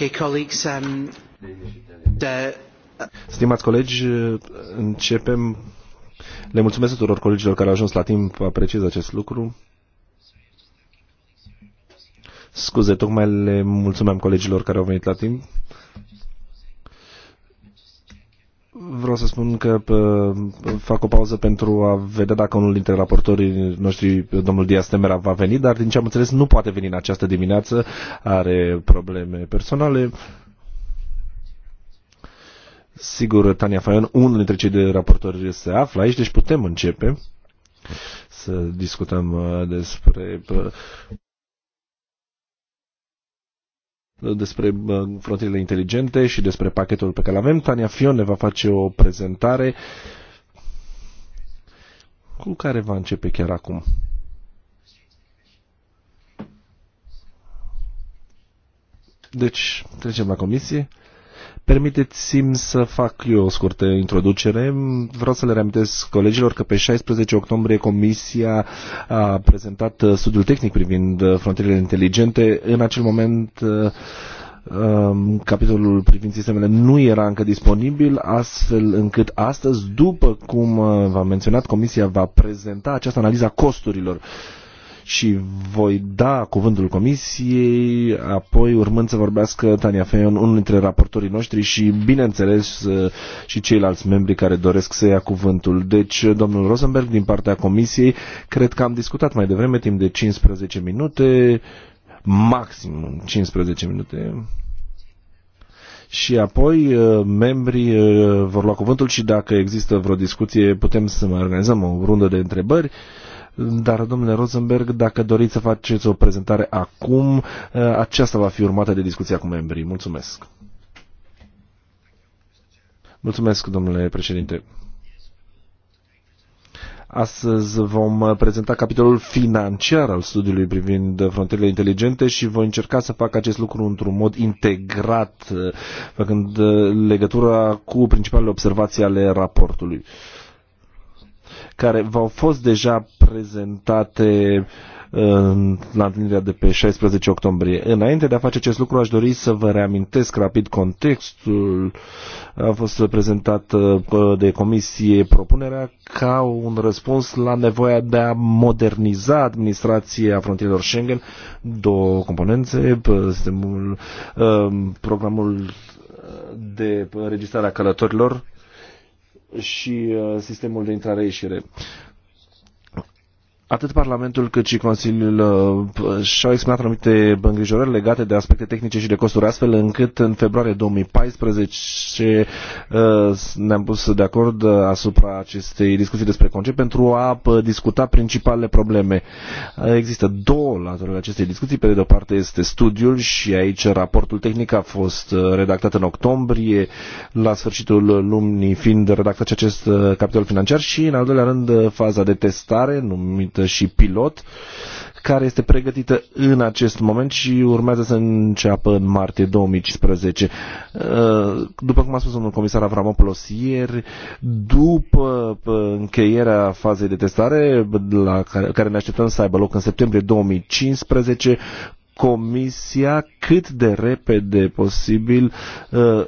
Um, Stimați colegi, începem. Le mulțumesc tuturor colegilor care au ajuns la timp, apreciez acest lucru. Scuze, tocmai le mulțumeam colegilor care au venit la timp. Vreau să spun că fac o pauză pentru a vedea dacă unul dintre raportorii noștri, domnul Dias Temera, va veni, dar din ce am înțeles nu poate veni în această dimineață, are probleme personale. Sigur, Tania Faion, unul dintre cei de raportori se află aici, deci putem începe să discutăm uh, despre despre uh, frontierele inteligente și despre pachetul pe care l-avem. Tania Fion ne va face o prezentare cu care va începe chiar acum. Deci, trecem la comisie. Permiteți-mi să fac eu o scurtă introducere. Vreau să le reamintesc colegilor că pe 16 octombrie Comisia a prezentat uh, studiul tehnic privind uh, frontierele inteligente. În acel moment uh, um, capitolul privind sistemele nu era încă disponibil, astfel încât astăzi, după cum v-am menționat, Comisia va prezenta această analiză a costurilor și voi da cuvântul comisiei, apoi urmând să vorbească Tania Feion, unul dintre raportorii noștri și, bineînțeles, și ceilalți membri care doresc să ia cuvântul. Deci, domnul Rosenberg, din partea comisiei, cred că am discutat mai devreme, timp de 15 minute, maxim 15 minute și apoi uh, membrii uh, vor lua cuvântul și dacă există vreo discuție putem să mai organizăm o rundă de întrebări dar, domnule Rosenberg, dacă doriți să faceți o prezentare acum, eh, aceasta va fi urmată de discuția cu membrii. Mulțumesc. Mulțumesc, domnule președinte. Astăzi vom prezenta capitolul financiar al studiului privind frontierele inteligente și voi încerca să fac acest lucru într-un mod integrat, eh, făcând eh, legătura cu principalele observații ale raportului. Uh, care v-au fost deja prezentate la întâlnirea de pe 16 octombrie. Înainte de a face acest lucru, aș dori să vă reamintesc rapid contextul. A fost prezentată uh, de comisie propunerea ca un răspuns la nevoia de a moderniza administrația frontierelor Schengen, două componențe, uh, sistemul, uh, programul de registrare a călătorilor și uh, sistemul de intrare-ieșire atât Parlamentul cât și Consiliul uh, și-au exprimat anumite îngrijorări legate de aspecte tehnice și de costuri, astfel încât în februarie 2014 uh, ne-am pus de acord uh, asupra acestei discuții despre concept pentru a discuta principalele probleme. Există două laturele acestei discuții. Pe de o parte este studiul și aici raportul tehnic a fost redactat în octombrie, la sfârșitul lunii fiind redactat și acest capitol financiar și în al doilea rând faza de testare numită pilotă și pilot, care este pregătită în acest moment și urmează să înceapă în martie 2015. Uh, după cum a spus domnul comisar Avramopoulos ieri, după uh, încheierea fazei de testare, la care, care ne așteptăm să aibă loc în septembrie 2015, Comisia cât de repede posibil uh,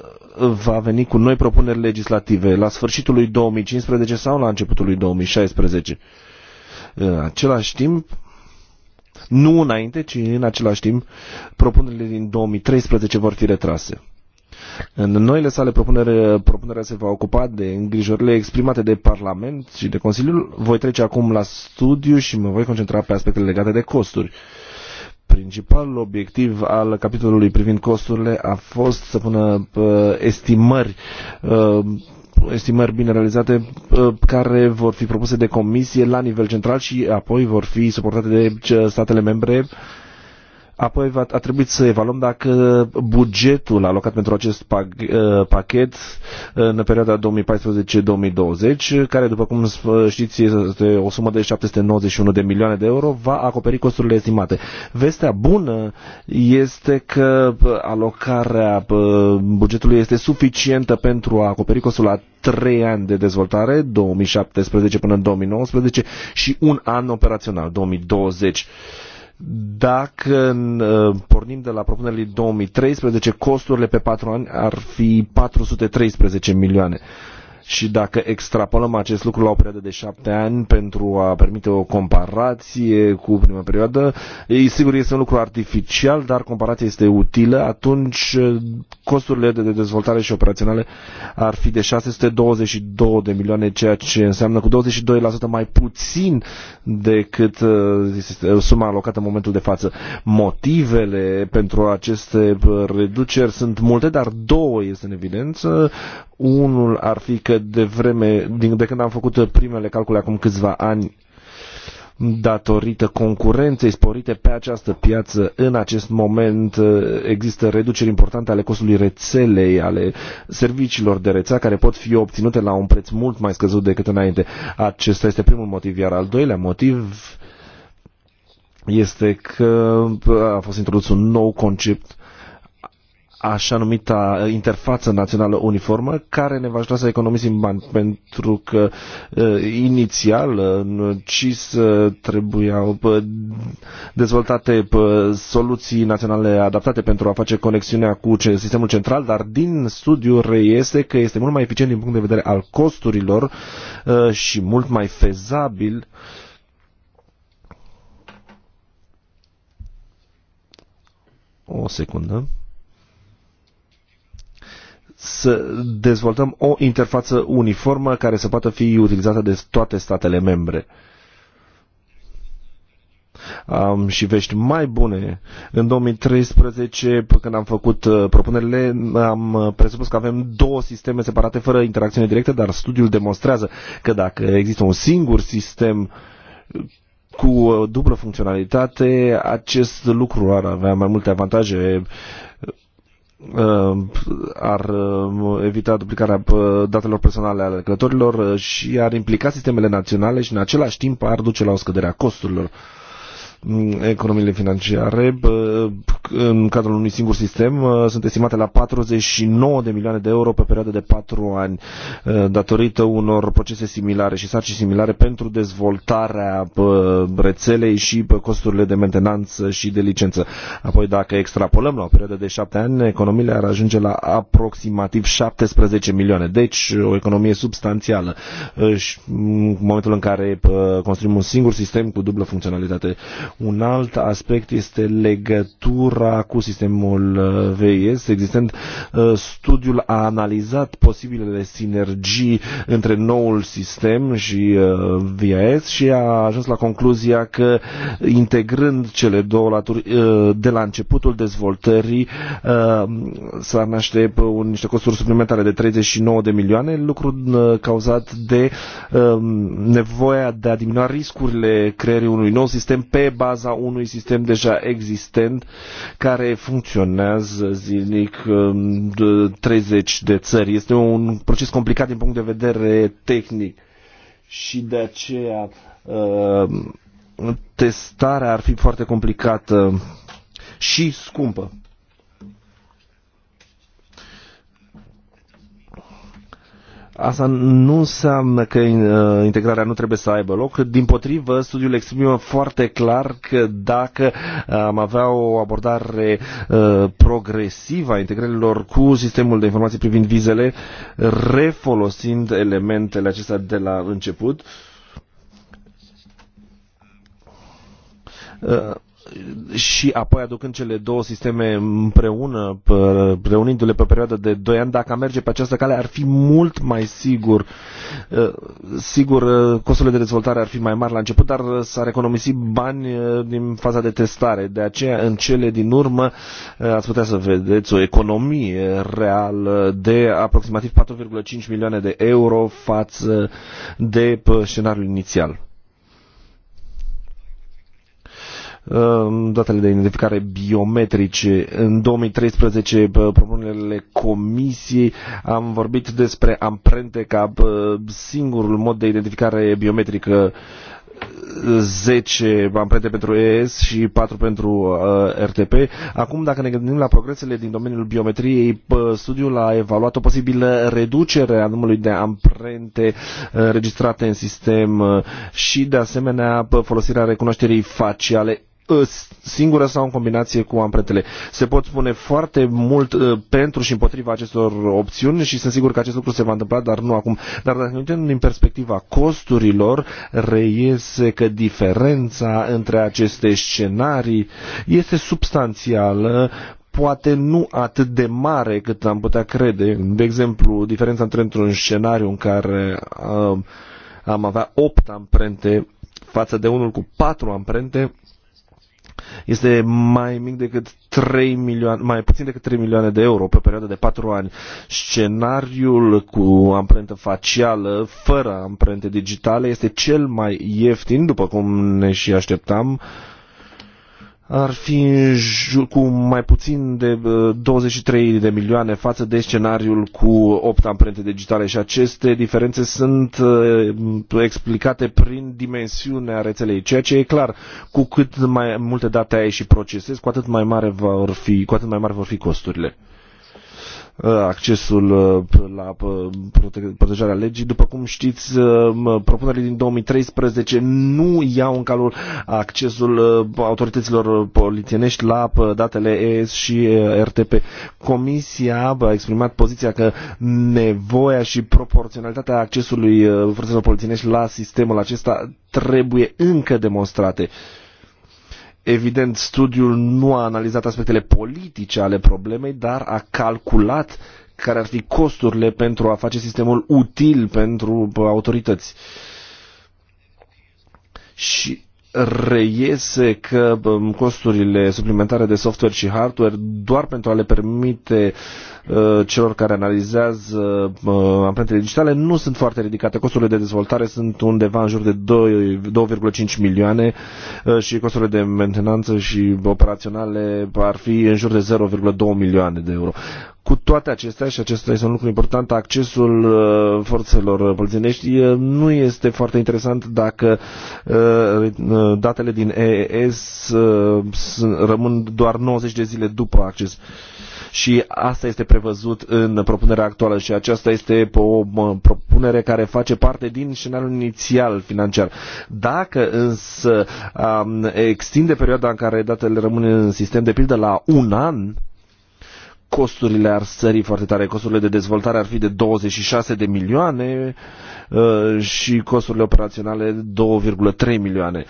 va veni cu noi propuneri legislative la sfârșitul lui 2015 sau la începutul lui 2016. În același timp, nu înainte, ci în același timp, propunerile din 2013 vor fi retrase. În noile sale propunere, propunerea se va ocupa de îngrijorile exprimate de Parlament și de Consiliul. Voi trece acum la studiu și mă voi concentra pe aspectele legate de costuri. Principalul obiectiv al capitolului privind costurile a fost să pună uh, estimări uh, estimări bine realizate uh, care vor fi propuse de comisie la nivel central și apoi vor fi suportate de statele membre Apoi va, a trebuit să evaluăm dacă bugetul alocat pentru acest uh, pachet uh, în perioada 2014-2020, care după cum știți este o sumă de 791 de milioane de euro, va acoperi costurile estimate. Vestea bună este că uh, alocarea bugetului este suficientă pentru a acoperi costul la 3 ani de dezvoltare, 2017 până în 2019 și un an operațional, 2020. Dacă uh, pornim de la propunerile 2013, costurile pe patru ani ar fi 413 milioane. Uh, și dacă extrapolăm acest lucru la o perioadă de șapte ani pentru a permite o comparație cu prima perioadă, e, sigur este un lucru artificial, dar comparația este utilă, atunci eh, costurile de dezvoltare și operaționale ar fi de 622 de milioane, ceea ce înseamnă cu 22% mai puțin decât eh, suma alocată în momentul de față. Motivele pentru aceste eh, reduceri sunt multe, dar două este în evidență. Unul ar fi că de vreme, din, de când am făcut primele calcule acum câțiva ani, datorită concurenței sporite pe această piață, în acest moment uh, există reduceri importante ale costului rețelei, ale serviciilor de rețea, care pot fi obținute la un preț mult mai scăzut decât înainte. Acesta este primul motiv, iar al doilea motiv este că a fost introdus un nou concept așa numita uh, interfață națională uniformă care ne va ajuta să economisim bani pentru că uh, inițial în uh, CIS trebuiau dezvoltate soluții naționale adaptate pentru a face conexiunea cu sistemul central, dar din studiu reiese că este mult mai eficient din punct de vedere al costurilor și mult mai fezabil o secundă să dezvoltăm o interfață uniformă care să poată fi utilizată de toate statele membre. Am și vești mai bune. În 2013, când am făcut uh, propunerile, am uh, presupus că avem două sisteme separate fără interacțiune directă, dar studiul demonstrează că dacă există un singur sistem uh, cu dublă funcționalitate, acest lucru ar avea mai multe avantaje Uh, ar uh, evita duplicarea uh, datelor personale ale lucrătorilor și ar implica sistemele naționale și în același timp ar duce la o scădere a costurilor. Mm, economiile financiare în cadrul unui singur sistem sunt estimate la 49 de milioane de euro pe perioadă de 4 ani datorită unor procese similare și sarcini similare pentru dezvoltarea rețelei și costurile de mentenanță și de licență. Apoi dacă extrapolăm la o perioadă de 7 ani, economiile ar ajunge la aproximativ 17 milioane. Deci o economie substanțială. Și în momentul în care construim un singur sistem cu dublă funcționalitate un alt aspect este legătura cu sistemul uh, VIS existent. Uh, studiul a analizat posibilele sinergii între noul sistem și uh, VIS și a ajuns la concluzia că integrând cele două laturi de la începutul dezvoltării s-a naște niște costuri suplimentare de 39 de milioane, lucru cauzat de nevoia de a diminua riscurile creierii unui nou sistem pe baza unui sistem deja existent care funcționează zilnic um, de 30 de țări. Este un proces complicat din punct de vedere tehnic și de aceea um, testarea ar fi foarte complicată și scumpă. Asta nu înseamnă că uh, integrarea nu trebuie să aibă loc. Din potrivă, studiul exprimă foarte clar că dacă uh, am avea o abordare uh, progresivă a integrărilor cu sistemul de informații privind vizele, refolosind elementele acestea de la început, și apoi aducând cele două sisteme împreună, reunindu-le pe perioada de 2 ani, dacă merge pe această cale, ar fi mult mai sigur. Eh, sigur, eh, costurile de dezvoltare ar fi mai mari la început, dar eh, s-ar economisi bani din faza de testare. De aceea, în cele din urmă, ați putea să vedeți o economie reală de aproximativ 4,5 milioane de euro față de scenariul inițial. Ehm, datele de identificare biometrice. În 2013, propunerile comisiei, am vorbit despre amprente ca singurul mod de identificare biometrică 10 amprente pentru ES și 4 pentru uh, RTP. Acum, dacă ne gândim la progresele din domeniul biometriei, studiul a evaluat o posibilă reducere a numărului de amprente înregistrate uh, în sistem uh, și, de asemenea, folosirea recunoașterii faciale Uh, singură sau în combinație cu amprentele. Se pot spune foarte mult uh, pentru și împotriva acestor opțiuni și sunt sigur că acest lucru se va întâmpla, dar nu acum. Dar dacă ne uităm din perspectiva costurilor, reiese că diferența între aceste scenarii este substanțială poate nu atât de mare cât am putea crede. De exemplu, diferența între într-un scenariu în care uh, am avea 8 amprente față de unul cu 4 amprente este mai mic decât 3 milioane, mai puțin decât 3 milioane de euro pe o perioadă de 4 ani. Scenariul cu amprentă facială, fără amprente digitale, este cel mai ieftin, după cum ne și așteptam, uh, ar fi în jur, cu mai puțin de 23 de milioane față de scenariul cu 8 amprente digitale și aceste diferențe sunt ă, explicate prin dimensiunea rețelei, ceea ce e clar, cu cât mai multe date ai și procesezi, cu atât mai mare vor fi, cu atât mai mari vor fi costurile. Uh, accesul uh, la uh, protejarea legii. După cum știți, propunerile din 2013 nu iau în calul accesul autorităților polițienești la datele ES și RTP. Comisia a exprimat poziția că nevoia și proporționalitatea accesului forțelor polițienești la sistemul acesta trebuie încă demonstrate. Evident, studiul nu a analizat aspectele politice ale problemei, dar a calculat care ar fi costurile pentru a face sistemul util pentru autorități. Și reiese că costurile suplimentare de software și hardware doar pentru a le permite ă, celor care analizează amprentele digitale nu sunt foarte ridicate. Costurile de dezvoltare sunt undeva în jur de 2,5 milioane ă, și costurile de mentenanță și operaționale ar fi în jur de 0,2 milioane de euro. Cu toate acestea, și acesta este un lucru important, accesul uh, forțelor polițienești uh, nu este foarte interesant dacă uh, datele din EES rămân doar 90 de zile după acces și asta este prevăzut în propunerea actuală și aceasta este o propunere care face parte din scenariul inițial financiar. Dacă însă um, extinde perioada în care datele rămân în sistem de pildă la un an, costurile ar sări foarte tare, costurile de dezvoltare ar fi de 26 de milioane uh, și costurile operaționale 2,3 milioane.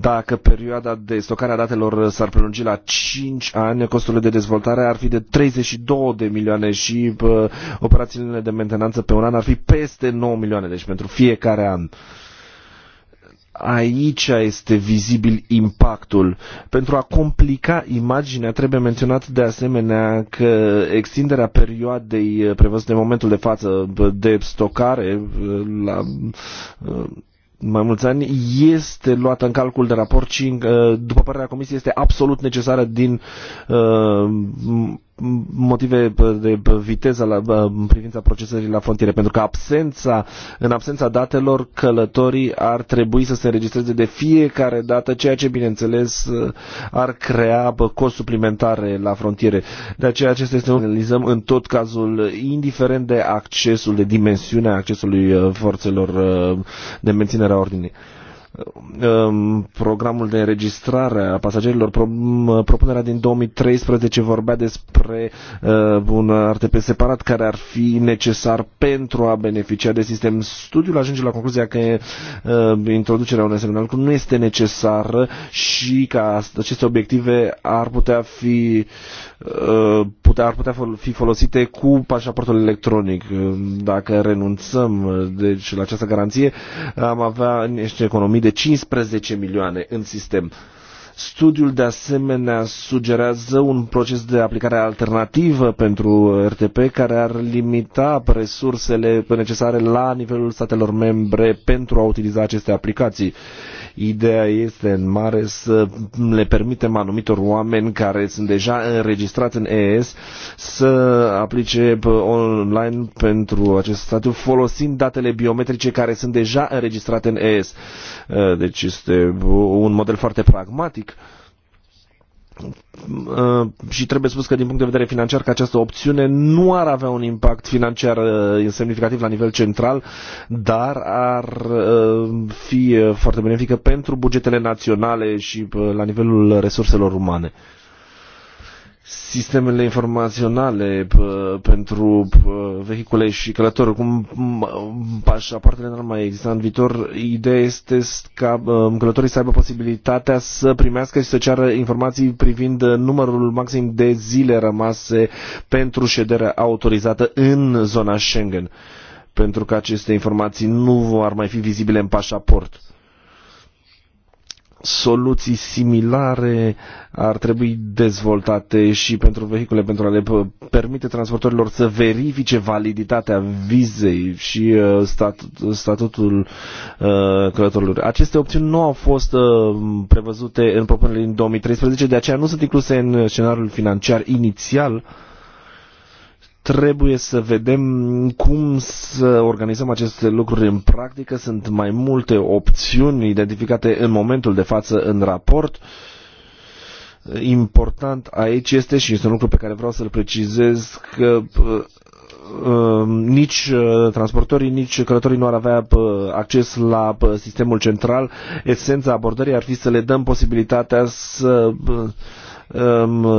Dacă perioada de stocare a datelor s-ar prelungi la 5 ani, costurile de dezvoltare ar fi de 32 de milioane și uh, operațiunile de mentenanță pe un an ar fi peste 9 milioane, deci pentru fiecare an. Uh, aici este vizibil impactul. Pentru a complica imaginea, trebuie menționat de asemenea că extinderea perioadei eh, prevăzute în momentul de față de stocare eh, la eh, mai mulți ani este luată în calcul de raport și, uh, după părerea Comisiei, este absolut necesară din uh, motive de viteză la, uh, în privința procesării la frontiere, pentru că absența, în absența datelor, călătorii ar trebui să se înregistreze de fiecare dată, ceea ce, bineînțeles, ar crea cost suplimentare la frontiere. De aceea acesta este un analizăm în tot cazul, indiferent de accesul, de dimensiunea accesului forțelor de menținere puterea ordinii. Ehm, programul de înregistrare a pasagerilor. Propunerea din 2013 vorbea despre ehm, un RTP separat care ar fi necesar pentru a beneficia de sistem. Studiul ajunge la concluzia că ehm, introducerea unui semnal lucru nu este necesară și că aceste obiective ar putea fi putea, ar putea fi folosite cu pașaportul electronic. Dacă renunțăm deci, la această garanție, am avea niște economii de 15 milioane în sistem. Studiul de asemenea sugerează un proces de aplicare alternativă pentru RTP care ar limita resursele necesare la nivelul statelor membre pentru a utiliza aceste aplicații. Ideea este în mare să le permitem anumitor oameni care sunt deja înregistrați în ES să aplice online pentru acest statut folosind datele biometrice care sunt deja înregistrate în ES. Deci este un model foarte pragmatic Uh, și trebuie spus că din punct de vedere financiar că această opțiune nu ar avea un impact financiar uh, semnificativ la nivel central, dar ar uh, fi foarte benefică pentru bugetele naționale și la nivelul resurselor umane sistemele informaționale pentru vehicule și călători, cum pașapoartele n-ar mai exista în viitor, ideea este ca călătorii să aibă posibilitatea să primească și să ceară informații privind numărul maxim de zile rămase pentru șederea autorizată în zona Schengen, pentru că aceste informații nu ar mai fi vizibile în pașaport soluții similare ar trebui dezvoltate și pentru vehicule pentru a le permite transportorilor să verifice validitatea vizei și uh, statut, statutul uh, călătorilor. Aceste opțiuni nu au fost uh, prevăzute în propunerile din 2013, de aceea nu sunt incluse în scenariul financiar inițial uh, Trebuie să vedem cum să organizăm aceste lucruri în practică. Sunt mai multe opțiuni identificate în momentul de față în raport. Important aici este, și este un lucru pe care vreau să-l precizez, că uh, uh, nici uh, transportorii, nici călătorii nu ar avea acces la sistemul central. Esența abordării ar fi să le dăm posibilitatea să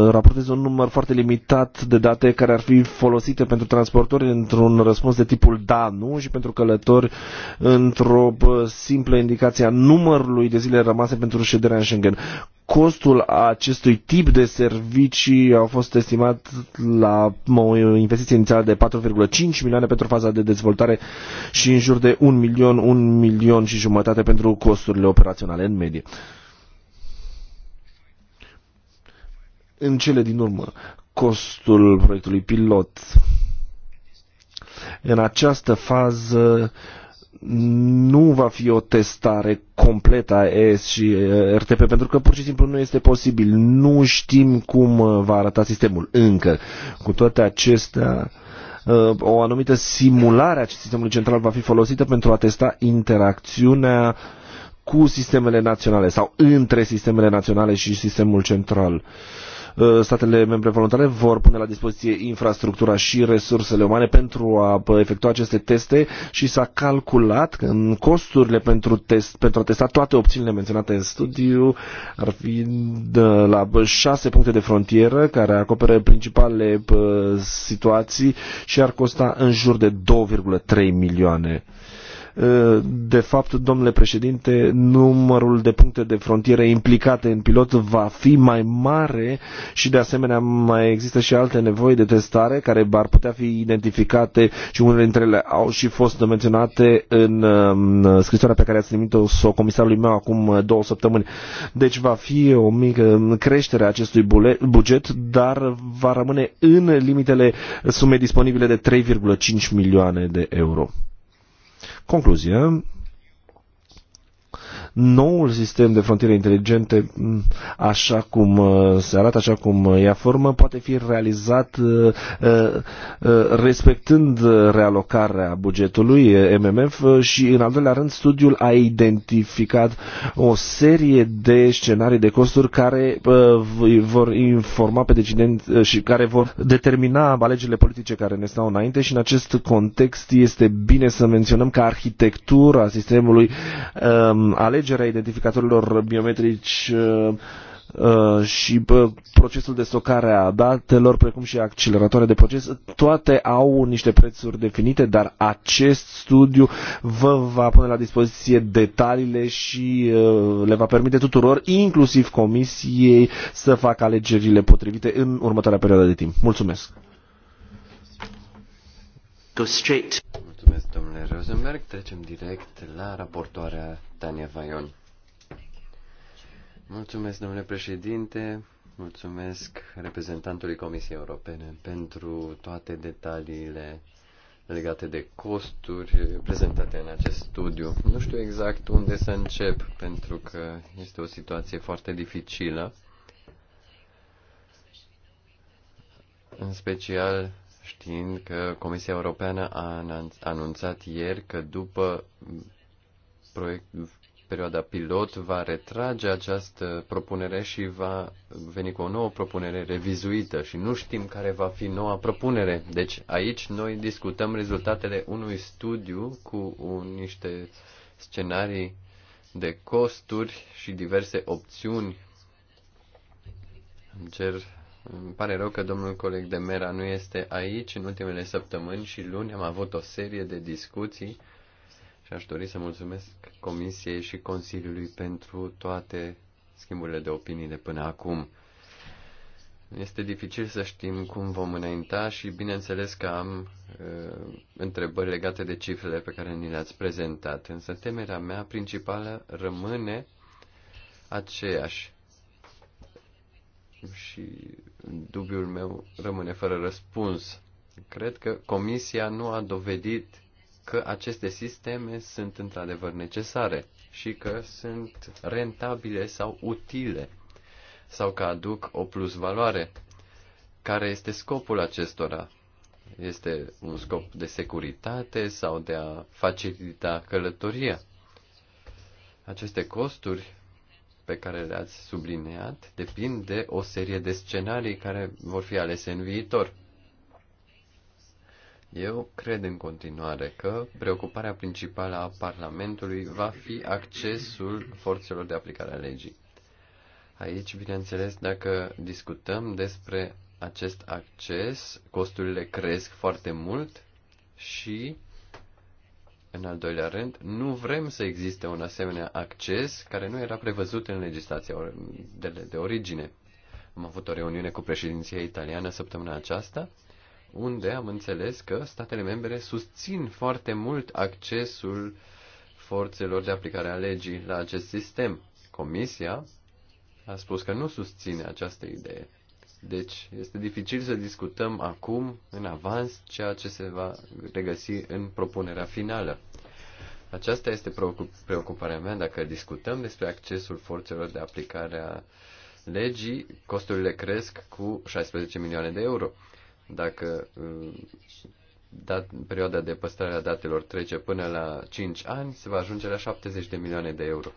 raportez un număr foarte limitat de date care ar fi folosite pentru transportori într-un răspuns de tipul da, nu și pentru călători într-o simplă indicație a numărului de zile rămase pentru șederea în Schengen. Costul acestui tip de servicii a fost estimat la o investiție inițială de 4,5 milioane pentru faza de dezvoltare și în jur de 1 milion, 1 milion și jumătate pentru costurile operaționale în medie. În cele din urmă, costul proiectului pilot. În această fază nu va fi o testare completă a ES și RTP, pentru că pur și simplu nu este posibil. Nu știm cum uh, va arăta sistemul încă. Cu toate acestea, uh, o anumită simulare a sistemului central va fi folosită pentru a testa interacțiunea cu sistemele naționale sau între sistemele naționale și sistemul central. Uh, Eh, statele membre voluntare vor pune la dispoziție infrastructura și resursele umane pentru a efectua aceste teste și s-a calculat că în costurile pentru, test, pentru a testa toate opțiunile menționate în studiu ar fi de la șase puncte de frontieră care acoperă principalele situații și ar costa în jur de 2,3 milioane. De fapt, domnule președinte, numărul de puncte de frontieră implicate în pilot va fi mai mare și de asemenea mai există și alte nevoi de testare care ar putea fi identificate și unele dintre ele au și fost menționate în scrisoarea pe care ați trimis-o -o comisarului meu acum două săptămâni. Deci va fi o mică creștere a acestui buget, dar va rămâne în limitele sumei disponibile de 3,5 milioane de euro. Concluzie, noul sistem de frontiere inteligente, așa cum uh, se arată, așa cum uh, ia formă, poate fi realizat uh, respectând realocarea bugetului MMF și, în al doilea rând, studiul a identificat o serie de scenarii de costuri care vor informa pe decidenți și care vor determina alegerile politice care ne stau înainte și, în acest context, este bine să menționăm că arhitectura sistemului um, alege ștergerea identificatorilor biometrici uh, uh, și procesul de stocare a datelor, precum și acceleratoare de proces, toate au niște prețuri definite, dar acest studiu vă va pune la dispoziție detaliile și uh, le va permite tuturor, inclusiv comisiei, să facă alegerile potrivite în următoarea perioadă de timp. Mulțumesc! Go straight. Mulțumesc, domnule Rosenberg. Trecem direct la raportoarea Tania Vaion. Mulțumesc, domnule președinte. Mulțumesc reprezentantului Comisiei Europene pentru toate detaliile legate de costuri prezentate în acest studiu. Nu știu exact unde să încep, pentru că este o situație foarte dificilă, în special știind că Comisia Europeană a anunțat ieri că după proiect, perioada pilot va retrage această propunere și va veni cu o nouă propunere revizuită și nu știm care va fi noua propunere. Deci aici noi discutăm rezultatele unui studiu cu un, niște scenarii de costuri și diverse opțiuni. Îmi cer îmi pare rău că domnul coleg de Mera nu este aici. În ultimele săptămâni și luni am avut o serie de discuții și aș dori să mulțumesc Comisiei și Consiliului pentru toate schimburile de opinii de până acum. Este dificil să știm cum vom înainta și bineînțeles că am uh, întrebări legate de cifrele pe care ni le-ați prezentat, însă temerea mea principală rămâne aceeași și dubiul meu rămâne fără răspuns. Cred că Comisia nu a dovedit că aceste sisteme sunt într-adevăr necesare și că sunt rentabile sau utile sau că aduc o plus valoare. Care este scopul acestora? Este un scop de securitate sau de a facilita călătoria? Aceste costuri pe care le-ați subliniat depind de o serie de scenarii care vor fi alese în viitor. Eu cred în continuare că preocuparea principală a Parlamentului va fi accesul forțelor de aplicare a legii. Aici, bineînțeles, dacă discutăm despre acest acces, costurile cresc foarte mult și în al doilea rând, nu vrem să existe un asemenea acces care nu era prevăzut în legislația de, de origine. Am avut o reuniune cu președinția italiană săptămâna aceasta, unde am înțeles că statele membre susțin foarte mult accesul forțelor de aplicare a legii la acest sistem. Comisia a spus că nu susține această idee. Deci este dificil să discutăm acum, în avans, ceea ce se va regăsi în propunerea finală. Aceasta este preocuparea mea. Dacă discutăm despre accesul forțelor de aplicare a legii, costurile cresc cu 16 milioane de euro. Dacă uh, dat, perioada de păstrare a datelor trece până la 5 ani, se va ajunge la 70 de milioane de euro.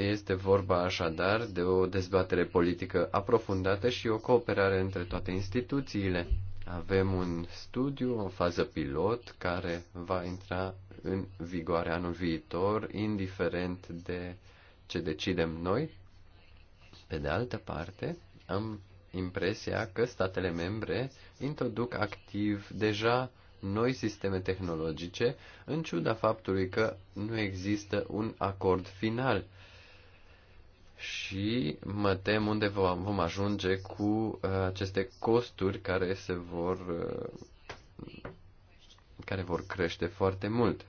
Este vorba așadar de o dezbatere politică aprofundată și o cooperare între toate instituțiile. Avem un studiu, o fază pilot, care va intra în vigoare anul viitor, indiferent de ce decidem noi. Pe de altă parte, am impresia că statele membre introduc activ deja noi sisteme tehnologice, în ciuda faptului că nu există un acord final și mă tem unde vom ajunge cu uh, aceste costuri care se vor uh, care vor crește foarte mult.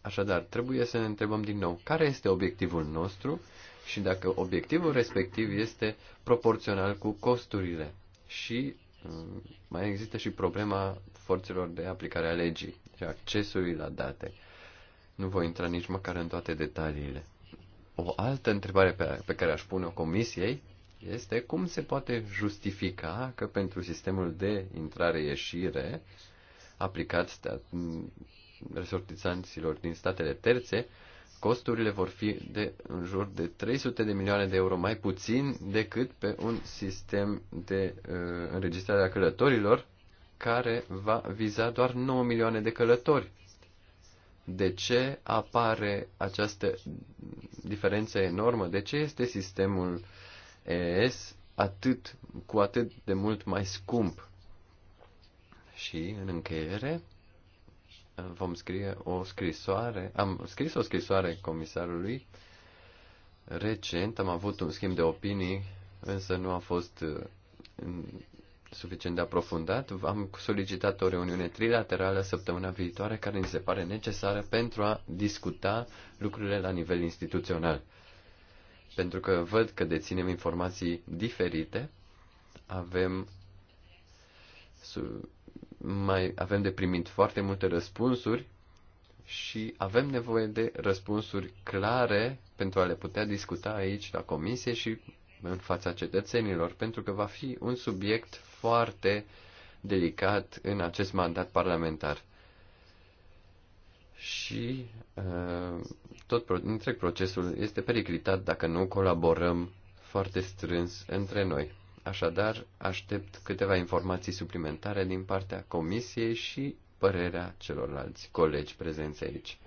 Așadar, trebuie să ne întrebăm din nou care este obiectivul nostru și dacă obiectivul respectiv este proporțional cu costurile. Și um, mai există și problema forțelor de aplicare a legii și accesului la date. Nu voi intra nici măcar în toate detaliile. O altă întrebare pe, pe care aș pune-o comisiei este cum se poate justifica că pentru sistemul de intrare-ieșire aplicat stat, resortizanților din statele terțe, costurile vor fi de în jur de 300 de milioane de euro mai puțin decât pe un sistem de uh, înregistrare a călătorilor care va viza doar 9 milioane de călători. De ce apare această diferență enormă? De ce este sistemul ES atât, cu atât de mult mai scump? Și, în încheiere, vom scrie o scrisoare, am scris o scrisoare comisarului recent, am avut un schimb de opinii, însă nu a fost suficient de aprofundat, am solicitat o reuniune trilaterală săptămâna viitoare care ni se pare necesară pentru a discuta lucrurile la nivel instituțional. Pentru că văd că deținem informații diferite, avem mai avem de primit foarte multe răspunsuri și avem nevoie de răspunsuri clare pentru a le putea discuta aici la comisie și în fața cetățenilor, pentru că va fi un subiect foarte delicat în acest mandat parlamentar. Și uh, tot întreg procesul este periclitat dacă nu colaborăm foarte strâns între noi. Așadar, aștept câteva informații suplimentare din partea Comisiei și părerea celorlalți colegi prezenți aici.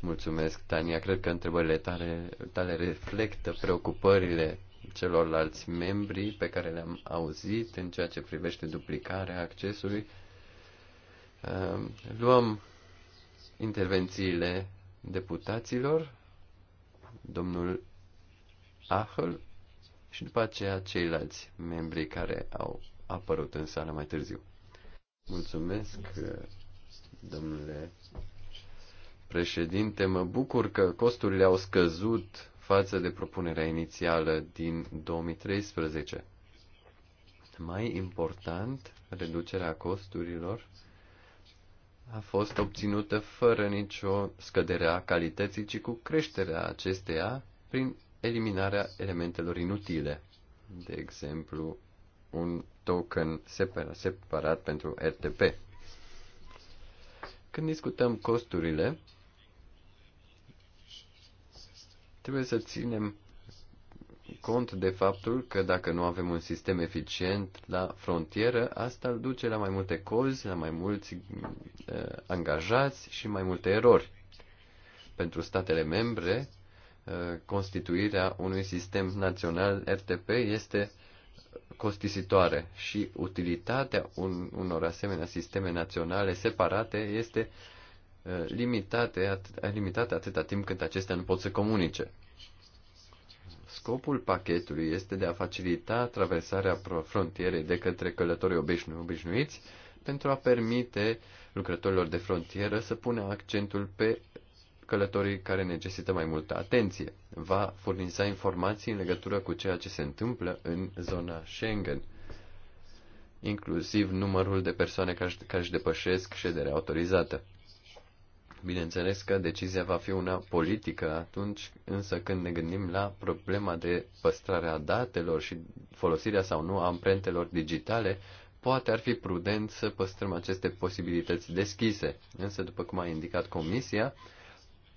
Mulțumesc, Tania. Cred că întrebările tale, tale reflectă preocupările celorlalți membri pe care le-am auzit în ceea ce privește duplicarea accesului. Ehm, luăm intervențiile deputaților, domnul Ahl și după aceea ceilalți membri care au apărut în sală mai târziu. Mulțumesc, domnule președinte, mă bucur că costurile au scăzut față de propunerea inițială din 2013. Mai important, reducerea costurilor a fost obținută fără nicio scădere a calității, ci cu creșterea acesteia prin eliminarea elementelor inutile. De exemplu, un token separat, separat pentru RTP. Când discutăm costurile, Trebuie să ținem cont de faptul că dacă nu avem un sistem eficient la frontieră, asta îl duce la mai multe cozi, la mai mulți uh, angajați și mai multe erori. Pentru statele membre, uh, constituirea unui sistem național RTP este costisitoare și utilitatea un, unor asemenea sisteme naționale separate este uh, Uh, limitate, limitate atâta timp cât acestea nu pot să comunice. Scopul pachetului este de a facilita traversarea frontierei de către călătorii obișnu- obișnuiți pentru a permite lucrătorilor de frontieră să pună accentul pe călătorii care necesită mai multă atenție. Va furniza informații în legătură cu ceea ce se întâmplă în zona Schengen, inclusiv numărul de persoane care își depășesc șederea autorizată. Bineînțeles că decizia va fi una politică atunci, însă când ne gândim la problema de păstrarea datelor și folosirea sau nu a amprentelor digitale, poate ar fi prudent să păstrăm aceste posibilități deschise. Însă, după cum a indicat Comisia,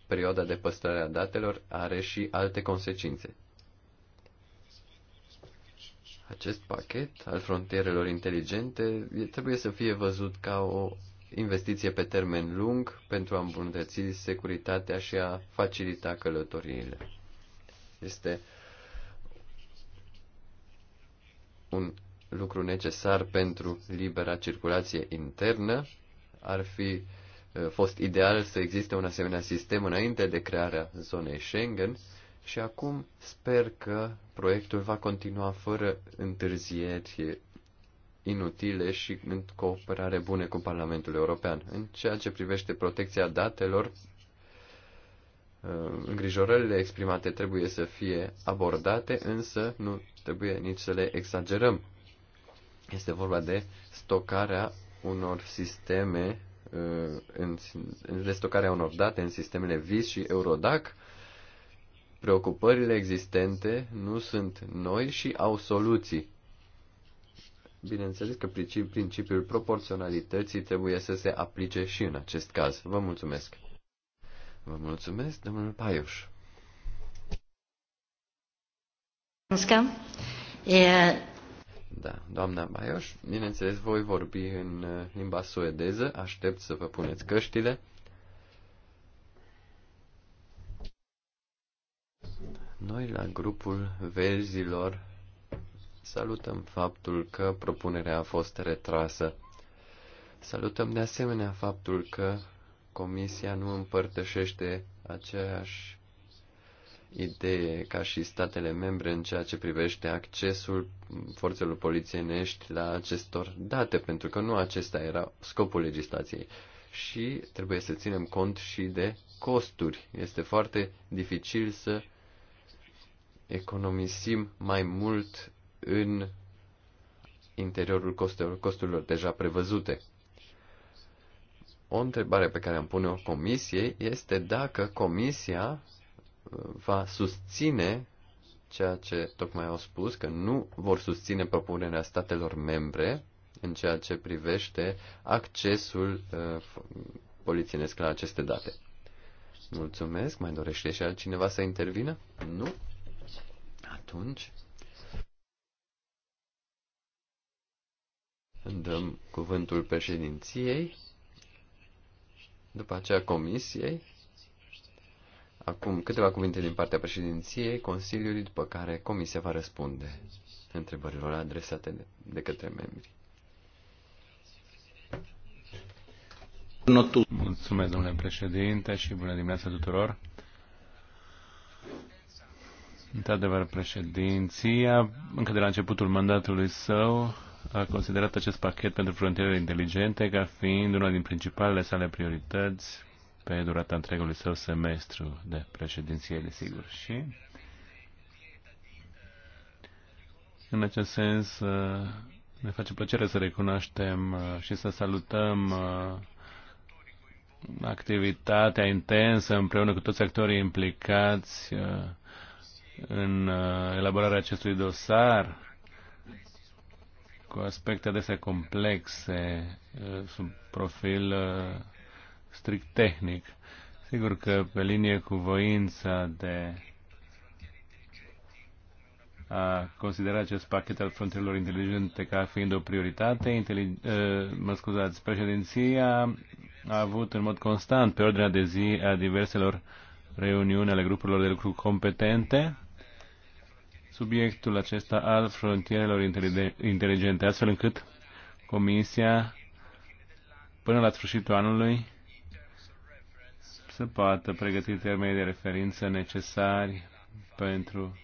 perioada de păstrare a datelor are și alte consecințe. Acest pachet al frontierelor inteligente trebuie să fie văzut ca o investiție pe termen lung pentru a îmbunătăți securitatea și a facilita călătoriile. Este un lucru necesar pentru libera circulație internă. Ar fi uh, fost ideal să existe un asemenea sistem înainte de crearea zonei Schengen și acum sper că proiectul va continua fără întârzieri inutile și în cooperare bună cu Parlamentul European. În ceea ce privește protecția datelor, uh, îngrijorările exprimate trebuie să fie abordate, însă nu trebuie nici să le exagerăm. Este vorba de stocarea unor sisteme, uh, de stocarea unor date în sistemele VIS și Eurodac. Preocupările existente nu sunt noi și au soluții Bineînțeles că principiul proporționalității trebuie să se aplice și în acest caz. Vă mulțumesc. Vă mulțumesc, domnul Paiuș. Da, doamna Baioș, bineînțeles voi vorbi în uh, limba suedeză, aștept să vă puneți căștile. Noi la grupul verzilor Salutăm faptul că propunerea a fost retrasă. Salutăm de asemenea faptul că Comisia nu împărtășește aceeași idee ca și statele membre în ceea ce privește accesul forțelor polițienești la acestor date, pentru că nu acesta era scopul legislației. Și trebuie să ținem cont și de costuri. Este foarte dificil să economisim mai mult în interiorul costurilor, costurilor deja prevăzute. O întrebare pe care am pune-o comisiei este dacă comisia uh, va susține ceea ce tocmai au spus, că nu vor susține propunerea statelor membre în ceea ce privește accesul uh, polițienesc la aceste date. Mulțumesc. Mai dorește și altcineva să intervină? Nu? Atunci dăm cuvântul președinției, după aceea comisiei, acum câteva cuvinte din partea președinției, Consiliului, după care comisia va răspunde întrebărilor adresate de, de către membri. Mulțumesc, domnule președinte, și bună dimineața tuturor. Într-adevăr, președinția, încă de la începutul mandatului său, a considerat acest pachet pentru frontierele inteligente ca fiind una din principalele sale priorități pe durata întregului său semestru de președinție, desigur. Și în acest sens ne face plăcere să recunoaștem și să salutăm activitatea intensă împreună cu toți actorii implicați în elaborarea acestui dosar cu aspecte adesea complexe, uh, sub profil uh, strict tehnic. Sigur că pe linie cu voința de a considera acest pachet al frontierelor inteligente ca fiind o prioritate. Intelig- uh, mă scuzați, președinția a avut în mod constant pe ordinea de zi a diverselor reuniuni ale grupurilor de lucru competente subiectul acesta al frontierelor inteligente, astfel încât Comisia, până la sfârșitul anului, să poată pregăti termenii de referință necesari pentru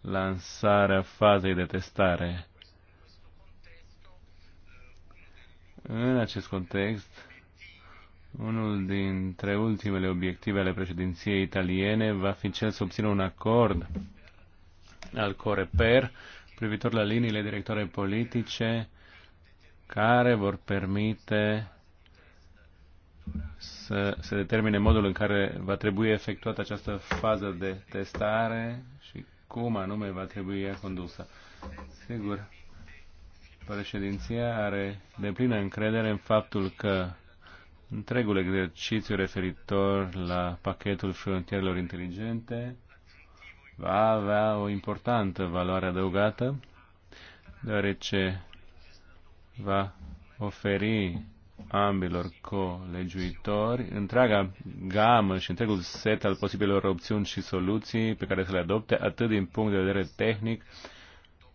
lansarea fazei de testare. În acest context, unul dintre ultimele obiective ale președinției italiene va fi cel să obțină un acord al Coreper privitor la liniile directoare politice care vor permite să se determine modul în care va trebui efectuată această fază de testare și cum anume va trebui ea condusă. Sigur, președinția are deplină încredere în faptul că întregul exercițiu referitor la pachetul frontierelor inteligente va avea o importantă valoare adăugată, deoarece va oferi ambilor colegiuitori întreaga gamă și întregul set al posibilor opțiuni și soluții pe care să le adopte, atât din punct de vedere tehnic,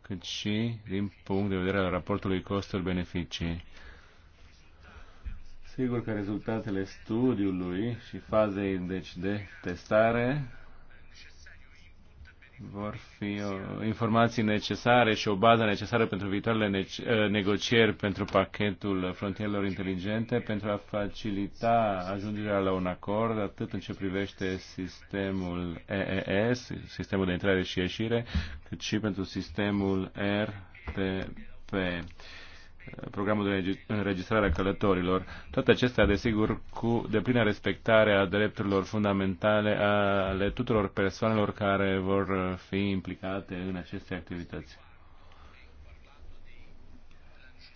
cât și din punct de vedere al raportului costuri-beneficii. Sigur că rezultatele studiului și fazei deci, de testare vor fi uh, informații necesare și o bază necesară pentru viitoarele uh, negocieri pentru pachetul frontierelor inteligente, pentru a facilita ajungerea la un acord, atât în ce privește sistemul EES, sistemul de intrare și ieșire, cât și pentru sistemul RTP programul de înregistrare a călătorilor. Toate acestea, desigur, cu deplină respectare a drepturilor fundamentale ale tuturor persoanelor care vor uh, fi implicate în aceste activități.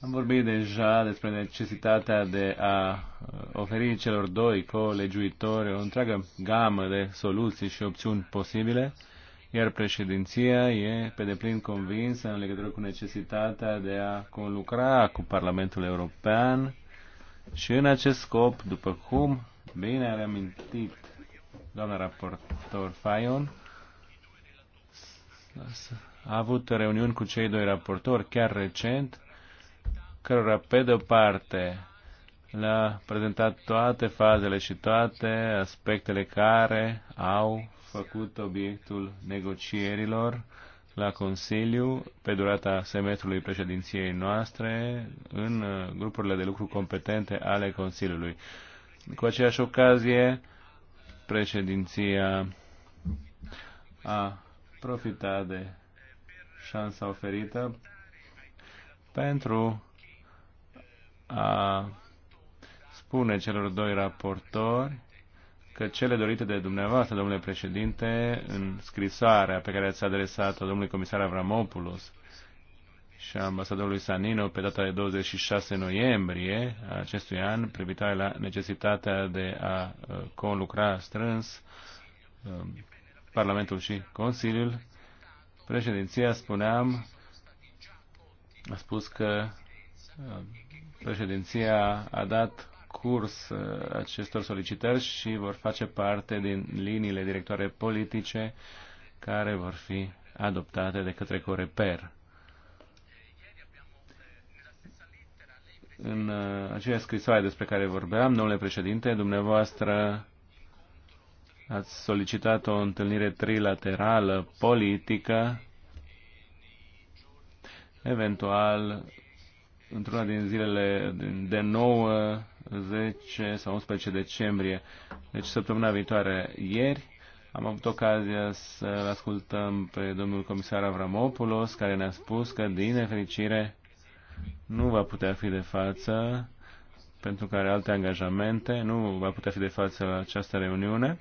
Am vorbit deja despre necesitatea de a uh, oferi celor doi colegiuitori o întreagă gamă de soluții și opțiuni posibile iar președinția e pe deplin convinsă în legătură cu necesitatea de a conlucra cu Parlamentul European și în acest scop, după cum bine a reamintit doamna raportor Fayon, a avut reuniuni cu cei doi raportori chiar recent, cărora pe de-o parte le-a prezentat toate fazele și toate aspectele care au făcut obiectul negocierilor la Consiliu pe durata semestrului președinției noastre în uh, grupurile de lucru competente ale Consiliului. Cu aceeași ocazie, președinția a profitat de șansa oferită pentru a spune celor doi raportori că cele dorite de dumneavoastră, domnule președinte, în scrisoarea pe care ați adresat-o domnului comisar Avramopoulos și ambasadorului Sanino pe data de 26 noiembrie a acestui an, privitoare la necesitatea de a uh, conlucra strâns um, Parlamentul și Consiliul, președinția, spuneam, a spus că uh, președinția a dat curs uh, acestor solicitări și vor face parte din liniile directoare politice care vor fi adoptate de către Coreper. În uh, aceea scrisoare despre care vorbeam, domnule președinte, dumneavoastră ați solicitat o întâlnire trilaterală politică, eventual într-una din zilele de 9, 10 sau 11 decembrie, deci săptămâna viitoare ieri. Am avut ocazia să ascultăm pe domnul comisar Avramopoulos, care ne-a spus că, din nefericire, nu va putea fi de față pentru că are alte angajamente, nu va putea fi de față la această reuniune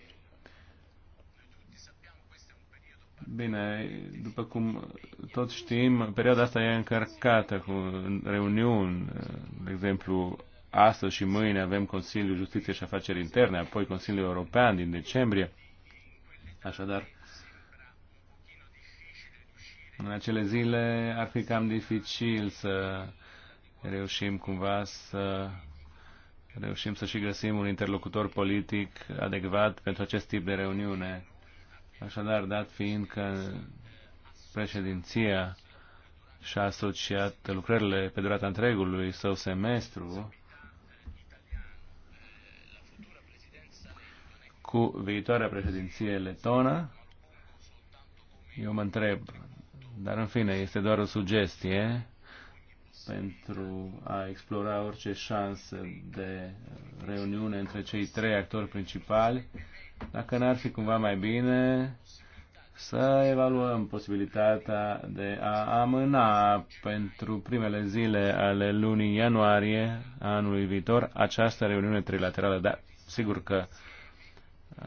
Bine, după cum toți știm, perioada asta e încărcată cu reuniuni. De exemplu, astăzi și mâine avem Consiliul Justiție și Afaceri Interne, apoi Consiliul European din decembrie. Așadar, în acele zile ar fi cam dificil să reușim cumva să reușim să și găsim un interlocutor politic adecvat pentru acest tip de reuniune Așadar, dat fiind că președinția și-a asociat lucrările pe durata întregului său semestru cu viitoarea președinție letonă, eu mă întreb, dar în fine, este doar o sugestie pentru a explora orice șansă de reuniune între cei trei actori principali dacă n-ar fi cumva mai bine să evaluăm posibilitatea de a amâna pentru primele zile ale lunii ianuarie anului viitor această reuniune trilaterală. Dar sigur că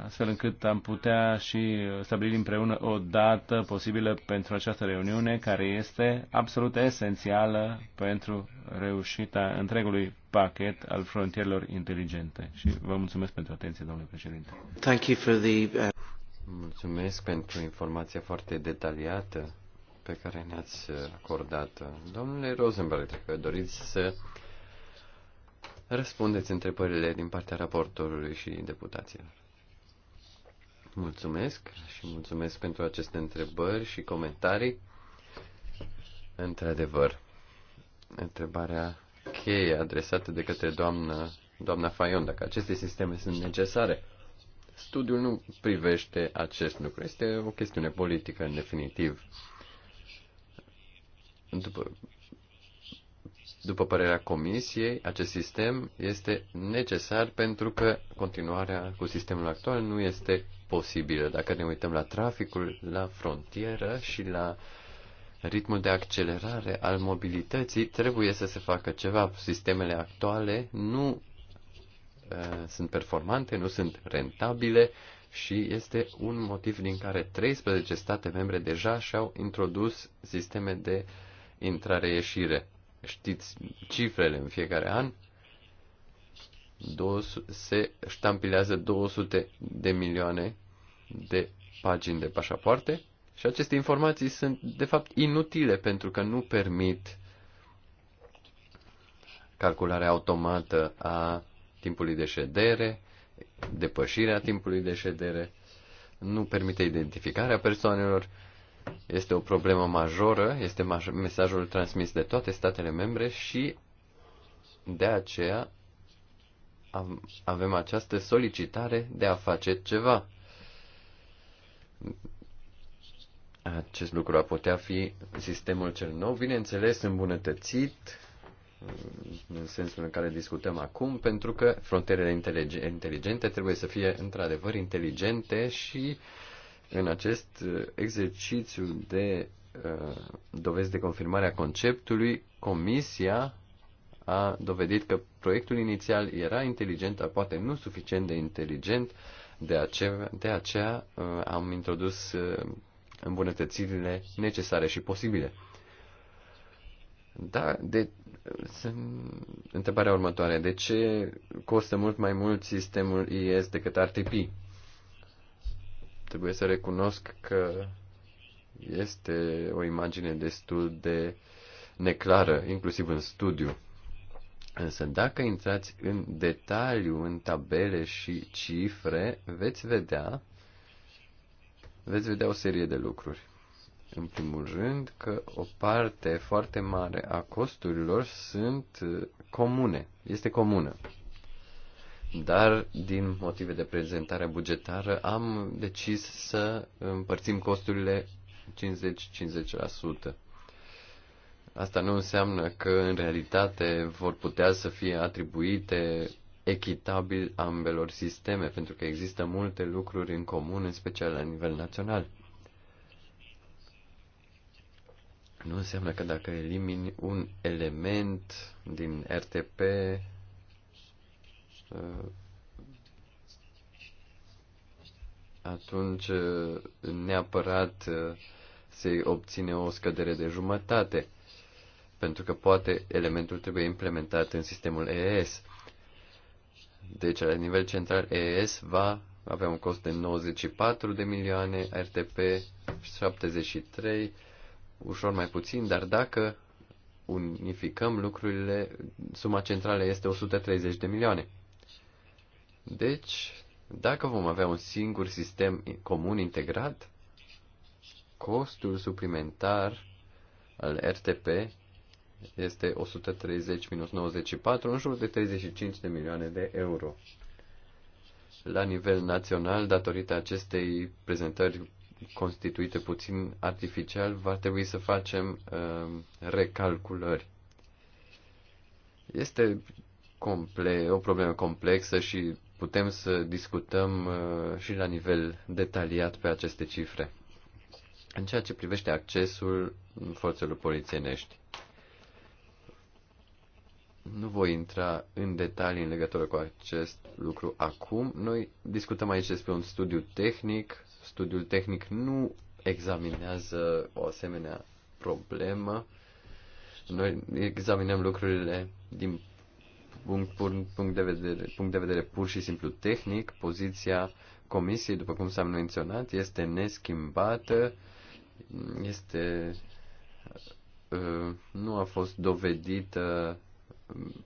astfel încât am putea și stabili împreună o dată posibilă pentru această reuniune, care este absolut esențială pentru reușita întregului pachet al frontierelor inteligente. Și vă mulțumesc pentru atenție, domnule președinte. Thank you for the, uh, Mulțumesc pentru informația foarte detaliată pe care ne-ați acordat. Domnule Rosenberg, dacă doriți să răspundeți întrebările din partea raportorului și deputaților. Mulțumesc și mulțumesc pentru aceste întrebări și comentarii. Într-adevăr, întrebarea cheie adresată de către doamna, doamna Fayon, dacă aceste sisteme sunt necesare. Studiul nu privește acest lucru. Este o chestiune politică, în definitiv. După, după părerea Comisiei, acest sistem este necesar pentru că continuarea cu sistemul actual nu este posibilă Dacă ne uităm la traficul la frontieră și la ritmul de accelerare al mobilității, trebuie să se facă ceva. Sistemele actuale nu uh, sunt performante, nu sunt rentabile și este un motiv din care 13 state membre deja și-au introdus sisteme de intrare-ieșire. Știți cifrele în fiecare an? se ștampilează 200 de milioane de pagini de pașapoarte și aceste informații sunt, de fapt, inutile pentru că nu permit calcularea automată a timpului de ședere, depășirea timpului de ședere, nu permite identificarea persoanelor. Este o problemă majoră, este mesajul transmis de toate statele membre și de aceea avem această solicitare de a face ceva. Acest lucru ar putea fi sistemul cel nou, bineînțeles, îmbunătățit în sensul în care discutăm acum, pentru că frontierele inteligente trebuie să fie într-adevăr inteligente și în acest exercițiu de uh, dovezi de confirmare a conceptului, Comisia a dovedit că proiectul inițial era inteligent, dar poate nu suficient de inteligent, uh, de aceea, de aceea uh, am introdus uh, îmbunătățirile necesare și posibile. Da, de, întrebarea următoare. De ce costă mult mai mult sistemul IS decât RTP? Trebuie să recunosc că este o imagine destul de neclară, inclusiv în studiu. Însă dacă intrați în detaliu, în tabele și cifre, veți vedea, veți vedea o serie de lucruri. În primul rând că o parte foarte mare a costurilor sunt uh, comune, este comună. Dar din motive de prezentare bugetară am decis să împărțim costurile 50-50%. Asta nu înseamnă că, în realitate, vor putea să fie atribuite echitabil ambelor sisteme, pentru că există multe lucruri în comun, în special la nivel național. Nu înseamnă că dacă elimini un element din RTP, uh, atunci uh, neapărat uh, se obține o scădere de jumătate pentru că poate elementul trebuie implementat în sistemul EES. Deci, la nivel central, EES va avea un cost de 94 de milioane, RTP 73, ușor mai puțin, dar dacă unificăm lucrurile, suma centrală este 130 de milioane. Deci, dacă vom avea un singur sistem comun integrat, costul suplimentar al RTP este 130 minus 94, în jur de 35 de milioane de euro. La nivel național, datorită acestei prezentări constituite puțin artificial, va trebui să facem uh, recalculări. Este comple- o problemă complexă și putem să discutăm uh, și la nivel detaliat pe aceste cifre. În ceea ce privește accesul forțelor polițienești, nu voi intra în detalii în legătură cu acest lucru acum. Noi discutăm aici despre un studiu tehnic. Studiul tehnic nu examinează o asemenea problemă. Noi examinăm lucrurile din punct, punct, de vedere, punct de vedere pur și simplu tehnic. Poziția comisiei, după cum s-a menționat, este neschimbată, este, uh, nu a fost dovedită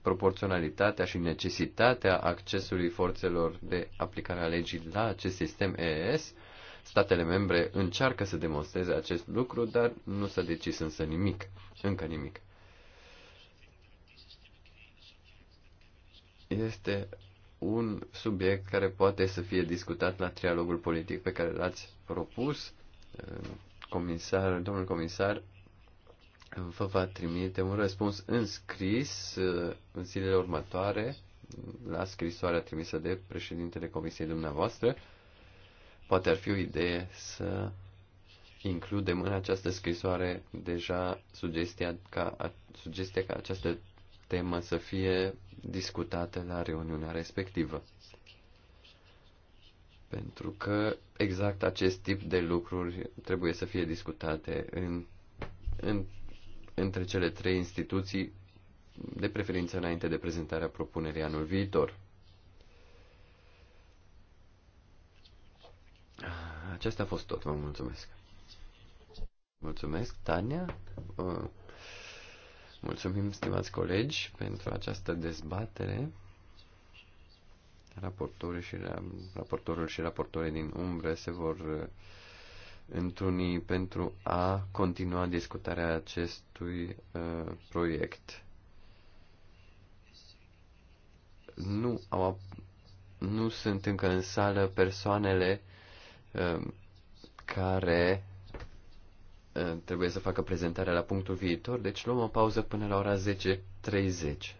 proporționalitatea și necesitatea accesului forțelor de aplicare a legii la acest sistem EES. Statele membre încearcă să demonstreze acest lucru, dar nu s-a decis însă nimic, încă nimic. Este un subiect care poate să fie discutat la trialogul politic pe care l-ați propus. Comisar, domnul comisar vă va trimite un răspuns în scris în zilele următoare la scrisoarea trimisă de președintele comisiei dumneavoastră. Poate ar fi o idee să includem în această scrisoare deja sugestia ca, sugestia ca această temă să fie discutată la reuniunea respectivă. Pentru că exact acest tip de lucruri trebuie să fie discutate în, în între cele trei instituții, de preferință înainte de prezentarea propunerii anul viitor. Aceasta a fost tot, vă mulțumesc. Mulțumesc, Tania. Mulțumim, stimați colegi, pentru această dezbatere. Raportorul și, raportorul și raportorii din umbră se vor întunii pentru a continua discutarea acestui uh, proiect. Nu, au, nu sunt încă în sală persoanele uh, care uh, trebuie să facă prezentarea la punctul viitor, deci luăm o pauză până la ora 10.30.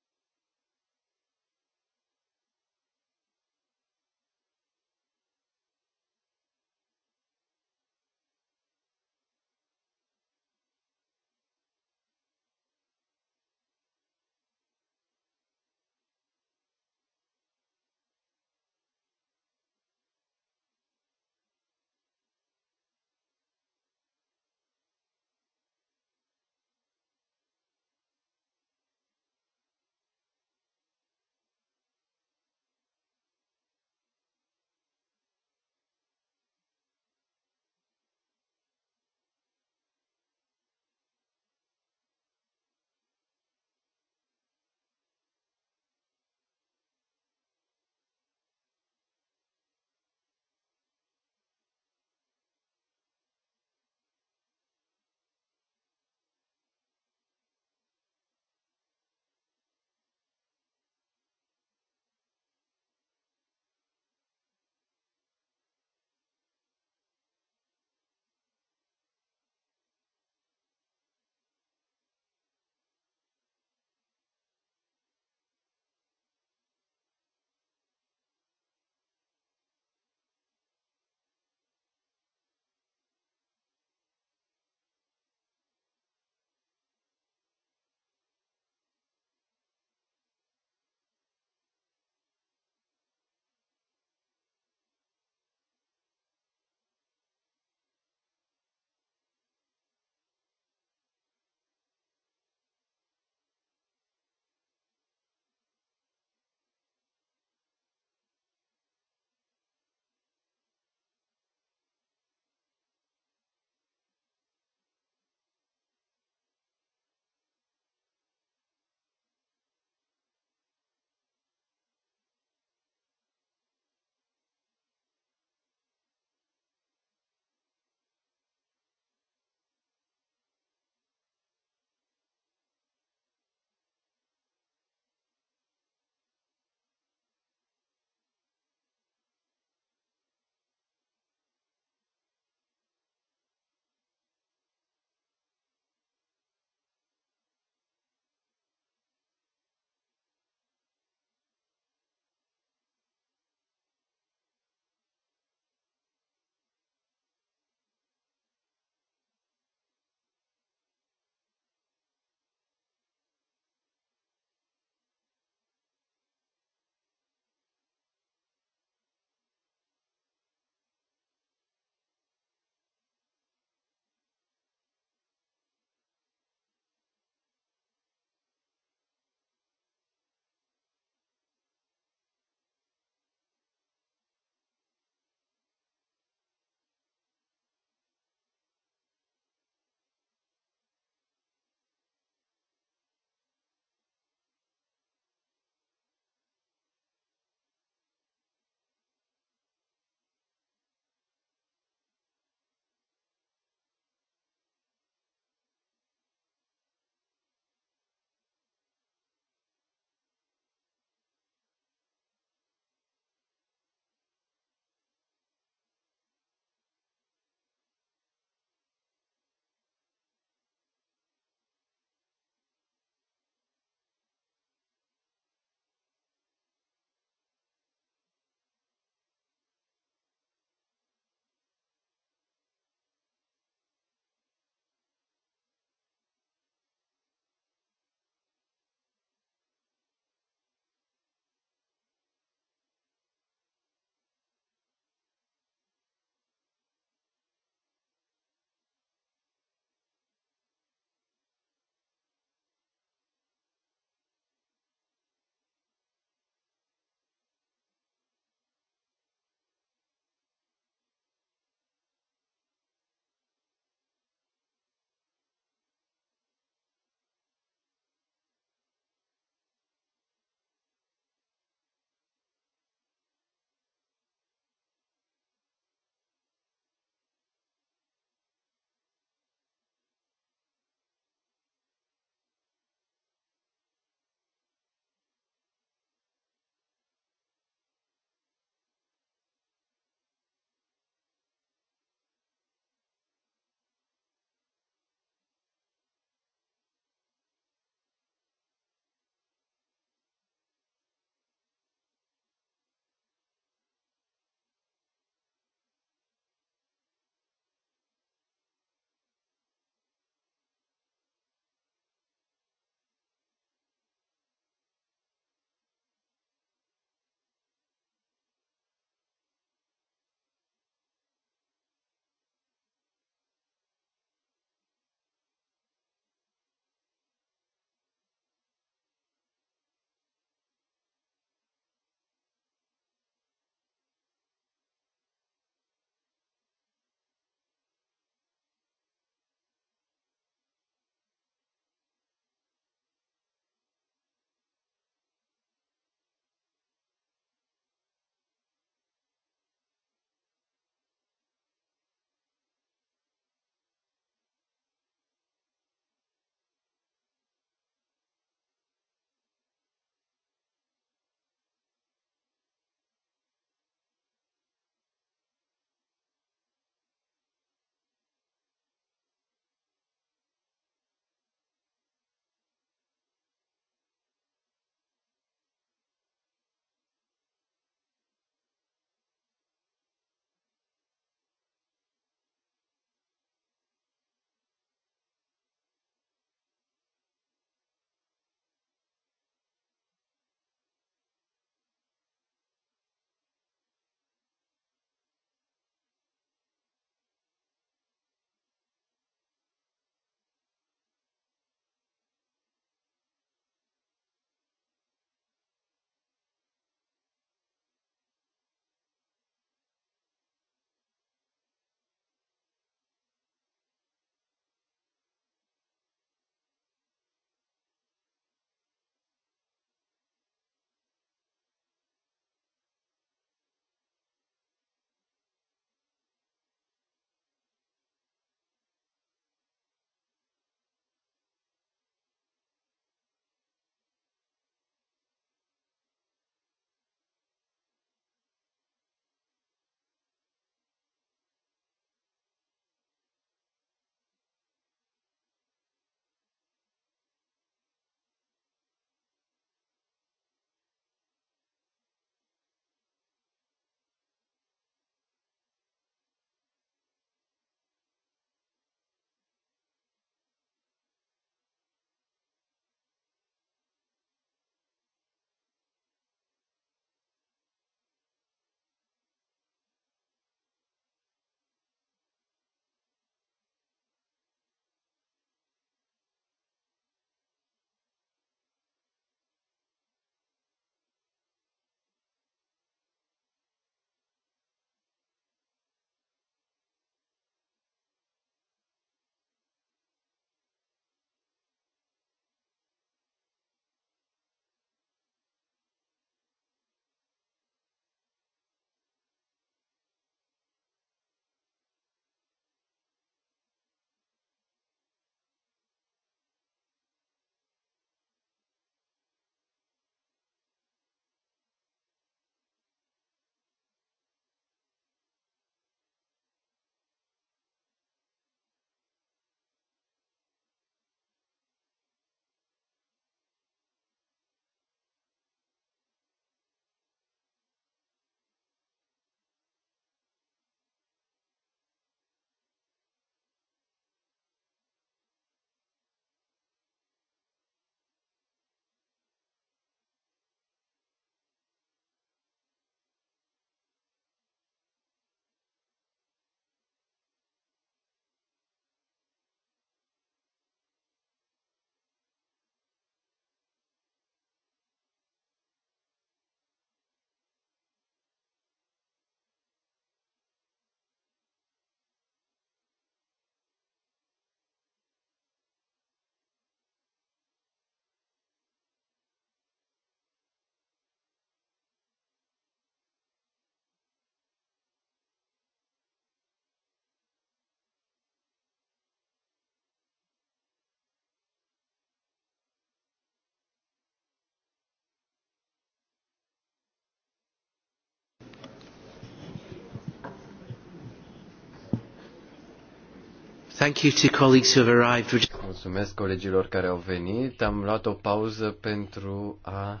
Thank you to colleagues who have arrived. Mulțumesc colegilor care au venit. Am luat o pauză pentru a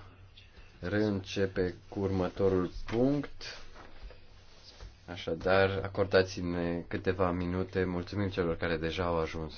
reîncepe cu următorul punct. Așadar, acordați-ne câteva minute. Mulțumim celor care deja au ajuns.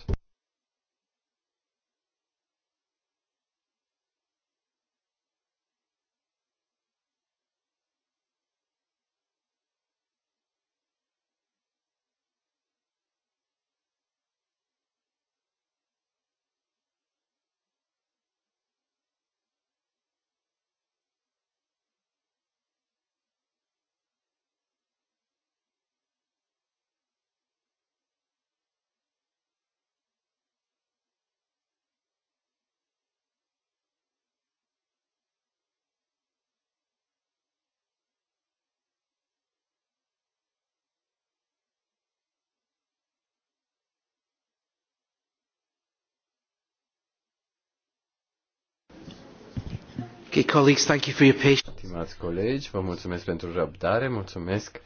Stimați colegi, vă mulțumesc pentru răbdare, mulțumesc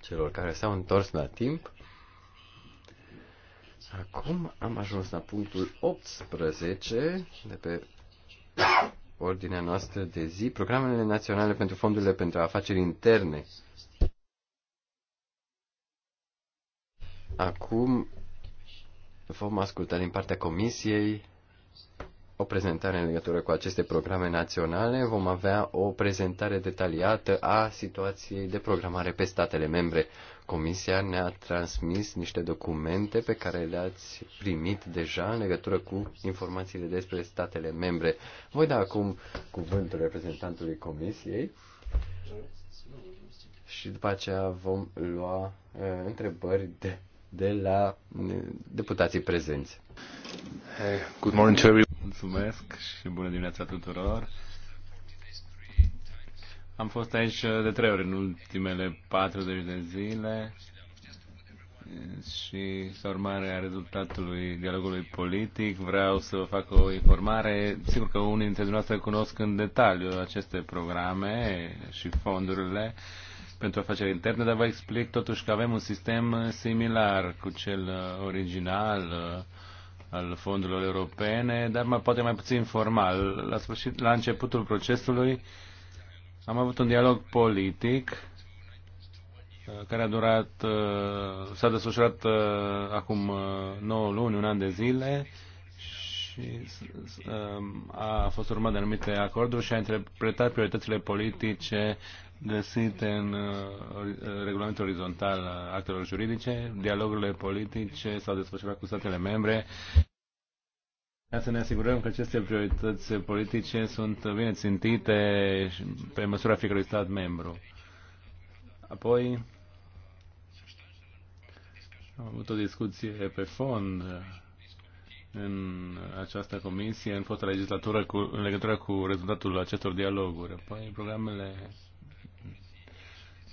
celor care s-au întors la timp. Acum am ajuns la punctul 18 de pe ordinea noastră de zi, programele naționale pentru fondurile pentru afaceri interne. Acum vom asculta din partea Comisiei o prezentare în legătură cu aceste programe naționale, vom avea o prezentare detaliată a situației de programare pe statele membre. Comisia ne-a transmis niște documente pe care le-ați primit deja în legătură cu informațiile despre statele membre. Voi da acum cuvântul reprezentantului Comisiei și după aceea vom lua uh, întrebări de de la mm, deputații prezenți. Good morning to everyone. Mulțumesc și bună dimineața tuturor. Am fost aici de trei ori în ultimele 40 de zile și ca urmare a rezultatului dialogului politic vreau să vă fac o informare. Sigur că unii dintre dumneavoastră cunosc în detaliu aceste programe și fondurile pentru afaceri interne, dar vă explic totuși că avem un sistem similar cu cel uh, original uh, al fondurilor europene, dar mai, poate mai puțin formal. La, sfârșit, la începutul procesului am avut un dialog politic uh, care a durat, s-a desfășurat acum 9 luni, un an de zile și a fost urmat de anumite acorduri și a interpretat prioritățile politice găsite în uh, regulamentul orizontal al actelor juridice, dialogurile politice s-au desfășurat cu statele membre. Ca să ne asigurăm că aceste priorități politice sunt bine țintite pe măsura fiecărui stat membru. Apoi, am avut o discuție pe fond în această comisie, în fostă legislatură, cu, în legătură cu rezultatul acestor dialoguri. Apoi, programele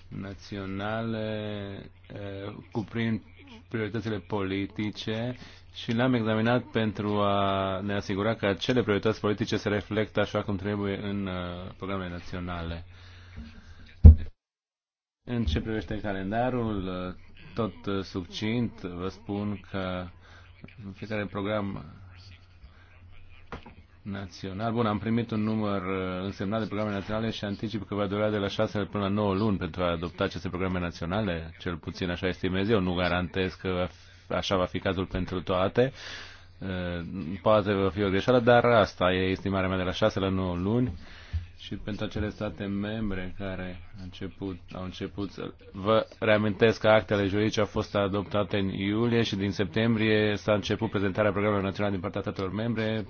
naționale cuprind prioritățile politice și le-am examinat pentru a ne asigura că acele priorități politice se reflectă așa cum trebuie în programele naționale. În ce privește calendarul, tot succint vă spun că în fiecare program național. Bun, am primit un număr uh, însemnat de programe naționale și anticip că va dura de la 6 până la 9 luni pentru a adopta aceste programe naționale, cel puțin așa estimez eu. Nu garantez că așa va fi cazul pentru toate. Uh, poate va fi o greșeală, dar asta e estimarea mea de la 6 la 9 luni și pentru acele state membre care au început, au început să... Vă reamintesc că actele juridice au fost adoptate în iulie și din septembrie s-a început prezentarea programelor naționale din partea statelor membre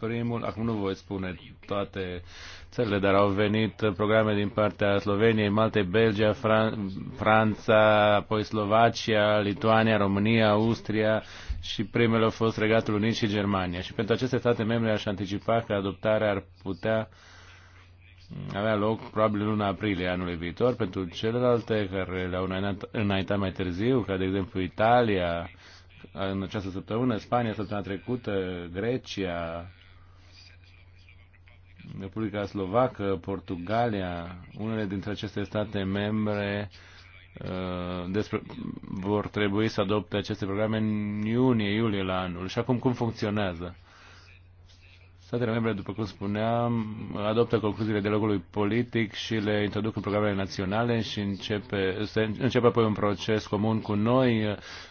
primul, acum nu voi spune toate țările, dar au venit programe din partea Sloveniei, Malte, Belgia, Fran- Franța, apoi Slovacia, Lituania, România, Austria și primele au fost Regatul Unit și Germania. Și pentru aceste state membre aș anticipa că adoptarea ar putea avea loc probabil în luna aprilie anului viitor. Pentru celelalte care le-au înaintat mai târziu, ca de exemplu Italia, în această săptămână, Spania, săptămâna trecută, Grecia, Republica Slovacă, Portugalia, unele dintre aceste state membre uh, despre, vor trebui să adopte aceste programe în iunie-iulie la anul. Și acum cum funcționează? Statele membre, după cum spuneam, adoptă concluziile dialogului politic și le introduc în programele naționale și începe, se începe apoi un proces comun cu noi.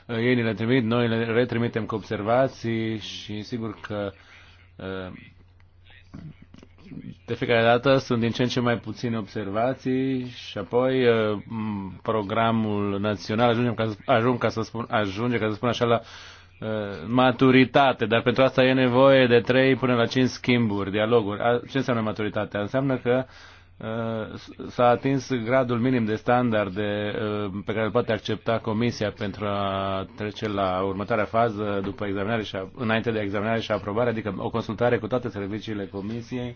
Ei ne le trimit, noi le retrimitem cu observații și sigur că uh, de fiecare dată sunt din ce în ce mai puține observații și apoi uh, programul național ajunge ca, ajung, ca să spun, ajunge, ca să spun așa, la uh, maturitate, dar pentru asta e nevoie de 3 până la 5 schimburi, dialoguri. Ce înseamnă maturitatea? Înseamnă că uh, s-a atins gradul minim de standarde pe care îl poate accepta Comisia pentru a trece la următoarea fază după examinare și a, înainte de examinare și aprobare, adică o consultare cu toate serviciile Comisiei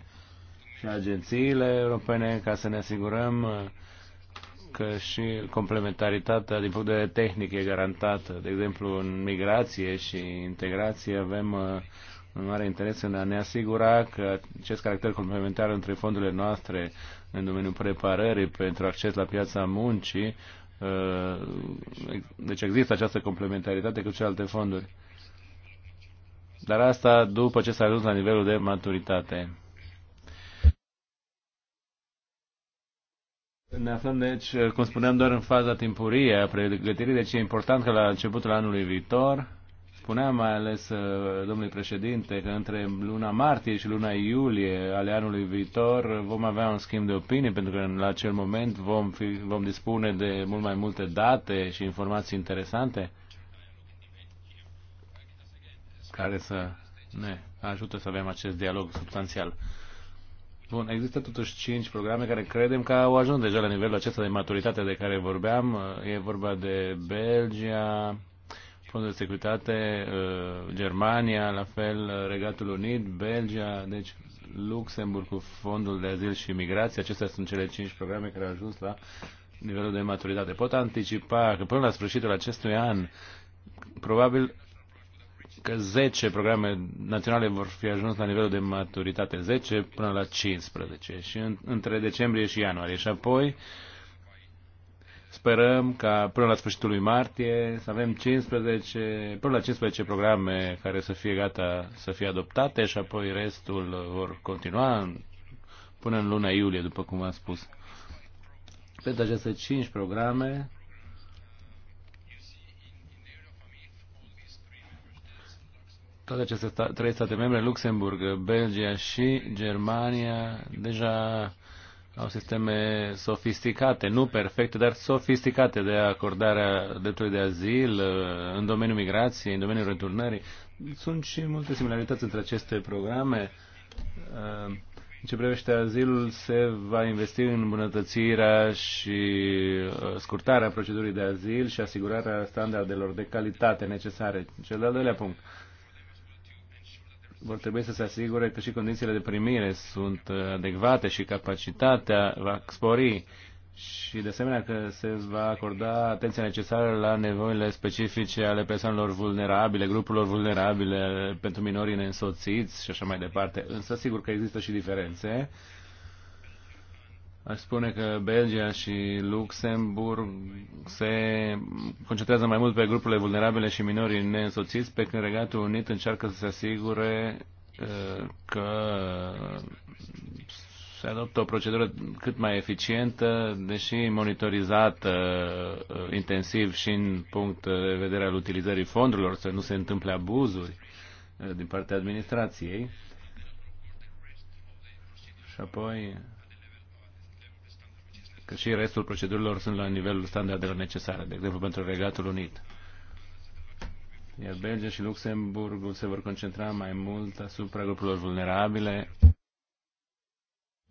și agențiile europene ca să ne asigurăm uh, că și complementaritatea din punct de vedere tehnic e garantată. De exemplu, în migrație și integrație avem uh, un mare interes în a ne asigura că acest caracter complementar între fondurile noastre în domeniul preparării pentru acces la piața muncii, uh, deci există această complementaritate cu celelalte fonduri. Dar asta după ce s-a ajuns la nivelul de maturitate. Ne aflăm, deci, cum spuneam, doar în faza timpurie a pregătirii, deci e important că la începutul anului viitor, spuneam mai ales uh, domnului președinte că între luna martie și luna iulie ale anului viitor vom avea un schimb de opinie, pentru că la acel moment vom, fi, vom dispune de mult mai multe date și informații interesante care să ne ajută să avem acest dialog substanțial. Bun, există totuși cinci programe care credem că au ajuns deja la nivelul acesta de maturitate de care vorbeam. E vorba de Belgia, Fondul de Securitate, uh, Germania, la fel uh, Regatul Unit, Belgia, deci Luxemburg cu Fondul de Azil și Migrație. Acestea sunt cele cinci programe care au ajuns la nivelul de maturitate. Pot anticipa că până la sfârșitul acestui an, probabil că 10 programe naționale vor fi ajuns la nivelul de maturitate 10 până la 15 și în, între decembrie și ianuarie. Și apoi sperăm ca până la sfârșitul lui martie să avem 15, până la 15 programe care să fie gata să fie adoptate și apoi restul vor continua până în luna iulie, după cum am spus. Pentru aceste 5 programe toate aceste sta- trei state membre, Luxemburg, Belgia și Germania, deja au sisteme sofisticate, nu perfecte, dar sofisticate de acordarea dreptului de azil uh, în domeniul migrației, în domeniul returnării. Sunt și multe similarități între aceste programe. Uh, în ce privește azilul, se va investi în îmbunătățirea și uh, scurtarea procedurii de azil și asigurarea standardelor de calitate necesare. Cel de-al doilea punct vor trebui să se asigure că și condițiile de primire sunt uh, adecvate și capacitatea va spori și de asemenea că se va acorda atenția necesară la nevoile specifice ale persoanelor vulnerabile, grupurilor vulnerabile uh, pentru minorii neînsoțiți și așa mai departe. Însă sigur că există și diferențe Aș spune că Belgia și Luxemburg se concentrează mai mult pe grupurile vulnerabile și minorii neînsoțiți, pe când Regatul Unit încearcă să se asigure uh, că se adoptă o procedură cât mai eficientă, deși monitorizată uh, intensiv și în punct de vedere al utilizării fondurilor, să nu se întâmple abuzuri uh, din partea administrației. Și apoi că și restul procedurilor sunt la nivelul standardelor necesare, de exemplu pentru Regatul Unit. Iar Belgia și Luxemburgul se vor concentra mai mult asupra grupurilor vulnerabile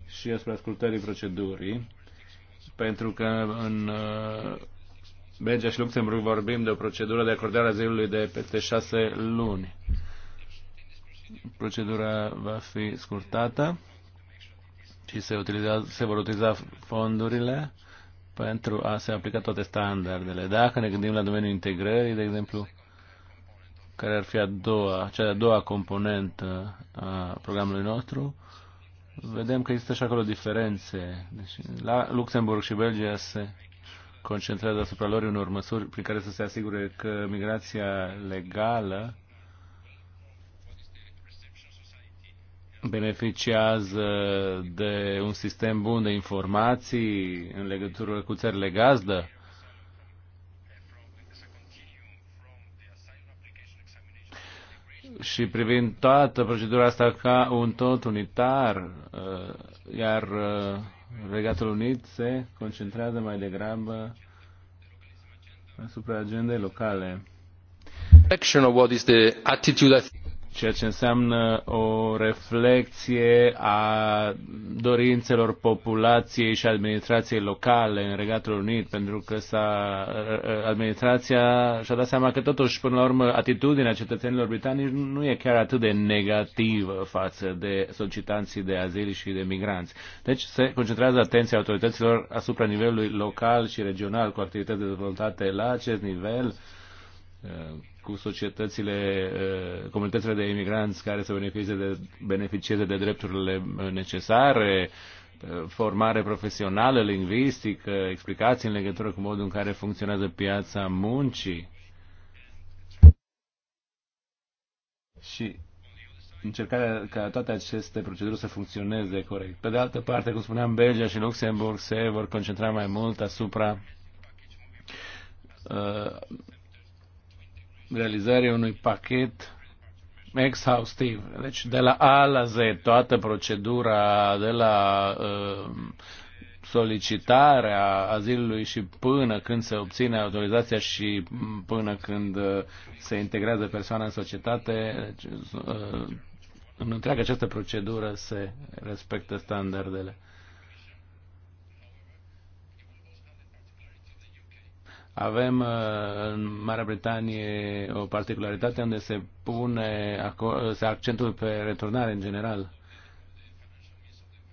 și asupra ascultării procedurii, pentru că în uh, Belgia și Luxemburg vorbim de o procedură de acordare a zilului de peste șase luni. Procedura va fi scurtată și se, utiliza, se vor utiliza fondurile pentru a se aplica toate standardele. Dacă ne gândim la domeniul integrării, de exemplu, care ar fi a doua, cea de-a doua componentă a programului nostru, vedem că există și acolo diferențe. Deci, la Luxemburg și Belgia se concentrează asupra lor unor măsuri prin care să se asigure că migrația legală beneficiază de un sistem bun de informații în legătură cu țările gazdă? și privind toată procedura asta ca un tot unitar, uh, iar uh, Regatul Unit se concentrează mai degrabă asupra agendei locale. Of what is the attitude ceea ce înseamnă o reflexie a dorințelor populației și administrației locale în Regatul Unit, pentru că s-a, administrația și-a dat seama că totuși, până la urmă, atitudinea cetățenilor britanici nu e chiar atât de negativă față de solicitanții de azil și de migranți. Deci se concentrează atenția autorităților asupra nivelului local și regional cu activități dezvoltate la acest nivel cu societățile, uh, comunitățile de imigranți care să beneficieze de, beneficieze de drepturile uh, necesare, uh, formare profesională, lingvistică, explicații în legătură cu modul în care funcționează piața muncii. Și încercarea ca toate aceste proceduri să funcționeze corect. Pe de altă parte, cum spuneam, Belgia și Luxemburg se vor concentra mai mult asupra realizarea unui pachet exhaustiv. Deci de la A la Z, toată procedura de la uh, solicitarea azilului și până când se obține autorizația și până când uh, se integrează persoana în societate, deci, uh, în întreaga această procedură se respectă standardele. Avem uh, în Marea Britanie o particularitate unde se pune se accentul pe returnare în general.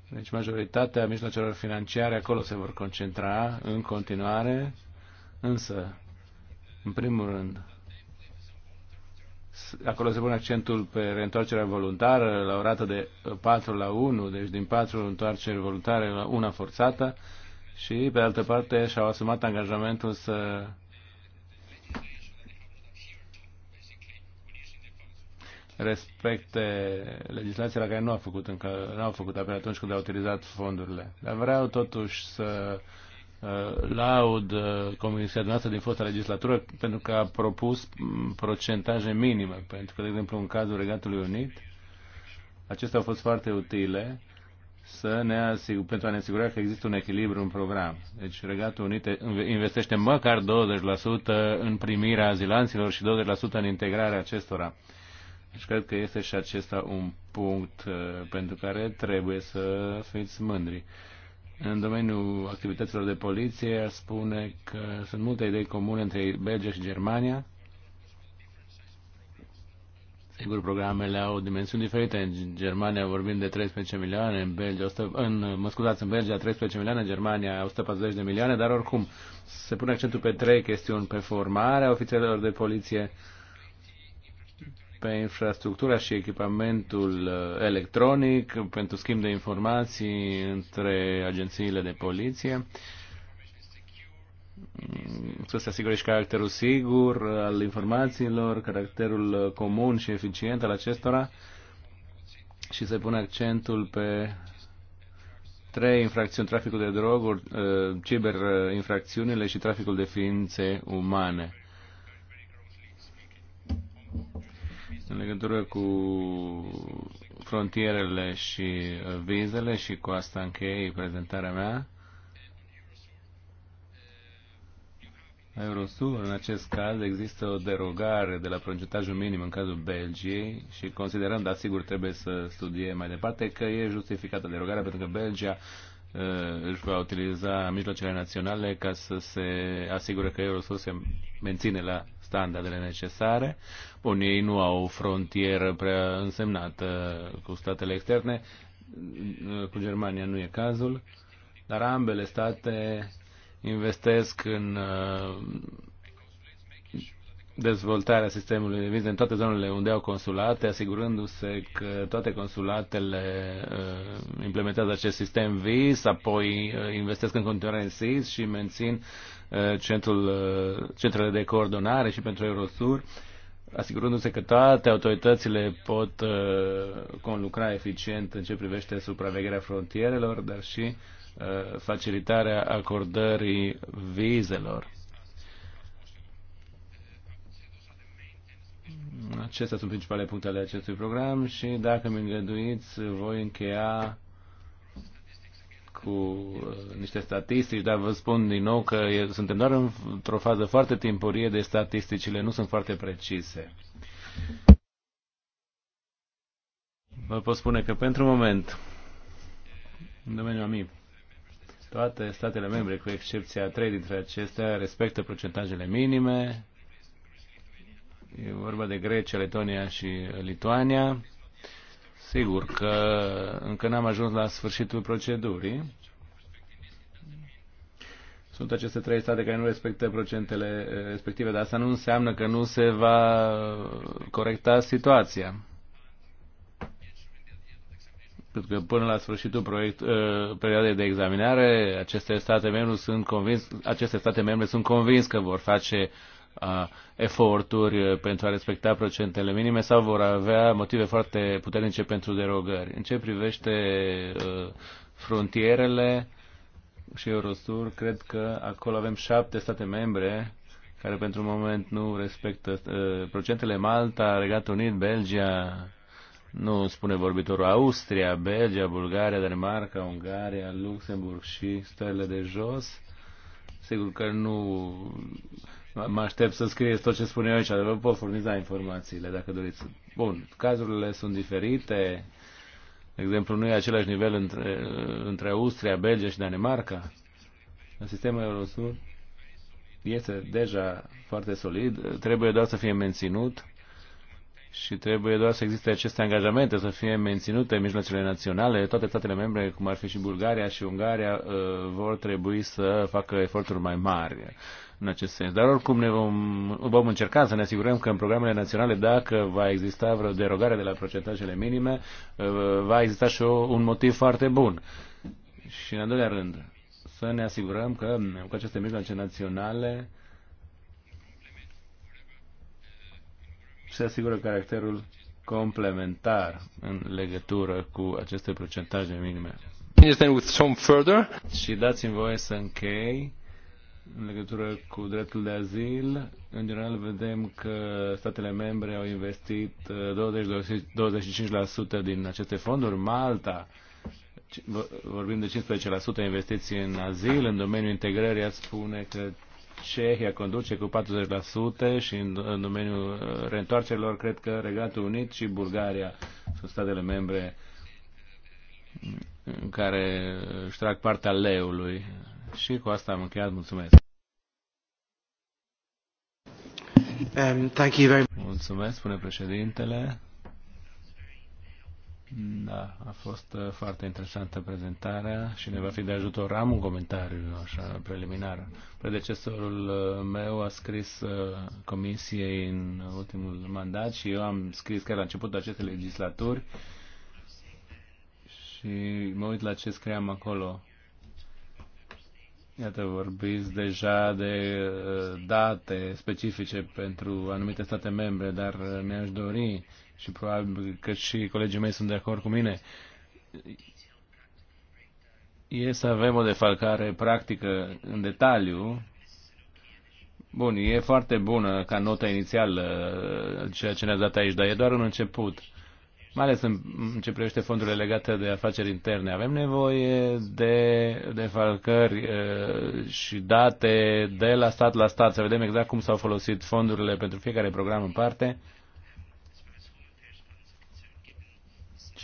Deci majoritatea mijloacelor financiare acolo se vor concentra în continuare, însă, în primul rând, acolo se pune accentul pe reîntoarcerea voluntară la o rată de 4 la 1, deci din 4 întoarceri voluntare la una forțată, și, pe altă parte, și-au asumat angajamentul să respecte legislația la care nu a făcut încă, nu au făcut apel atunci când au utilizat fondurile. Dar vreau totuși să uh, laud uh, Comisia noastră din fosta legislatură pentru că a propus mm, procentaje minime, pentru că, de exemplu, în cazul Regatului Unit, acestea au fost foarte utile să ne asigur, pentru a ne asigura că există un echilibru în program. Deci Regatul Unit investește măcar 20% în primirea azilanților și 20% în integrarea acestora. Deci cred că este și acesta un punct uh, pentru care trebuie să fiți mândri. În domeniul activităților de poliție, spune că sunt multe idei comune între Belgia și Germania Sigur, programele au dimensiuni diferite. În Germania vorbim de 13 milioane, în Belgia, 100, în, mă scuzați, în Belgia 13 milioane, în Germania 140 de milioane, dar oricum se pune accentul pe trei chestiuni, pe formarea ofițerilor de poliție, pe infrastructura și echipamentul uh, electronic, pentru schimb de informații între agențiile de poliție să se asigure și caracterul sigur al informațiilor, caracterul uh, comun și eficient al acestora și se pune accentul pe trei infracțiuni, traficul de droguri, uh, ciberinfracțiunile uh, și traficul de ființe umane. În legătură cu frontierele și vizele și cu asta închei prezentarea mea, Eurosur, în acest caz, există o derogare de la procentajul minim în cazul Belgiei și considerăm, dar sigur trebuie să studiem mai departe, că e justificată derogarea pentru că Belgia uh, își va utiliza mijloacele naționale ca să se asigure că Eurosur se menține la standardele necesare. Bun, ei nu au o frontieră prea însemnată cu statele externe, cu Germania nu e cazul, dar ambele state investesc în uh, dezvoltarea sistemului de vize în toate zonele unde au consulate, asigurându-se că toate consulatele uh, implementează acest sistem VIS, apoi uh, investesc în continuare în SIS și mențin centrul, centrele de coordonare și pentru Eurosur, asigurându-se că toate autoritățile pot conlucra eficient în ce privește supravegherea frontierelor, dar și Uh, facilitarea acordării vizelor. Acestea sunt principalele puncte ale acestui program și, dacă mi îngăduiți, voi încheia cu uh, niște statistici, dar vă spun din nou că suntem doar într-o fază foarte timpurie de statisticile, nu sunt foarte precise. Vă pot spune că pentru moment, în domeniul amii, toate statele membre, cu excepția trei dintre acestea, respectă procentajele minime. E vorba de Grecia, Letonia și Lituania. Sigur că încă n-am ajuns la sfârșitul procedurii. Sunt aceste trei state care nu respectă procentele eh, respective, dar asta nu înseamnă că nu se va corecta situația pentru că până la sfârșitul proiect, uh, perioadei de examinare, aceste state membre sunt convins, aceste state membre sunt convins că vor face uh, eforturi uh, pentru a respecta procentele minime sau vor avea motive foarte puternice pentru derogări. În ce privește uh, frontierele și Eurostur, cred că acolo avem șapte state membre care pentru moment nu respectă uh, procentele Malta, Regatul Unit, Belgia, nu spune vorbitorul Austria, Belgia, Bulgaria, Danemarca, Ungaria, Luxemburg și stările de jos. Sigur că nu mă aștept să scrieți tot ce spune eu aici, dar vă pot furniza informațiile dacă doriți. Bun, cazurile sunt diferite. De exemplu, nu e același nivel între, între Austria, Belgia și Danemarca. Sistemul Eurosur este deja foarte solid, trebuie doar să fie menținut și trebuie doar să existe aceste angajamente, să fie menținute mijloacele naționale. Toate statele membre, cum ar fi și Bulgaria și Ungaria, uh, vor trebui să facă eforturi mai mari în acest sens. Dar oricum ne vom, vom încerca să ne asigurăm că în programele naționale, dacă va exista vreo derogare de la procentajele minime, uh, va exista și un motiv foarte bun. Și în al doilea rând, să ne asigurăm că cu aceste mijloace naționale se asigură caracterul complementar în legătură cu aceste procentaje minime. Și dați-mi voie să închei în legătură cu dreptul de azil. În general vedem că statele membre au investit 20-25% uh, din aceste fonduri. Malta, vorbim de 15% investiții în azil, în domeniul integrării, ați spune că Cehia conduce cu 40% și în, în domeniul uh, reîntoarcerilor cred că Regatul Unit și Bulgaria sunt statele membre în care își trag partea leului. Și cu asta am încheiat. Mulțumesc! Um, thank you very much. Mulțumesc, spune președintele. Da, a fost uh, foarte interesantă prezentarea și ne va fi de ajutor. Am un comentariu așa preliminar. Predecesorul uh, meu a scris uh, comisiei în ultimul mandat și eu am scris chiar la începutul acestei legislaturi și mă uit la ce scriam acolo. Iată, vorbiți deja de date specifice pentru anumite state membre, dar mi-aș dori și probabil că și colegii mei sunt de acord cu mine, e să avem o defalcare practică în detaliu. Bun, e foarte bună ca nota inițială ceea ce ne a dat aici, dar e doar un început. Mai ales în ce privește fondurile legate de afaceri interne. Avem nevoie de defalcări și date de la stat la stat, să vedem exact cum s-au folosit fondurile pentru fiecare program în parte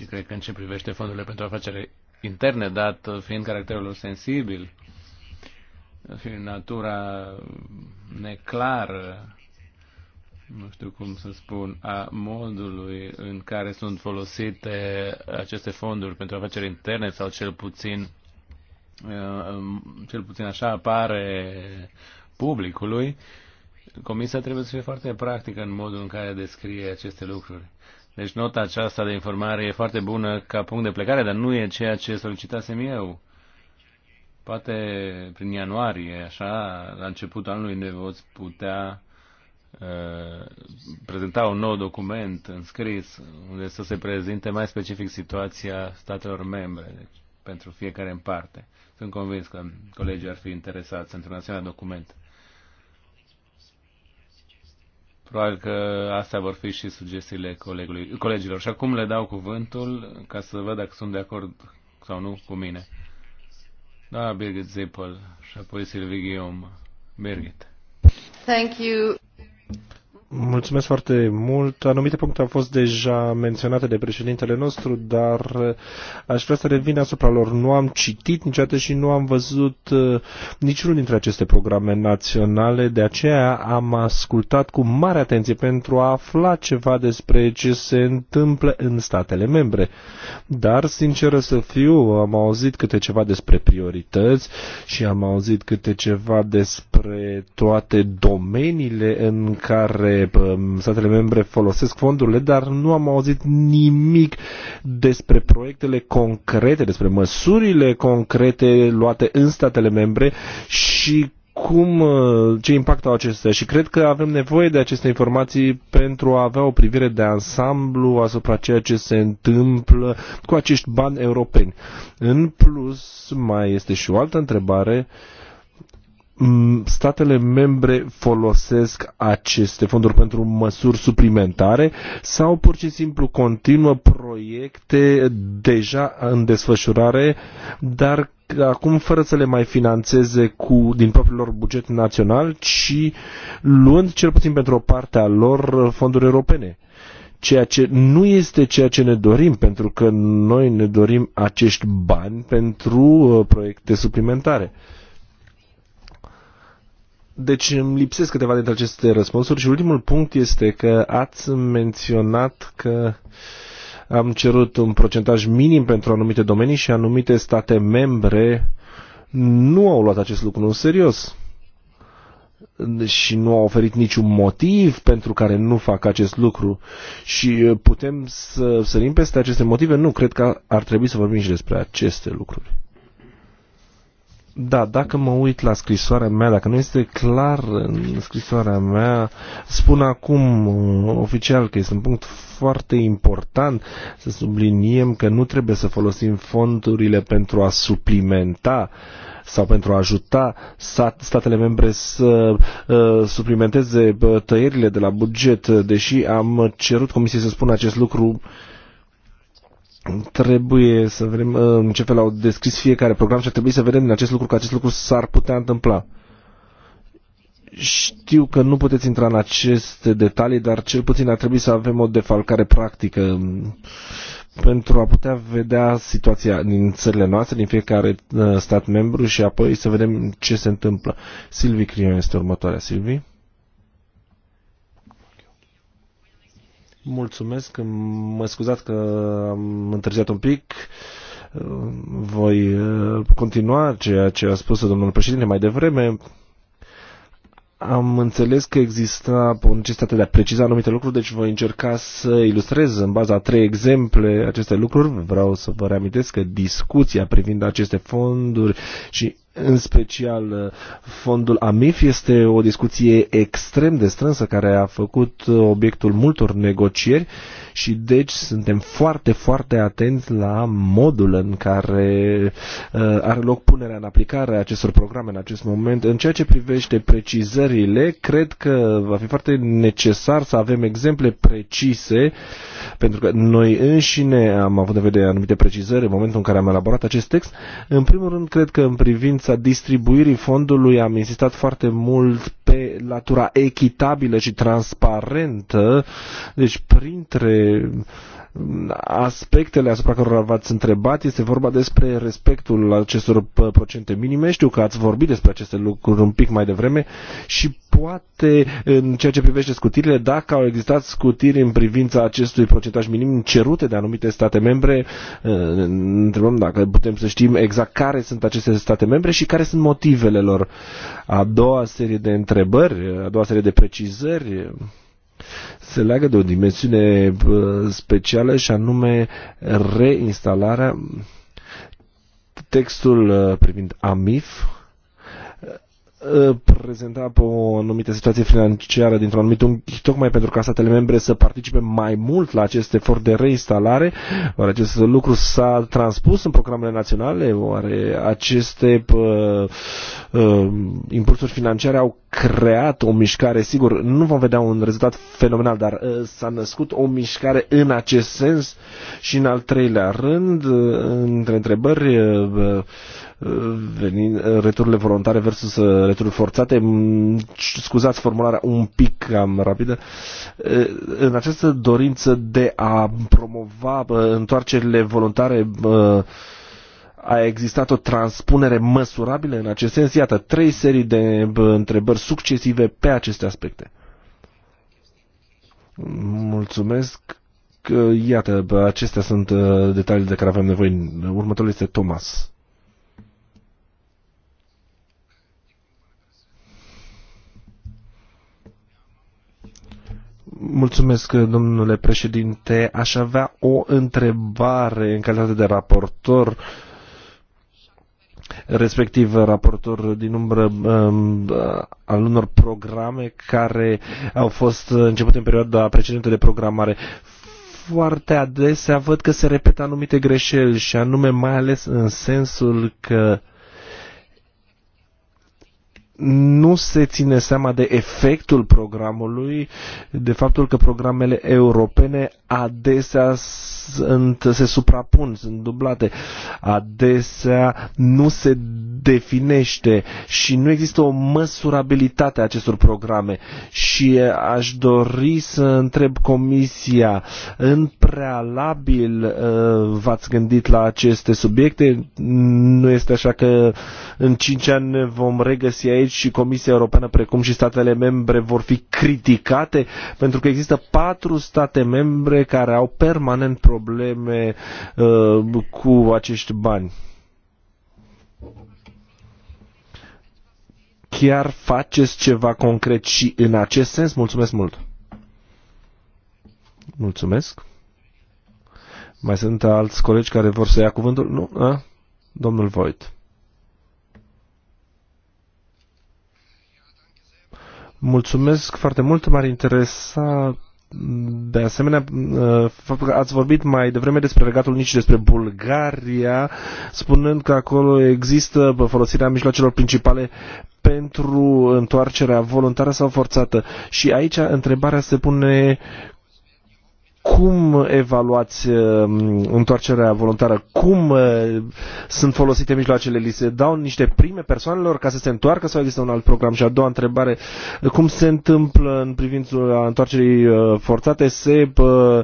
și cred că în ce privește fondurile pentru afaceri interne, dat fiind caracterul lor sensibil, fiind natura neclară, nu știu cum să spun, a modului în care sunt folosite aceste fonduri pentru afaceri interne sau cel puțin uh, cel puțin așa apare publicului, Comisia trebuie să fie foarte practică în modul în care descrie aceste lucruri. Deci nota aceasta de informare e foarte bună ca punct de plecare, dar nu e ceea ce solicitasem eu. Poate prin ianuarie, așa, la începutul anului, ne voți putea uh, prezenta un nou document înscris unde să se prezinte mai specific situația statelor membre, deci pentru fiecare în parte. Sunt convins că colegii ar fi interesați într-un asemenea document. Probabil că astea vor fi și sugestiile colegului, colegilor. Și acum le dau cuvântul ca să văd dacă sunt de acord sau nu cu mine. Da, Birgit Zippel și apoi Silvigium. Birgit. Thank you. Mulțumesc foarte mult. Anumite puncte au fost deja menționate de președintele nostru, dar eh, aș vrea să revin asupra lor. Nu am citit niciodată și nu am văzut eh, niciunul dintre aceste programe naționale, de aceea am ascultat cu mare atenție pentru a afla ceva despre ce se întâmplă în statele membre. Dar, sinceră să fiu, am auzit câte ceva despre priorități și am auzit câte ceva despre toate domeniile în care Um, statele membre folosesc fondurile, dar nu am auzit nimic despre proiectele concrete, despre măsurile concrete luate în statele membre și cum, uh, ce impact au acestea și cred că avem nevoie de aceste informații pentru a avea o privire de ansamblu asupra ceea ce se întâmplă cu acești bani europeni. În plus, mai este și o altă întrebare uh, Mm, statele membre folosesc aceste fonduri pentru măsuri suplimentare sau pur și simplu continuă proiecte deja în desfășurare, dar acum fără să le mai financeze cu, din propriul lor buget național, ci luând cel puțin pentru o parte a lor fonduri europene ceea ce nu este ceea ce ne dorim, pentru că noi ne dorim acești bani pentru uh, proiecte suplimentare. Uh, deci îmi lipsesc câteva dintre aceste răspunsuri și ultimul punct este că ați menționat că am cerut un procentaj minim pentru anumite domenii și anumite state membre nu au luat acest lucru în serios și nu au oferit niciun motiv pentru care nu fac acest lucru și uh, putem să sărim peste aceste motive? Nu, cred că ar trebui să vorbim și despre aceste lucruri. Da, dacă mă uit la scrisoarea mea, dacă nu este clar în scrisoarea mea, spun acum uh, oficial că este un punct foarte important să subliniem că nu trebuie să folosim fondurile pentru a suplimenta sau pentru a ajuta statele membre să uh, suplimenteze uh, tăierile de la buget, uh, deși am cerut Comisiei să spună acest lucru uh, trebuie să vedem uh, în ce fel au descris fiecare program și ar trebui să vedem în acest lucru că acest lucru s-ar putea întâmpla. Știu că nu puteți intra în aceste detalii, dar cel puțin ar trebui să avem o defalcare practică um, pentru a putea vedea situația din țările noastre, din fiecare uh, stat membru și apoi să vedem ce se întâmplă. Silvi Crion este următoarea. Silvi? Mulțumesc, mă scuzați că am întârziat un pic. Voi uh, continua ceea ce a spus domnul președinte mai devreme. Am înțeles că exista o necesitate de a preciza anumite lucruri, deci voi încerca să ilustrez în baza a trei exemple aceste lucruri. Vreau să vă reamintesc că discuția privind aceste fonduri și în special uh, fondul AMIF este o discuție extrem de strânsă care a făcut uh, obiectul multor negocieri și deci suntem foarte, foarte atenți la modul în care uh, are loc punerea în aplicare a acestor programe în acest moment. În ceea ce privește precizările, cred că va fi foarte necesar să avem exemple precise pentru că noi înșine am avut în vedere anumite precizări în momentul în care am elaborat acest text. În primul rând, cred că în privința importanța distribuirii fondului am insistat foarte mult pe latura echitabilă și transparentă, deci printre uh, aspectele asupra cărora v-ați întrebat este vorba despre respectul acestor procente minime. Știu că ați vorbit despre aceste lucruri un pic mai devreme și poate în ceea ce privește scutirile, dacă au existat scutiri în privința acestui procentaj minim cerute de anumite state membre, eh, întrebăm dacă putem să știm exact care sunt aceste state membre și care sunt motivele lor. A doua serie de întrebări, a doua serie de precizări, se leagă de o dimensiune specială și anume reinstalarea textul uh, privind AMIF Uh, prezenta pe o anumită situație financiară dintr-un anumit unghi, tocmai pentru ca statele membre să participe mai mult la acest efort de reinstalare. Oare acest lucru s-a transpus în programele naționale? Oare aceste pă, uh, uh, impulsuri financiare au creat o mișcare? Sigur, nu vom vedea un rezultat fenomenal, dar uh, s-a născut o mișcare în acest sens și în al treilea rând, uh, între întrebări, uh, venind, returile voluntare versus uh, retururi forțate, scuzați formularea un pic cam rapidă, uh, în această dorință de a promova uh, întoarcerile voluntare a existat o transpunere măsurabilă în acest sens? Iată, trei serii de întrebări succesive pe aceste aspecte. Mulțumesc. Iată, acestea sunt detaliile de care avem nevoie. Următorul este Thomas. Mulțumesc, domnule președinte. Aș avea o întrebare în calitate de raportor respectiv raportor din umbră um, al unor programe care au fost începute în perioada precedentă de programare foarte adesea văd că se repetă anumite greșeli și anume mai ales în sensul că nu se ține seama de efectul programului, de faptul că programele europene adesea sunt, se suprapun, sunt dublate, adesea nu se definește și nu există o măsurabilitate a acestor programe și aș dori să întreb Comisia, în prealabil uh, v-ați gândit la aceste subiecte? Nu este așa că în 5 ani ne vom regăsi aici și Comisia Europeană precum și statele membre vor fi criticate pentru că există patru state membre care au permanent probleme uh, cu acești bani. Chiar faceți ceva concret și în acest sens? Mulțumesc mult! Mulțumesc! Mai sunt alți colegi care vor să ia cuvântul? Nu? A? Domnul Voit. Mulțumesc foarte mult, m-ar interesa de asemenea, uh, faptul că ați vorbit mai devreme despre regatul nici despre Bulgaria, spunând că acolo există folosirea mijloacelor principale pentru întoarcerea voluntară sau forțată. Și aici întrebarea se pune cum evaluați um, întoarcerea voluntară? Cum uh, sunt folosite mijloacele? Li se dau niște prime persoanelor ca să se întoarcă sau există un alt program? Și a doua întrebare, cum se întâmplă în privința întoarcerii uh, forțate? Se, uh,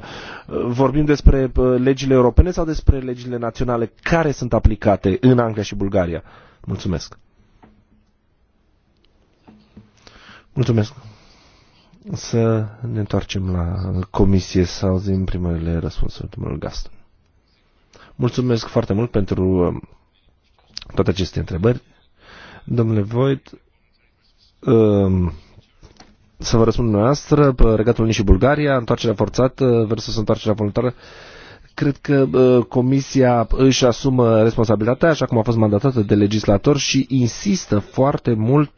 vorbim despre legile europene sau despre legile naționale care sunt aplicate în Anglia și Bulgaria? Mulțumesc! Mulțumesc! să ne întoarcem la comisie să auzim primele răspunsuri domnului Gaston. Mulțumesc foarte mult pentru um, toate aceste întrebări. Domnule Voit, um, să vă răspund noastră, pe regatul Unii și Bulgaria, întoarcerea forțată versus întoarcerea voluntară, cred că uh, Comisia își asumă responsabilitatea, așa cum a fost mandatată de legislator și insistă foarte mult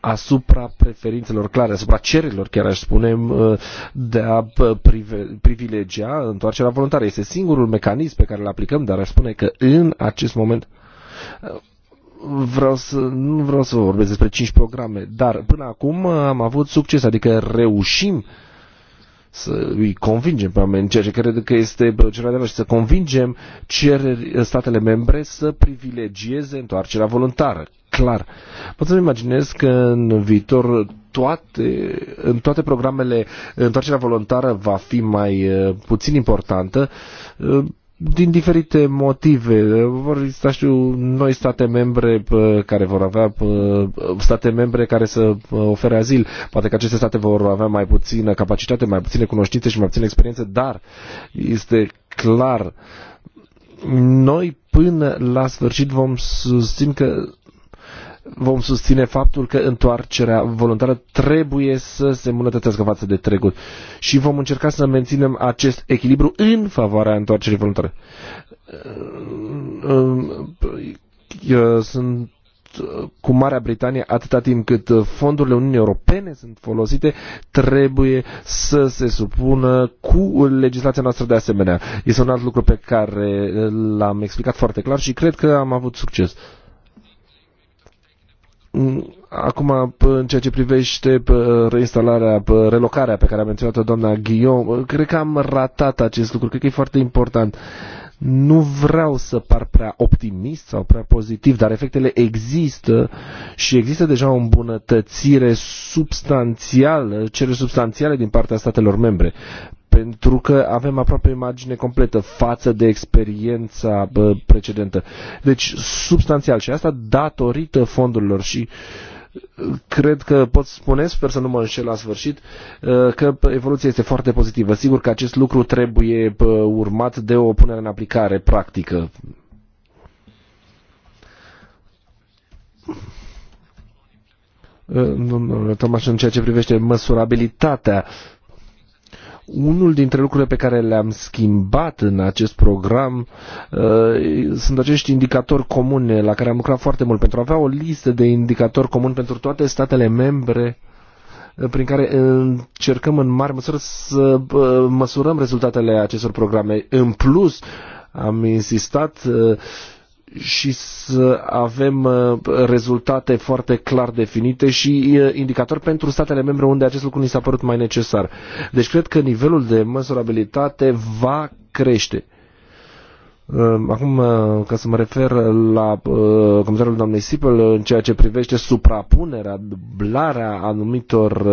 asupra preferințelor clare, asupra cererilor, chiar aș spune, de a privilegia întoarcerea voluntară. Este singurul mecanism pe care îl aplicăm, dar aș spune că în acest moment vreau să, nu vreau să vorbesc despre cinci programe, dar până acum am avut succes, adică reușim uh, să îi convingem pe oameni, ceea ce cred că este ceva de noi, și să convingem cereri, statele membre să privilegieze întoarcerea voluntară. Clar. Pot să-mi imaginez că în viitor toate, în toate programele întoarcerea voluntară va fi mai eh, puțin importantă eh, din diferite motive. Vor exista, știu, noi state membre care vor avea state membre care să ofere azil. Poate că aceste state vor avea mai puțină capacitate, mai puține cunoștințe și mai puține experiențe, dar este clar noi până la sfârșit vom susține că vom susține faptul că întoarcerea voluntară trebuie să se îmbunătățească față de trecut și vom încerca să menținem acest echilibru în favoarea întoarcerii voluntare. Eu sunt cu Marea Britanie, atâta timp cât fondurile Uniunii Europene sunt folosite, trebuie să se supună cu legislația noastră de asemenea. Este un alt lucru pe care l-am explicat foarte clar și cred că am avut succes. Mm, acum, în ceea ce privește reinstalarea, relocarea pe care a menționat-o doamna Ghion, cred că am ratat acest lucru, cred că e foarte important. Nu vreau să par prea optimist sau prea pozitiv, dar efectele există și există deja o îmbunătățire substanțială, cele substanțiale din partea statelor membre pentru că avem aproape imagine completă față de experiența precedentă. Deci, substanțial și asta datorită fondurilor și uh, cred că pot spune, sper să nu mă înșel la sfârșit, uh, că evoluția este foarte pozitivă. Sigur că acest lucru trebuie urmat de o punere în aplicare practică. Uh, domnule Tomaș, în ceea ce privește măsurabilitatea unul dintre lucrurile pe care le-am schimbat în acest program uh, sunt acești indicatori comune la care am lucrat foarte mult pentru a avea o listă de indicatori comuni pentru toate statele membre uh, prin care uh, încercăm în mare măsură să uh, măsurăm rezultatele acestor programe. În plus, am insistat uh, și să avem uh, rezultate foarte clar definite și uh, indicatori pentru statele membre unde acest lucru ni s-a părut mai necesar. Deci cred că nivelul de măsurabilitate va crește Ehm, acum, eh, ca să mă refer la eh, comentariul doamnei Sipel eh, în ceea ce privește suprapunerea, dublarea anumitor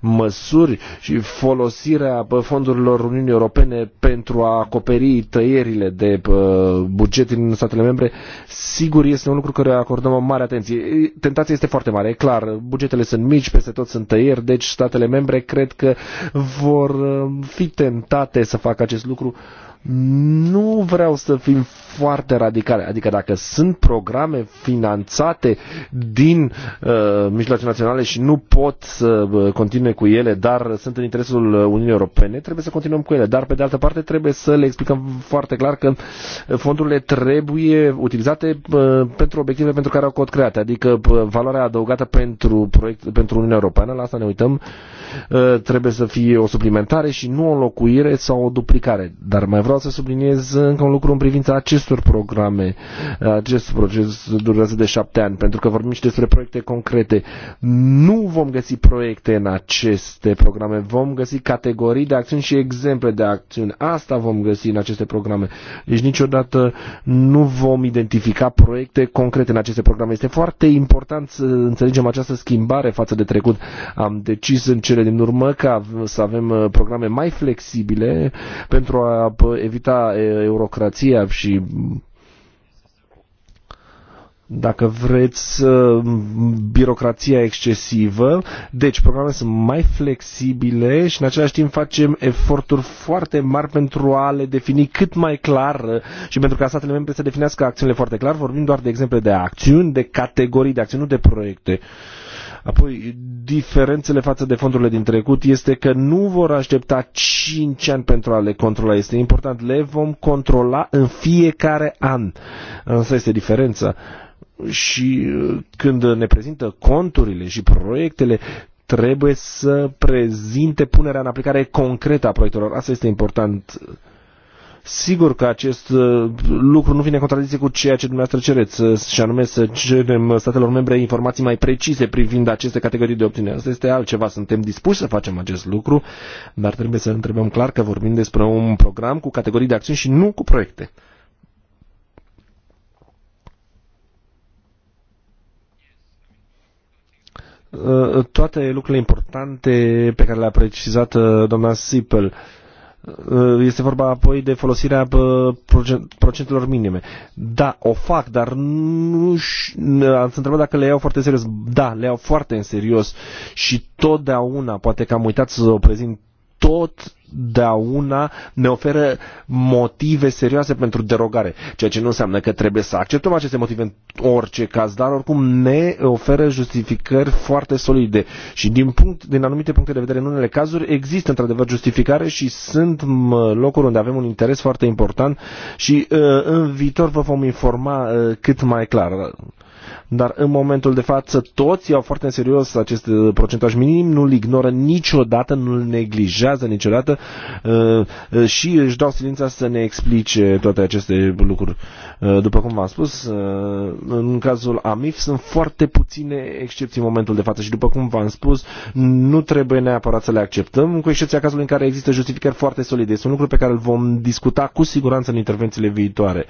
măsuri și folosirea fondurilor Uniunii Europene pentru a acoperi tăierile de buget din statele membre, sigur este un lucru care acordăm o mare atenție. Tentația este foarte mare, e clar, bugetele sunt mici, peste tot sunt tăieri, deci statele membre cred că vor fi tentate să facă acest lucru nu vreau să fim foarte radicale. Adică dacă sunt programe finanțate din uh, mijloace naționale și nu pot să uh, continue cu ele, dar sunt în interesul Uniunii Europene, trebuie să continuăm cu ele. Dar pe de altă parte trebuie să le explicăm foarte clar că fondurile trebuie utilizate uh, pentru obiective pentru care au cod create. Adică uh, valoarea adăugată pentru, proiect, pentru Uniunea Europeană, la asta ne uităm, uh, trebuie să fie o suplimentare și nu o înlocuire sau o duplicare. Dar mai vreau vreau să subliniez încă un lucru în privința acestor programe. Acest proces durează de șapte ani, pentru că vorbim și despre proiecte concrete. Nu vom găsi proiecte în aceste programe, vom găsi categorii de acțiuni și exemple de acțiuni. Asta vom găsi în aceste programe. Deci niciodată nu vom identifica proiecte concrete în aceste programe. Este foarte important să înțelegem această schimbare față de trecut. Am decis în cele din urmă ca să avem uh, programe mai flexibile pentru a uh, evita eurocrația și dacă vreți, birocrația excesivă. Deci, programele sunt mai flexibile și în același timp facem eforturi foarte mari pentru a le defini cât mai clar și pentru ca statele membre să definească acțiunile foarte clar. Vorbim doar de exemple de acțiuni, de categorii de acțiuni, nu de proiecte. Uh, Apoi, diferențele față de fondurile din trecut este că nu vor aștepta 5 ani pentru a le controla. Este important, le vom controla în fiecare an. Asta este diferența. Și uh, când ne prezintă conturile și proiectele, trebuie să prezinte punerea în aplicare concretă a proiectelor. Asta este important Sigur că acest uh, lucru nu vine în contradicție cu ceea ce dumneavoastră cereți, uh, și anume să cerem uh, statelor membre informații mai precise privind aceste categorii de obținere. Asta este altceva, suntem dispuși să facem acest lucru, dar trebuie să întrebăm clar că vorbim despre un program cu categorii de acțiuni și nu cu proiecte. Toate lucrurile importante pe care le-a precizat doamna Sipel uh, Uh, este vorba apoi de folosirea procentelor minime. Da, o fac, dar nu ați întrebat dacă le iau foarte serios. Da, le iau foarte în serios și totdeauna, poate că am uitat să o prezint tot întotdeauna ne oferă motive serioase pentru derogare, ceea ce nu înseamnă că trebuie să acceptăm aceste motive în orice caz, dar oricum ne oferă justificări foarte solide și din, punct, din anumite puncte de vedere în unele cazuri există într-adevăr justificare și sunt locuri unde avem un interes foarte important și uh, în viitor vă vom informa uh, cât mai clar dar în momentul de față toți iau foarte în serios acest uh, procentaj minim, nu-l ignoră niciodată, nu-l neglijează niciodată uh, uh, și își dau silința să ne explice toate aceste lucruri. După cum v-am spus, în cazul AMIF sunt foarte puține excepții în momentul de față și după cum v-am spus, nu trebuie neapărat să le acceptăm, cu excepția cazului în care există justificări foarte solide. Este un lucru pe care îl vom discuta cu siguranță în intervențiile viitoare.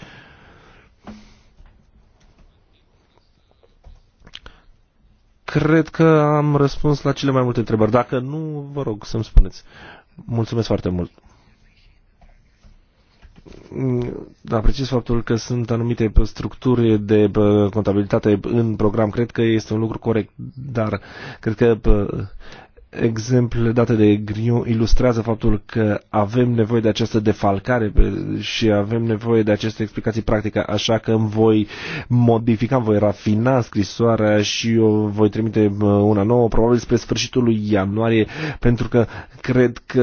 Cred că am răspuns la cele mai multe întrebări. Dacă nu, vă rog să-mi spuneți. Mulțumesc foarte mult. Da, mm, precis faptul că sunt anumite structuri de contabilitate în program. Cred că este un lucru corect, dar cred că exemplele date de Griu ilustrează faptul că avem nevoie de această defalcare și avem nevoie de aceste explicații practice, așa că îmi voi modifica, îmi voi rafina scrisoarea și eu voi trimite una nouă, probabil spre sfârșitul lui ianuarie, pentru că cred că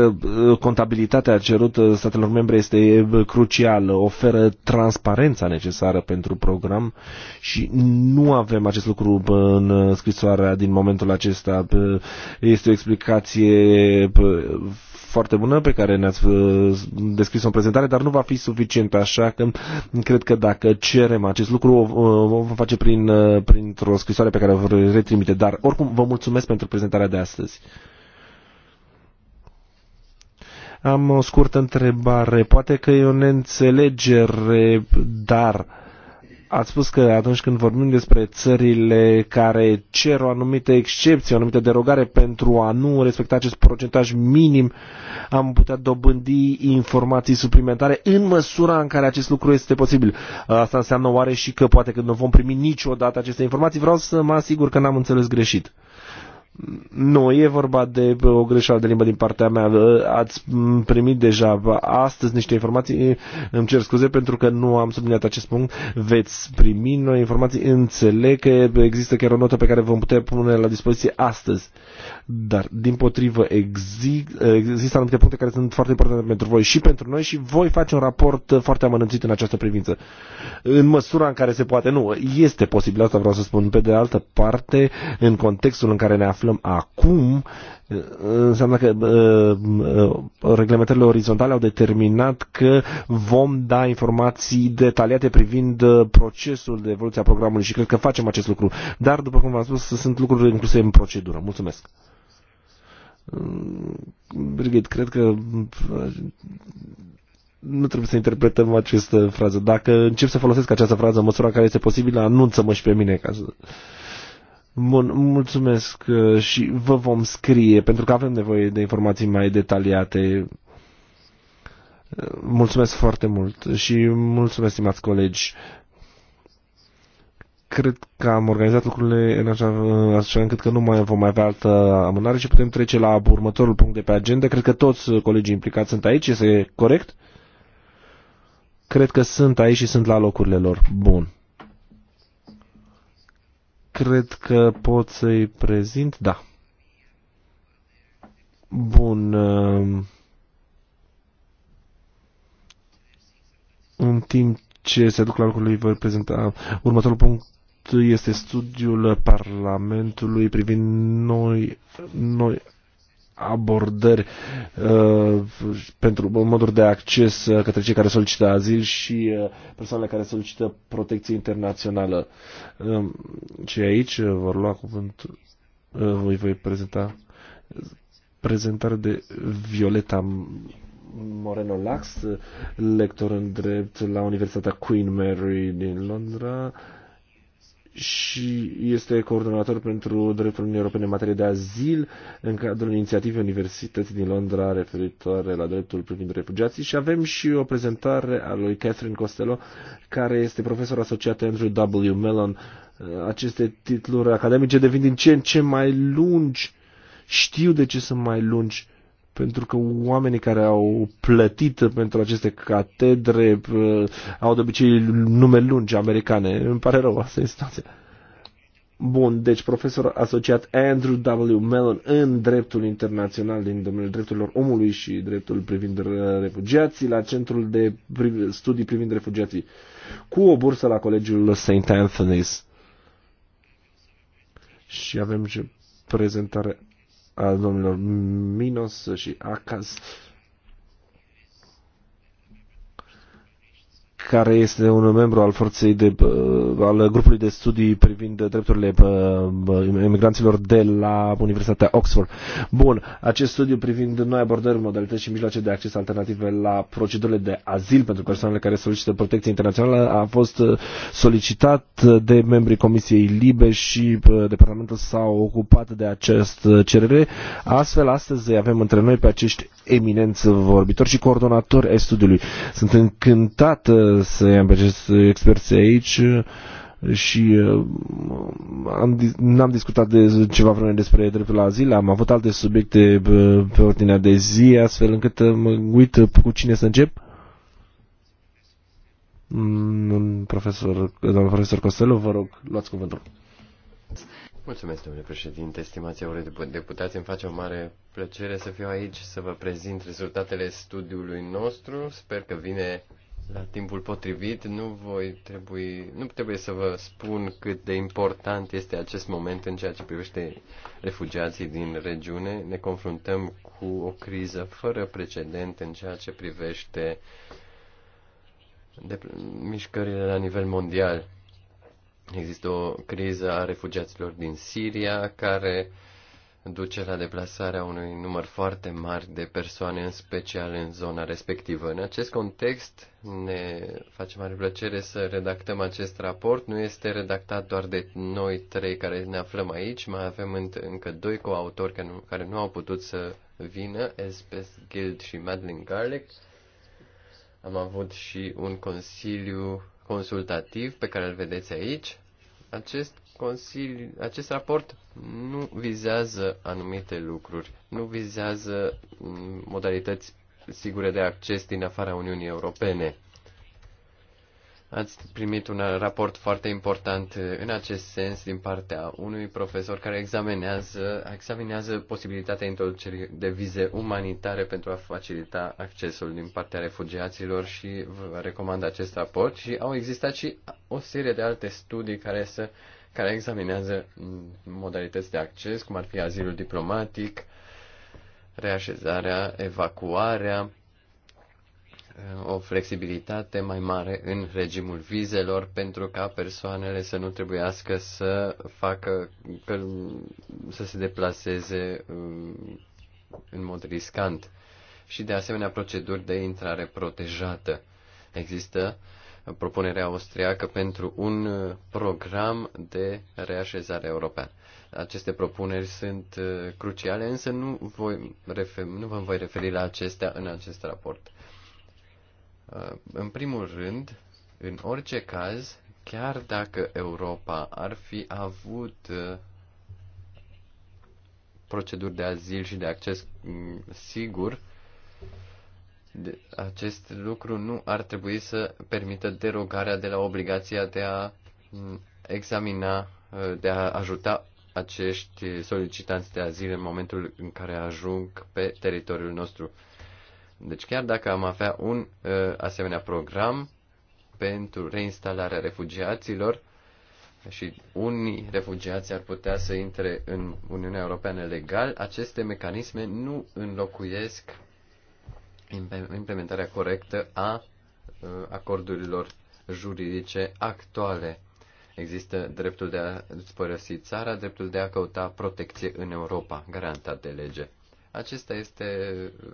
uh, contabilitatea cerută statelor membre este uh, crucială, oferă transparența necesară pentru program și nu avem acest lucru uh, în scrisoarea din momentul acesta. Este o explicație foarte bună pe care ne-ați descris-o în prezentare, dar nu va fi suficient așa că cred că dacă cerem acest lucru o vom face prin, printr-o scrisoare pe care o vor retrimite. Dar oricum vă mulțumesc pentru prezentarea de astăzi. Am o scurtă întrebare. Poate că e o neînțelegere, dar uh, Ați spus că atunci când vorbim despre țările care cer o anumită excepție, o anumită derogare pentru a nu respecta acest procentaj minim, am putea dobândi informații suplimentare în măsura în care acest lucru este posibil. Asta înseamnă oare și că poate că nu vom primi niciodată aceste informații. Vreau să mă asigur că n-am înțeles greșit. Nu, e vorba de o greșeală de limbă din partea mea. Ați primit deja astăzi niște informații. Îmi cer scuze pentru că nu am subliniat acest punct. Veți primi noi informații. Înțeleg că există chiar o notă pe care vom putea pune la dispoziție astăzi. Dar, din potrivă, există anumite puncte care sunt foarte importante pentru voi și pentru noi și voi face un raport foarte amănânțit în această privință. În măsura în care se poate. Nu, este posibil, asta vreau să spun. Pe de altă parte, în contextul în care ne aflăm, aflăm acum înseamnă că reglementările orizontale au determinat că vom da informații detaliate privind procesul de evoluție a programului și cred că facem acest lucru. Dar, după cum v-am spus, sunt lucruri incluse în procedură. Mulțumesc! Brigitte, cred că nu trebuie să interpretăm această frază. Dacă încep să folosesc această frază în măsura care este posibilă, anunță-mă și pe mine ca să Bun, mulțumesc uh, și vă vom scrie, pentru că avem nevoie de informații mai detaliate. Uh, mulțumesc foarte mult și mulțumesc, stimați colegi. Cred că am organizat lucrurile în așa, așa încât că nu mai vom mai avea altă amânare și putem trece la următorul punct de pe agenda. Cred că toți colegii implicați sunt aici, este corect? Cred că sunt aici și sunt la locurile lor. Bun. Cred că pot să-i prezint. Da. Bun. Um, în timp ce se duc la lucrurile, voi prezenta următorul punct este studiul Parlamentului privind noi, noi abordări uh, pentru moduri de acces uh, către cei care solicită azil și uh, persoanele care solicită protecție internațională. Uh, cei aici uh, vor lua cuvântul, uh, voi voi prezenta prezentare de Violeta Moreno Lax, lector în drept la Universitatea Queen Mary din Londra, uh, și este coordonator pentru dreptul Uniunii Europene în materie de azil în cadrul inițiativei Universității din Londra referitoare la dreptul privind refugiații și avem și o prezentare a lui Catherine Costello care este profesor asociat Andrew W. Mellon. Aceste titluri academice devin din ce în ce mai lungi. Știu de ce sunt mai lungi pentru că oamenii care au plătit pentru aceste catedre uh, au de obicei nume lungi americane. Îmi pare rău, asta e situația. Bun, deci profesor asociat Andrew W. Mellon în dreptul internațional din domeniul drepturilor omului și dreptul privind refugiații la Centrul de Studii privind refugiații cu o bursă la Colegiul St. Anthony's. Și avem și prezentare al domnilor Minos și Acas care este un membru al forței de, al grupului de studii privind drepturile emigranților de la Universitatea Oxford. Bun, acest studiu privind noi abordări, modalități și mijloace de acces alternative la procedurile de azil pentru persoanele care solicită protecție internațională a fost uh, solicitat de membrii Comisiei Libe și departamentul s-a ocupat de acest uh, cerere. Astfel, astăzi avem între noi pe acești eminenți vorbitori și coordonatori ai studiului. Sunt încântat uh, să iau pe acești experți aici și uh, am, n-am discutat de ceva vreme despre dreptul la azil, am avut alte subiecte uh, pe ordinea de zi, astfel încât uh, mă uit cu cine să încep. Mm, profesor, domnul profesor Costello, vă rog, luați cuvântul. Mulțumesc, domnule președinte, estimați eurodeputați, îmi face o mare plăcere să fiu aici să vă prezint rezultatele studiului nostru. Sper că vine la timpul potrivit. Nu voi trebui, nu trebuie să vă spun cât de important este acest moment în ceea ce privește refugiații din regiune. Ne confruntăm cu o criză fără precedent în ceea ce privește de mișcările la nivel mondial. Există o criză a refugiaților din Siria care uh, duce la deplasarea unui număr foarte mare de persoane, în special în zona respectivă. În acest context, ne face mare plăcere să redactăm acest raport. Nu este redactat doar de noi trei care ne aflăm aici, mai avem încă doi coautori care nu, care nu au putut să vină, Espes Guild și Madeline Garlic. Am avut și un consiliu consultativ pe care îl vedeți aici. Acest, consili, acest raport nu vizează anumite lucruri, nu vizează mm, modalități sigure de acces din afara Uniunii Europene. Ați primit un raport foarte important eh, în acest sens din partea unui profesor care examinează, examinează posibilitatea introducerii de vize umanitare pentru a facilita accesul din partea refugiaților și vă recomand acest raport și au existat și o serie de alte studii care să uh, care examinează modalități de acces, cum ar fi azilul diplomatic, reașezarea, evacuarea, o flexibilitate mai mare în regimul vizelor pentru ca persoanele să nu trebuiască să facă să se deplaseze um, în mod riscant și de asemenea proceduri de intrare protejată. Există propunerea austriacă pentru un uh, program de reașezare european. Aceste propuneri sunt uh, cruciale, însă nu, voi refer, nu vă voi referi la acestea în acest raport. Uh, în primul rând, în orice caz, chiar dacă Europa ar fi avut proceduri de azil și de acces mm, sigur, acest lucru nu ar trebui să permită derogarea de la obligația de a mm, examina, ă, de a ajuta acești solicitanți de azil în momentul în care ajung pe teritoriul nostru. Deci chiar dacă am avea un uh, asemenea program pentru reinstalarea refugiaților și unii refugiați ar putea să intre în Uniunea Europeană legal, aceste mecanisme nu înlocuiesc implementarea corectă a uh, acordurilor juridice actuale. Există dreptul de a părăsi țara, dreptul de a căuta protecție în Europa, garantat de lege. Acesta este uh,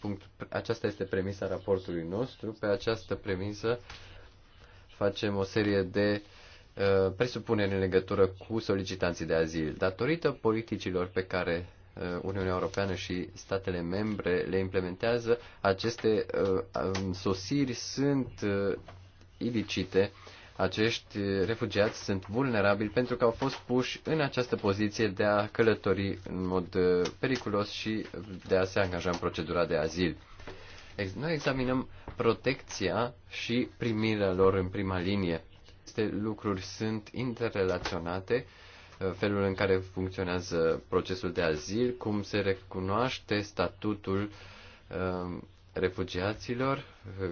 punct, aceasta este premisa raportului nostru. Pe această premisă facem o serie de uh, presupuneri în legătură cu solicitanții de azil. Datorită politicilor pe care Uh, Uniunea Europeană și statele membre le implementează, aceste uh, um, sosiri sunt uh, ilicite. Acești refugiați sunt vulnerabili pentru că au fost puși în această poziție de a călători în mod periculos și de a se angaja în procedura de azil. Noi examinăm protecția și primirea lor în prima linie. Aceste lucruri sunt interrelaționate uh, felul în care funcționează procesul de azil, cum se recunoaște statutul um, refugiaților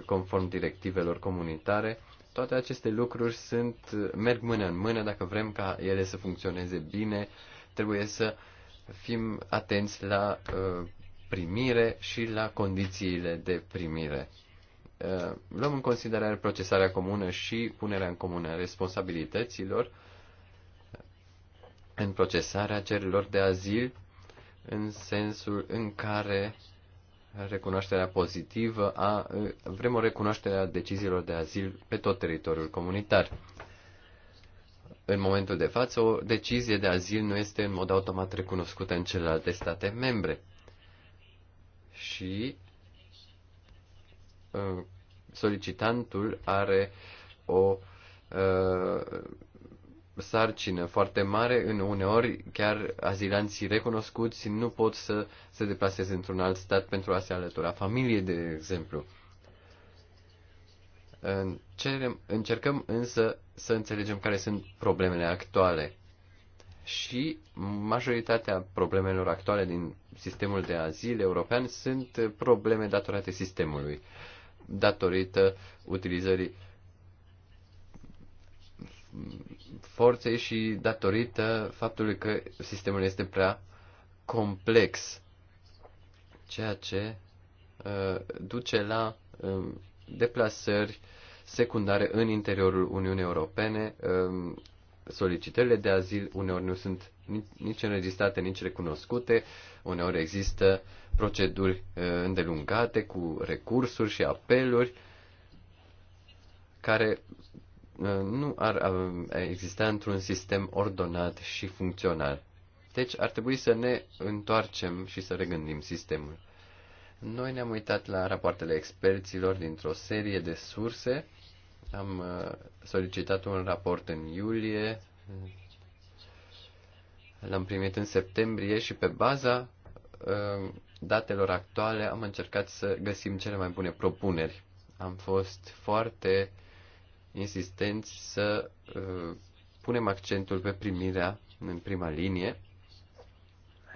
conform directivelor comunitare. Toate aceste lucruri sunt, merg mână în mână dacă vrem ca ele să funcționeze bine. Trebuie să fim atenți la uh, primire și la condițiile de primire. Uh, luăm în considerare procesarea comună și punerea în comună responsabilităților în procesarea cererilor de azil în sensul în care recunoașterea pozitivă a, vrem o recunoaștere a deciziilor de azil pe tot teritoriul comunitar. În momentul de față, o decizie de azil nu este în mod automat recunoscută în celelalte state membre. Și uh, solicitantul are o uh, sarcină foarte mare, în uneori chiar azilanții recunoscuți nu pot să se deplaseze într-un alt stat pentru a se alătura familiei, de exemplu. încercăm însă să înțelegem care sunt problemele actuale. Și majoritatea problemelor actuale din sistemul de azil european sunt probleme datorate sistemului, datorită utilizării uh, forței și datorită faptului că sistemul este prea complex, ceea ce uh, duce la uh, deplasări secundare în interiorul Uniunii Europene. Uh, solicitările de azil uneori nu sunt nici înregistrate, nici recunoscute, uneori există proceduri uh, îndelungate cu recursuri și apeluri care nu ar uh, exista într-un sistem ordonat și funcțional. Deci ar trebui să ne întoarcem și să regândim sistemul. Noi ne-am uitat la rapoartele experților dintr-o serie de surse. Am uh, solicitat un raport în iulie, l-am primit în septembrie și pe baza uh, datelor actuale am încercat să găsim cele mai bune propuneri. Am fost foarte insistenți să uh, punem accentul pe primirea în prima linie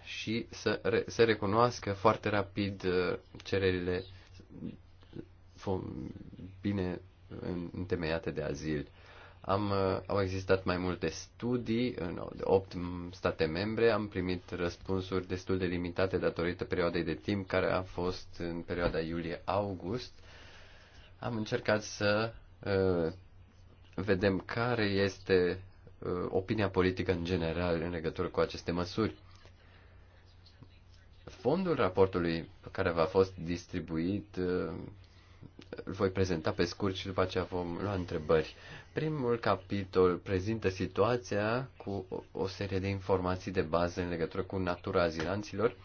și să se recunoască foarte rapid uh, cererile bine întemeiate de azil. Am, uh, au existat mai multe studii în 8 state membre, am primit răspunsuri destul de limitate datorită perioadei de timp care a fost în perioada iulie-august. Am încercat să vedem care este uh, opinia politică în general în legătură cu aceste măsuri. Fondul raportului care v-a fost distribuit îl uh, voi prezenta pe scurt și după aceea vom lua întrebări. Primul capitol prezintă situația cu o serie de informații de bază în legătură cu natura azilanților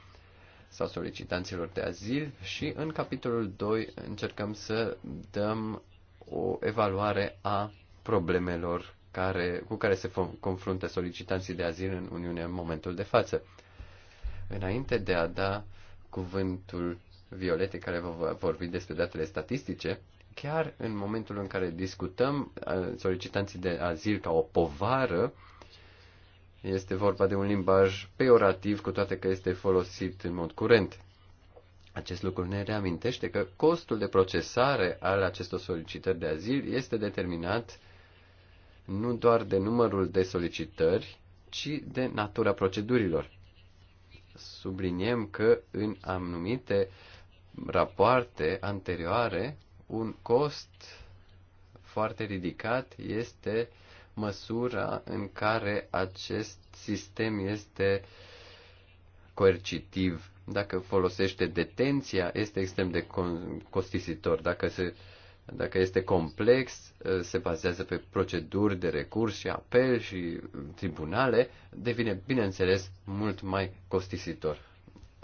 sau solicitanților de azil și în capitolul 2 încercăm să dăm o evaluare a problemelor care, cu care se confruntă solicitanții de azil în Uniune în momentul de față. Înainte de a da cuvântul Violete, care vă va vorbi despre datele statistice, chiar în momentul în care discutăm solicitanții de azil ca o povară, este vorba de un limbaj peorativ, cu toate că este folosit în mod curent. Acest lucru ne reamintește că costul de procesare al acestor solicitări de azil este determinat nu doar de numărul de solicitări, ci de natura procedurilor. Subliniem că în anumite rapoarte anterioare, un cost foarte ridicat este măsura în care acest sistem este coercitiv. Dacă folosește detenția, este extrem de costisitor. Dacă se uh, dacă este complex, ă, se bazează pe proceduri de recurs și apel și tribunale, devine, bineînțeles, mult mai costisitor.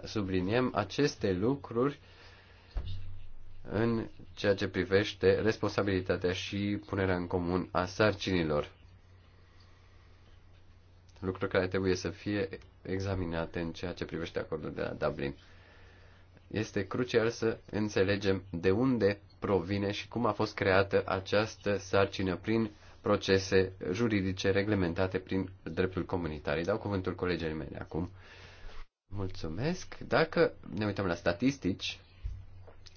Subliniem aceste lucruri în ceea ce privește responsabilitatea și punerea în comun a sarcinilor. Lucruri care trebuie să fie examinate în ceea ce privește acordul de la Dublin. Este crucial să înțelegem de unde provine și cum a fost creată această sarcină prin procese juridice reglementate prin dreptul comunitar. Îi dau cuvântul colegii mele acum. Mulțumesc. Dacă ne uităm la statistici,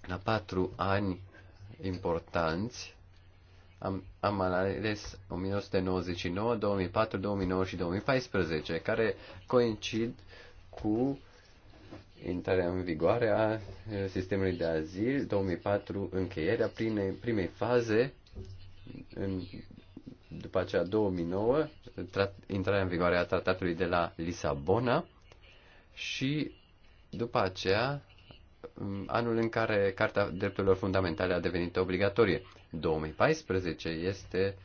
la patru ani importanți, am, am ales 1999, 2004, 2009 și 2014, care coincid cu intrarea în vigoare a eh, sistemului de azil, 2004 încheierea primei, primei faze, în, după aceea 2009 trat, intrarea în vigoare a tratatului de la Lisabona și după aceea mm, anul în care Carta Drepturilor Fundamentale a devenit obligatorie. 2014 este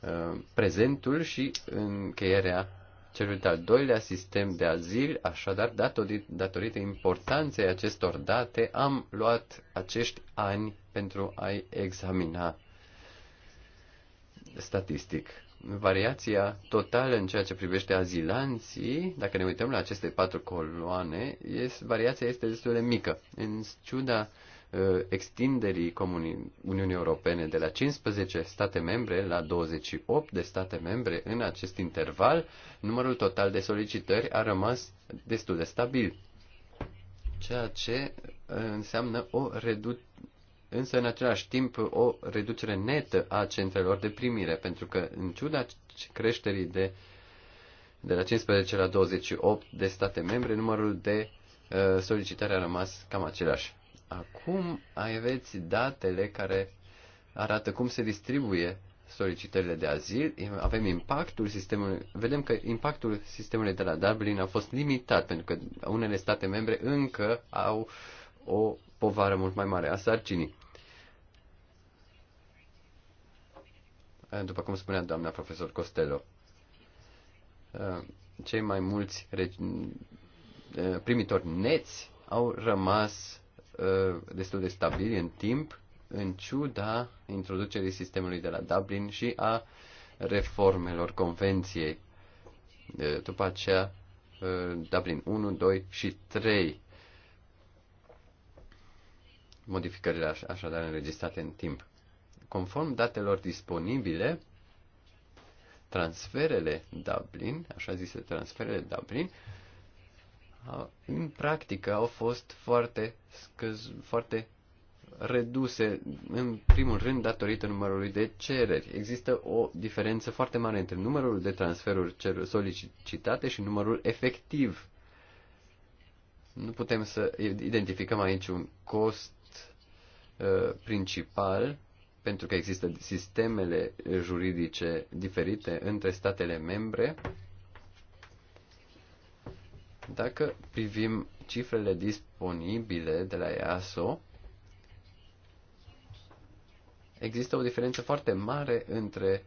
eh, prezentul și încheierea cel de-al doilea sistem de azil, așadar, datorită, datorită importanței acestor date, am luat acești ani pentru a-i examina statistic. Variația totală în ceea ce privește azilanții, dacă ne uităm la aceste patru coloane, este, variația este destul de mică. În ciuda uh, Uh, extinderii Comunii, Uniunii Europene de la 15 state membre la 28 de state membre în acest interval, numărul total de solicitări a rămas destul de stabil, ceea ce uh, înseamnă o reducere însă în același timp o reducere netă a centrelor de primire, pentru că în ciuda creșterii de, de la 15 la 28 de state membre, numărul de uh, solicitări a rămas cam același. Acum aveți datele care arată cum se distribuie solicitările de azil, avem impactul sistemului, vedem că impactul sistemului de la Dublin a fost limitat, pentru că unele state membre încă au o povară mult mai mare a sarcinii. După cum spunea doamna profesor Costello, cei mai mulți primitori neți au rămas Uh, destul de stabili în timp, în ciuda introducerii sistemului de la Dublin și a reformelor convenției. Uh, după aceea, uh, Dublin 1, 2 și 3. Modificările așadar înregistrate în timp. Conform datelor disponibile, transferele Dublin, așa zise transferele Dublin, în practică au fost foarte, scăz, foarte reduse, în primul rând, datorită numărului de cereri. Există o diferență foarte mare între numărul de transferuri solicitate și numărul efectiv. Nu putem să identificăm aici un cost ă, principal, pentru că există sistemele juridice diferite între statele membre dacă privim cifrele disponibile de la EASO, există o diferență foarte mare între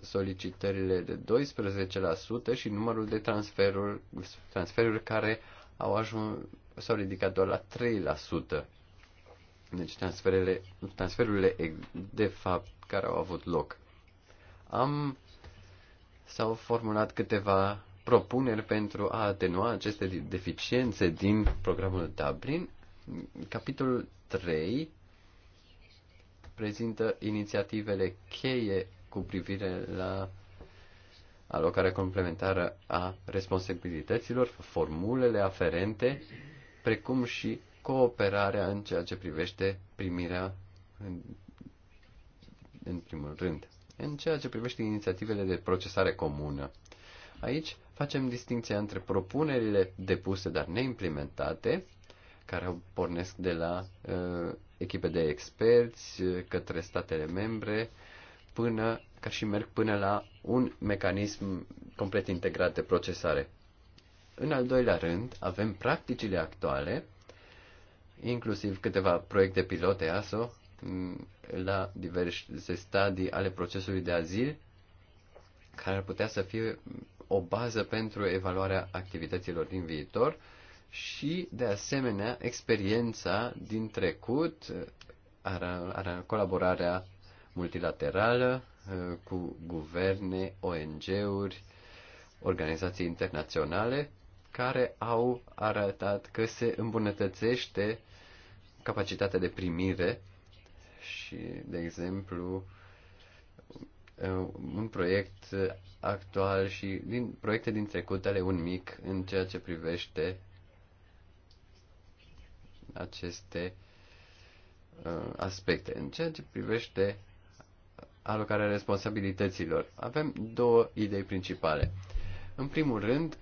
solicitările de 12% și numărul de transferuri, transferuri care au ajuns, s-au ridicat doar la 3%. Deci transferele, transferurile de fapt care au avut loc. Am s-au formulat câteva propuneri pentru a atenua aceste deficiențe din programul Dublin. Capitolul 3 prezintă inițiativele cheie cu privire la alocarea complementară a responsabilităților, formulele aferente, precum și cooperarea în ceea ce privește primirea în, în primul rând. În ceea ce privește inițiativele de procesare comună. Aici facem distinția între propunerile depuse, dar neimplementate, care pornesc de la uh, echipe de experți uh, către statele membre, până, ca și merg până la un mecanism complet integrat de procesare. În al doilea rând, avem practicile actuale, inclusiv câteva proiecte pilote ASO mm, la diverse stadii ale procesului de azil, care ar putea să fie o bază pentru evaluarea activităților din viitor și, de asemenea, experiența din trecut, colaborarea multilaterală uh, cu guverne, ONG-uri, organizații internaționale, care au arătat că se îmbunătățește capacitatea de primire și, de exemplu, Uh, un proiect actual și din proiecte din trecut ale un mic în ceea ce privește aceste uh, aspecte. În ceea ce privește alocarea responsabilităților, avem două idei principale. În primul rând,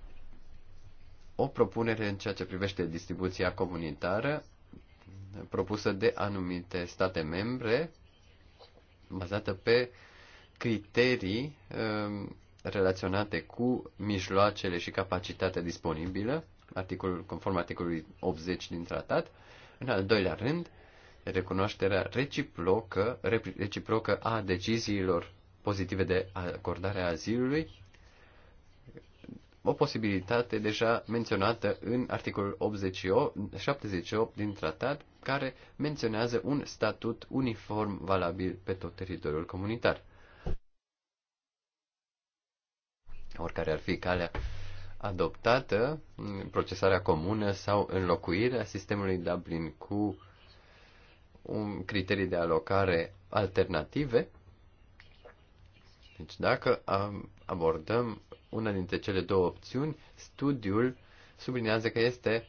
o propunere în ceea ce privește distribuția comunitară propusă de anumite state membre, bazată pe uh, criterii um, relaționate cu mijloacele și capacitatea disponibilă, articolul, conform articolului 80 din tratat. În al doilea rând, recunoașterea reciprocă, reciprocă a deciziilor pozitive de acordare a azilului, o posibilitate deja menționată în articolul 88, 78 din tratat, care menționează un statut uniform valabil pe tot teritoriul comunitar. oricare ar fi calea adoptată, procesarea comună sau înlocuirea sistemului Dublin cu un criterii de alocare alternative. Deci dacă abordăm una dintre cele două opțiuni, studiul sublinează că este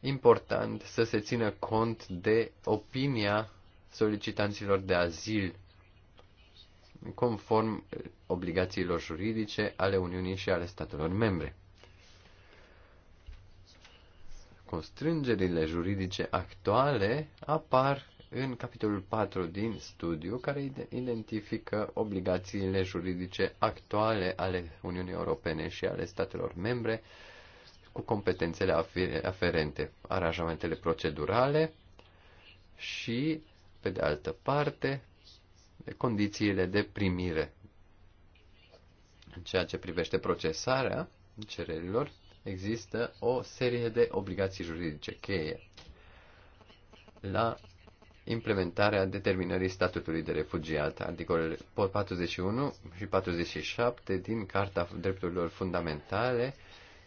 important să se țină cont de opinia solicitanților de azil conform obligațiilor juridice ale Uniunii și ale statelor membre. Constrângerile juridice actuale apar în capitolul 4 din studiu, care identifică obligațiile juridice actuale ale Uniunii Europene și ale statelor membre cu competențele aferente, aranjamentele procedurale și, pe de altă parte, de condițiile de primire. În ceea ce privește procesarea cererilor, există o serie de obligații juridice cheie la implementarea determinării statutului de refugiat, articolele 41 și 47 din Carta Drepturilor Fundamentale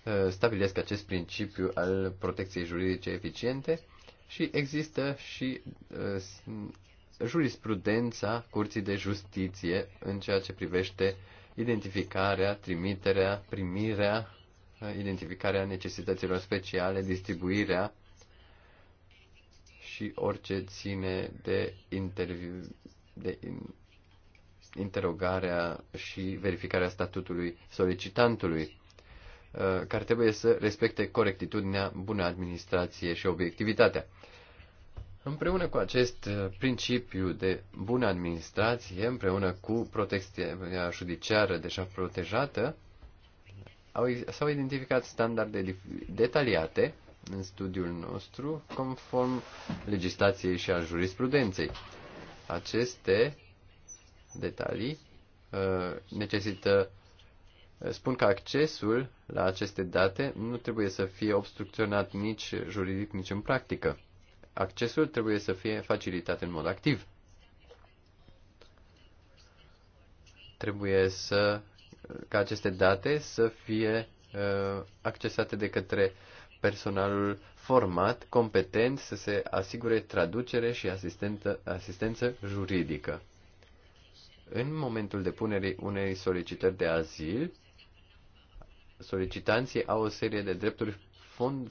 uh, stabilesc acest principiu al protecției juridice eficiente și există și uh, jurisprudența Curții de Justiție în ceea ce privește identificarea, trimiterea, primirea, identificarea necesităților speciale, distribuirea și orice ține de, interviu, de in, interogarea și verificarea statutului solicitantului, uh, care trebuie să respecte corectitudinea, bună administrație și obiectivitatea. Împreună cu acest uh, principiu de bună administrație, împreună cu protecția judiciară deja protejată, s-au identificat standarde detaliate în studiul nostru, conform legislației și a jurisprudenței. Aceste detalii uh, necesită uh, spun că accesul la aceste date nu trebuie să fie obstrucționat nici juridic, nici în practică accesul trebuie să fie facilitat în mod activ. Trebuie să, ca aceste date să fie uh, accesate de către personalul format, competent, să se asigure traducere și asistentă, asistență juridică. În momentul depunerii unei solicitări de azil, solicitanții au o serie de drepturi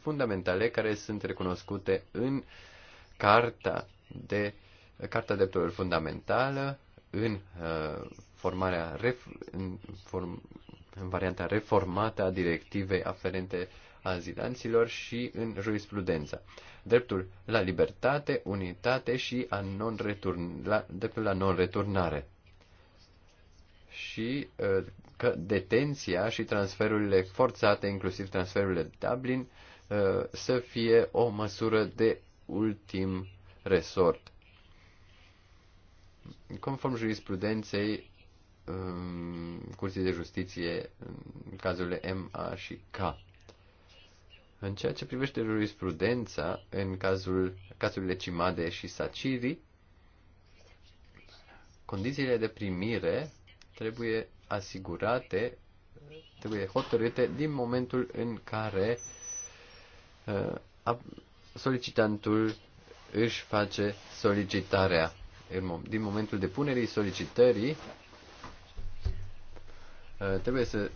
fundamentale care sunt recunoscute în uh, Carta de Carta Drepturilor Fundamentală în uh, formarea ref, în, form, în varianta reformată a directivei aferente azilanților și în jurisprudența. Dreptul la libertate, unitate și a non la, dreptul la non-returnare. Și uh, că detenția și transferurile forțate, inclusiv transferurile Dublin, uh, să fie o măsură de ultim resort. Conform jurisprudenței um, Curții de Justiție în cazurile M, A și K. În ceea ce privește jurisprudența, în cazul, cazurile Cimade și Saciri, condițiile de primire trebuie asigurate, trebuie hotărâte din momentul în care uh, solicitantul își face solicitarea. Din momentul depunerii solicitării, uh, trebuie să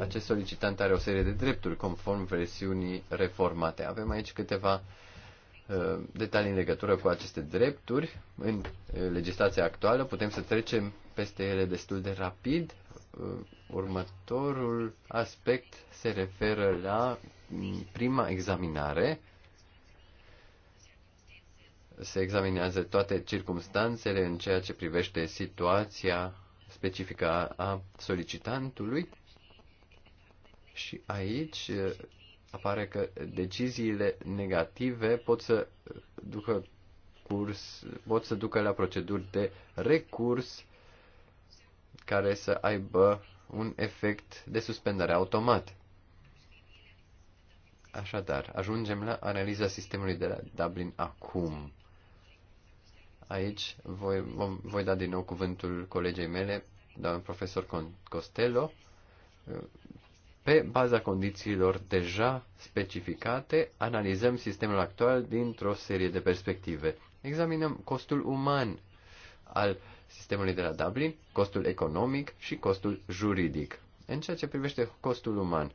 acest solicitant are o serie de drepturi conform versiunii reformate. Avem aici câteva uh, detalii în legătură cu aceste drepturi. În uh, legislația actuală putem să trecem peste ele destul de rapid. Următorul aspect se referă la prima examinare se examinează toate circumstanțele în ceea ce privește situația specifică a solicitantului și aici apare că deciziile negative pot să ducă curs, pot să ducă la proceduri de recurs care să aibă un efect de suspendare automat. Așadar, ajungem la analiza sistemului de la Dublin acum. Aici voi, vom, voi da din nou cuvântul colegei mele, doamnă profesor Costello, pe baza condițiilor deja specificate, analizăm sistemul actual dintr-o serie de perspective. Examinăm costul uman al sistemului de la Dublin, costul economic și costul juridic. În ceea ce privește costul uman,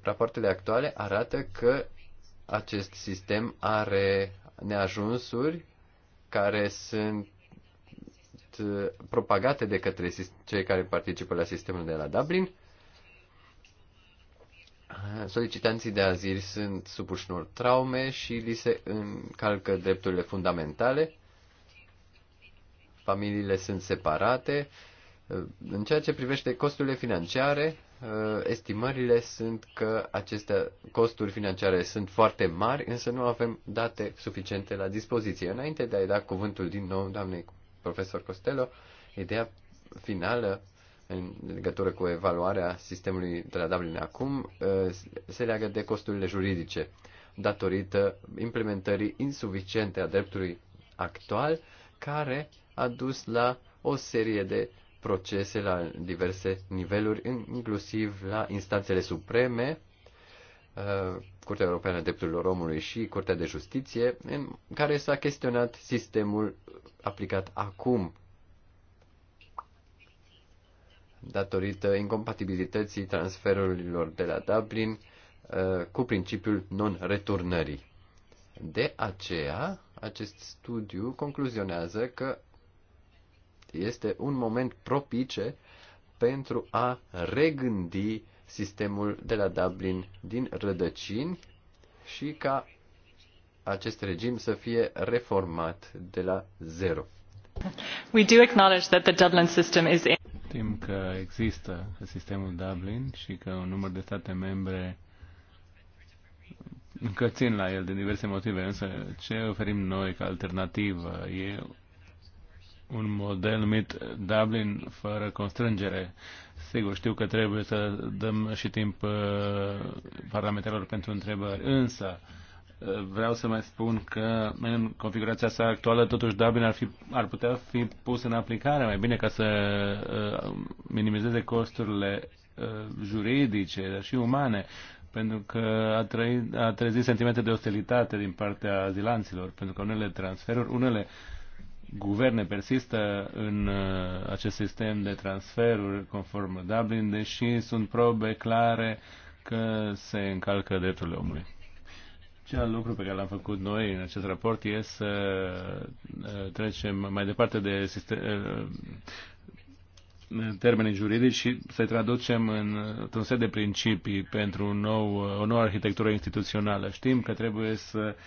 Rapoartele actuale arată că acest sistem are neajunsuri care sunt uh, propagate de către cei care participă la sistemul de la Dublin. Solicitanții de azil sunt supuși unor traume și li se încalcă drepturile fundamentale. Familiile sunt separate. În ceea ce privește costurile financiare, Uh, estimările sunt că aceste costuri financiare sunt foarte mari, însă nu avem date suficiente la dispoziție. Înainte de a-i da cuvântul din nou doamnei profesor Costello, ideea finală în legătură cu evaluarea sistemului de la Dublin acum uh, se leagă de costurile juridice datorită implementării insuficiente a dreptului actual care a dus la o serie de procese la diverse niveluri, inclusiv la instanțele supreme, uh, Curtea Europeană a Drepturilor Omului și Curtea de Justiție, în care s-a chestionat sistemul aplicat acum datorită incompatibilității transferurilor de la Dublin uh, cu principiul non-returnării. De aceea, acest studiu concluzionează că este un moment propice pentru a regândi sistemul de la Dublin din rădăcini și ca acest regim să fie reformat de la zero. We do acknowledge that the Dublin system is in... Știm că există sistemul Dublin și că un număr de state membre încă țin la el din diverse motive, însă ce oferim noi ca alternativă e un model numit Dublin fără constrângere. Sigur, știu că trebuie să dăm și timp uh, parlamentarilor pentru întrebări, însă uh, vreau să mai spun că în configurația sa actuală totuși Dublin ar, fi, ar putea fi pus în aplicare mai bine ca să uh, minimizeze costurile juridice, dar și umane, pentru că a, trăit, a trezit sentimente de ostilitate din partea azilanților, pentru că unele transferuri, unele uh, guverne persistă în uh, acest sistem de transferuri conform Dublin, deși sunt probe clare că se încalcă drepturile omului. Cel lucru pe care l-am făcut noi în acest raport e să uh, trecem mai departe de sistem, uh, termenii juridici și să-i traducem în un set de principii pentru un nou, o nouă arhitectură instituțională. Știm că trebuie să uh,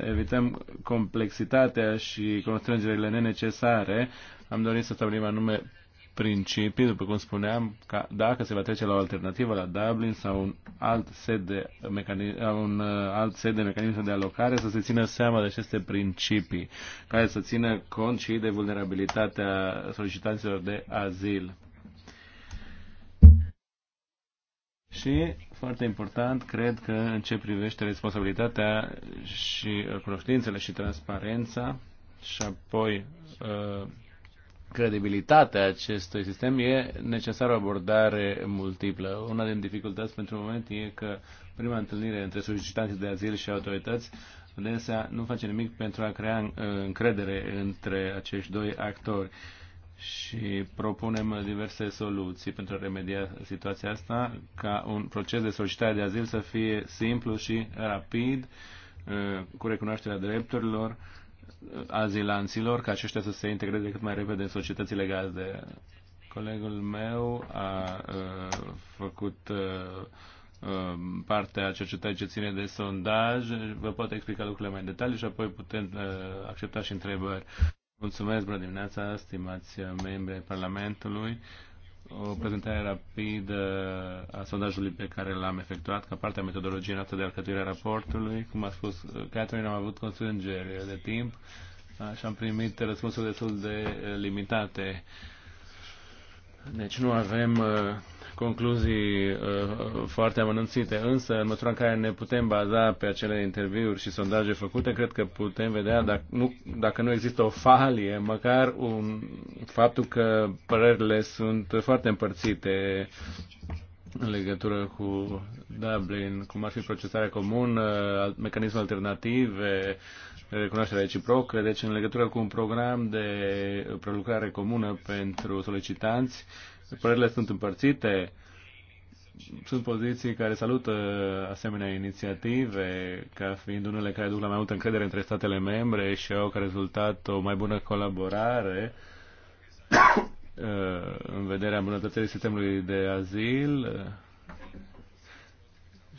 evităm complexitatea și constrângerile nenecesare. Am dorit să stabilim anume principii, după cum spuneam, ca dacă se va trece la o alternativă la Dublin sau un alt set de mecanism, un uh, alt set de mecanisme de alocare, să se țină seama de aceste principii, care să țină cont și de vulnerabilitatea solicitanților de azil. Și foarte important, cred că în ce privește responsabilitatea și uh, cunoștințele și transparența și apoi uh, credibilitatea acestui sistem e necesară o abordare multiplă. Una din dificultăți pentru moment e că prima întâlnire între solicitanții de azil și autorități adesea nu face nimic pentru a crea uh, încredere între acești doi actori. Uh, și propunem diverse soluții pentru a remedia situația asta, ca un proces de solicitare de azil să fie simplu și rapid, uh, cu recunoașterea drepturilor uh, azilanților, ca aceștia să se integreze cât mai repede în societățile gazde. Colegul meu a uh, făcut partea cercetării ce ține de sondaj, vă pot explica lucrurile mai în detaliu și apoi putem accepta și întrebări. Mulțumesc, bună dimineața, stimați membri ai Parlamentului. O prezentare rapidă a sondajului pe care l-am efectuat ca parte a metodologiei noastre de alcătuire a raportului. Cum a spus Catherine, am avut constrângeri de timp și am primit răspunsuri destul de limitate. Deci nu avem concluzii uh, foarte amănânțite, însă în măsura în care ne putem baza pe acele interviuri și sondaje făcute, cred că putem vedea dacă nu, dacă nu există o falie, măcar un, faptul că părerile sunt foarte împărțite în legătură cu Dublin, cum ar fi procesarea comună, mecanisme alternative, recunoașterea reciprocă, deci în legătură cu un program de prelucrare comună pentru solicitanți, uh, părerile sunt împărțite, sunt poziții care salută asemenea inițiative ca fiind unele care duc la mai multă încredere între statele membre și au ca rezultat o mai bună colaborare uh, în vederea îmbunătățirii sistemului de azil uh,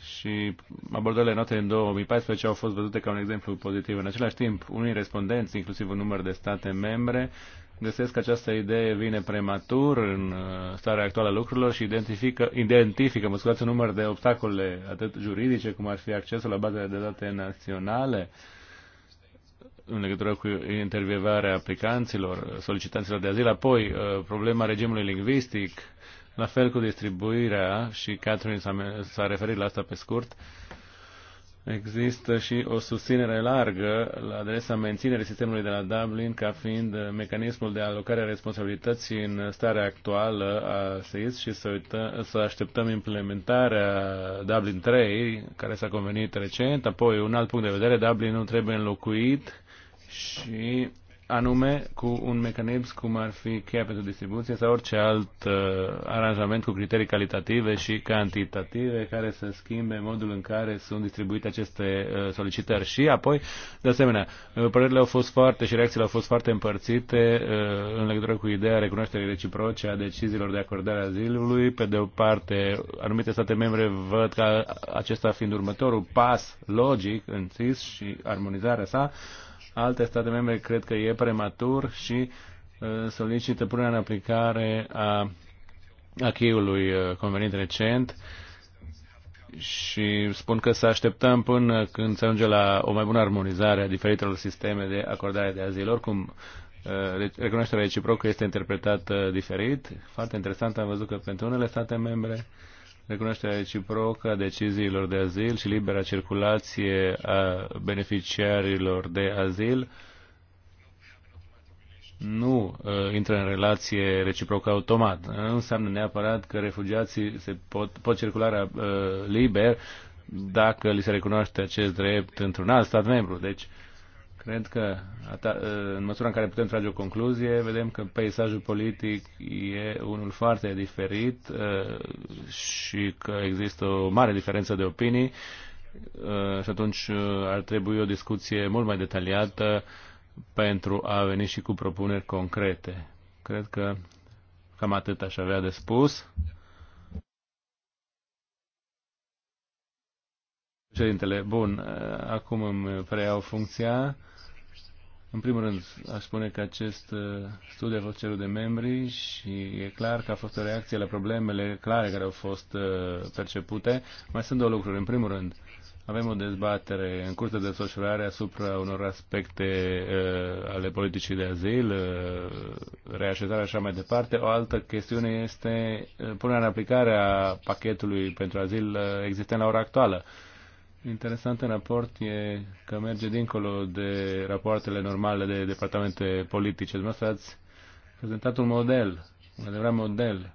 și abordările note în 2014 au fost văzute ca un exemplu pozitiv. În același timp, unii respondenți, inclusiv un număr de state membre, găsesc că această idee vine prematur în uh, starea actuală a lucrurilor și identifică, identifică mă scuzați, un număr de obstacole atât juridice cum ar fi accesul la bazele de date naționale în legătură cu intervievarea aplicanților, solicitanților de azil, apoi uh, problema regimului lingvistic, la fel cu distribuirea și Catherine s-a referit la asta pe scurt, Există și o susținere largă la adresa menținerii sistemului de la Dublin ca fiind mecanismul de alocare a responsabilității în starea actuală a SEIS și să, uită, să așteptăm implementarea Dublin 3, care s-a convenit recent. Apoi, un alt punct de vedere, Dublin nu trebuie înlocuit și anume cu un mecanism cum ar fi cheia pentru distribuție sau orice alt uh, aranjament cu criterii calitative și cantitative care să schimbe modul în care sunt distribuite aceste uh, solicitări. Și apoi, de asemenea, uh, părerile au fost foarte și reacțiile au fost foarte împărțite uh, în legătură cu ideea recunoașterii reciproce a deciziilor de acordare a zilului. Pe de o parte, anumite state membre văd că acesta fiind următorul pas logic în SIS și armonizarea sa, alte state membre cred că e prematur și uh, solicită punerea în aplicare a acheiului uh, convenit recent și spun că să așteptăm până când se ajunge la o mai bună armonizare a diferitelor sisteme de acordare de azil. Oricum, uh, recunoașterea reciprocă este interpretată diferit. Foarte interesant, am văzut că pentru unele state membre recunoașterea reciprocă a deciziilor de azil și libera circulație a beneficiarilor de azil nu uh, intră în relație reciprocă automat. Nu înseamnă neapărat că refugiații se pot, pot circula uh, liber dacă li se recunoaște acest drept într-un alt stat membru. Deci, uh, Cred că ă, în măsura în care putem trage o concluzie, vedem că peisajul politic e unul foarte diferit ă, și că există o mare diferență de opinii ă, și atunci ar trebui o discuție mult mai detaliată pentru a veni și cu propuneri concrete. Cred că cam atât aș avea de spus. Președintele, bun, acum îmi preiau funcția. În primul rând, aș spune că acest uh, studiu a fost cerut de membri și e clar că a fost o reacție la problemele clare care au fost uh, percepute. Mai sunt două lucruri. În primul rând, avem o dezbatere în curs de desfășurare asupra unor aspecte uh, ale politicii de azil, uh, reașezarea și așa mai departe. O altă chestiune este uh, punerea în aplicare a pachetului pentru azil uh, existent la ora actuală. Uh, interesant în raport e că merge dincolo de rapoartele normale de departamente politice. Dumneavoastră ați prezentat un model, un adevărat model,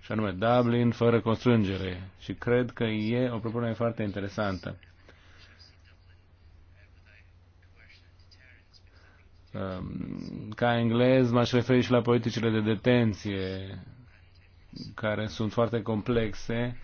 și anume Dublin fără constrângere. Și cred că e o propunere foarte interesantă. Um, ca englez m-aș referi și la politicile de detenție, care sunt foarte complexe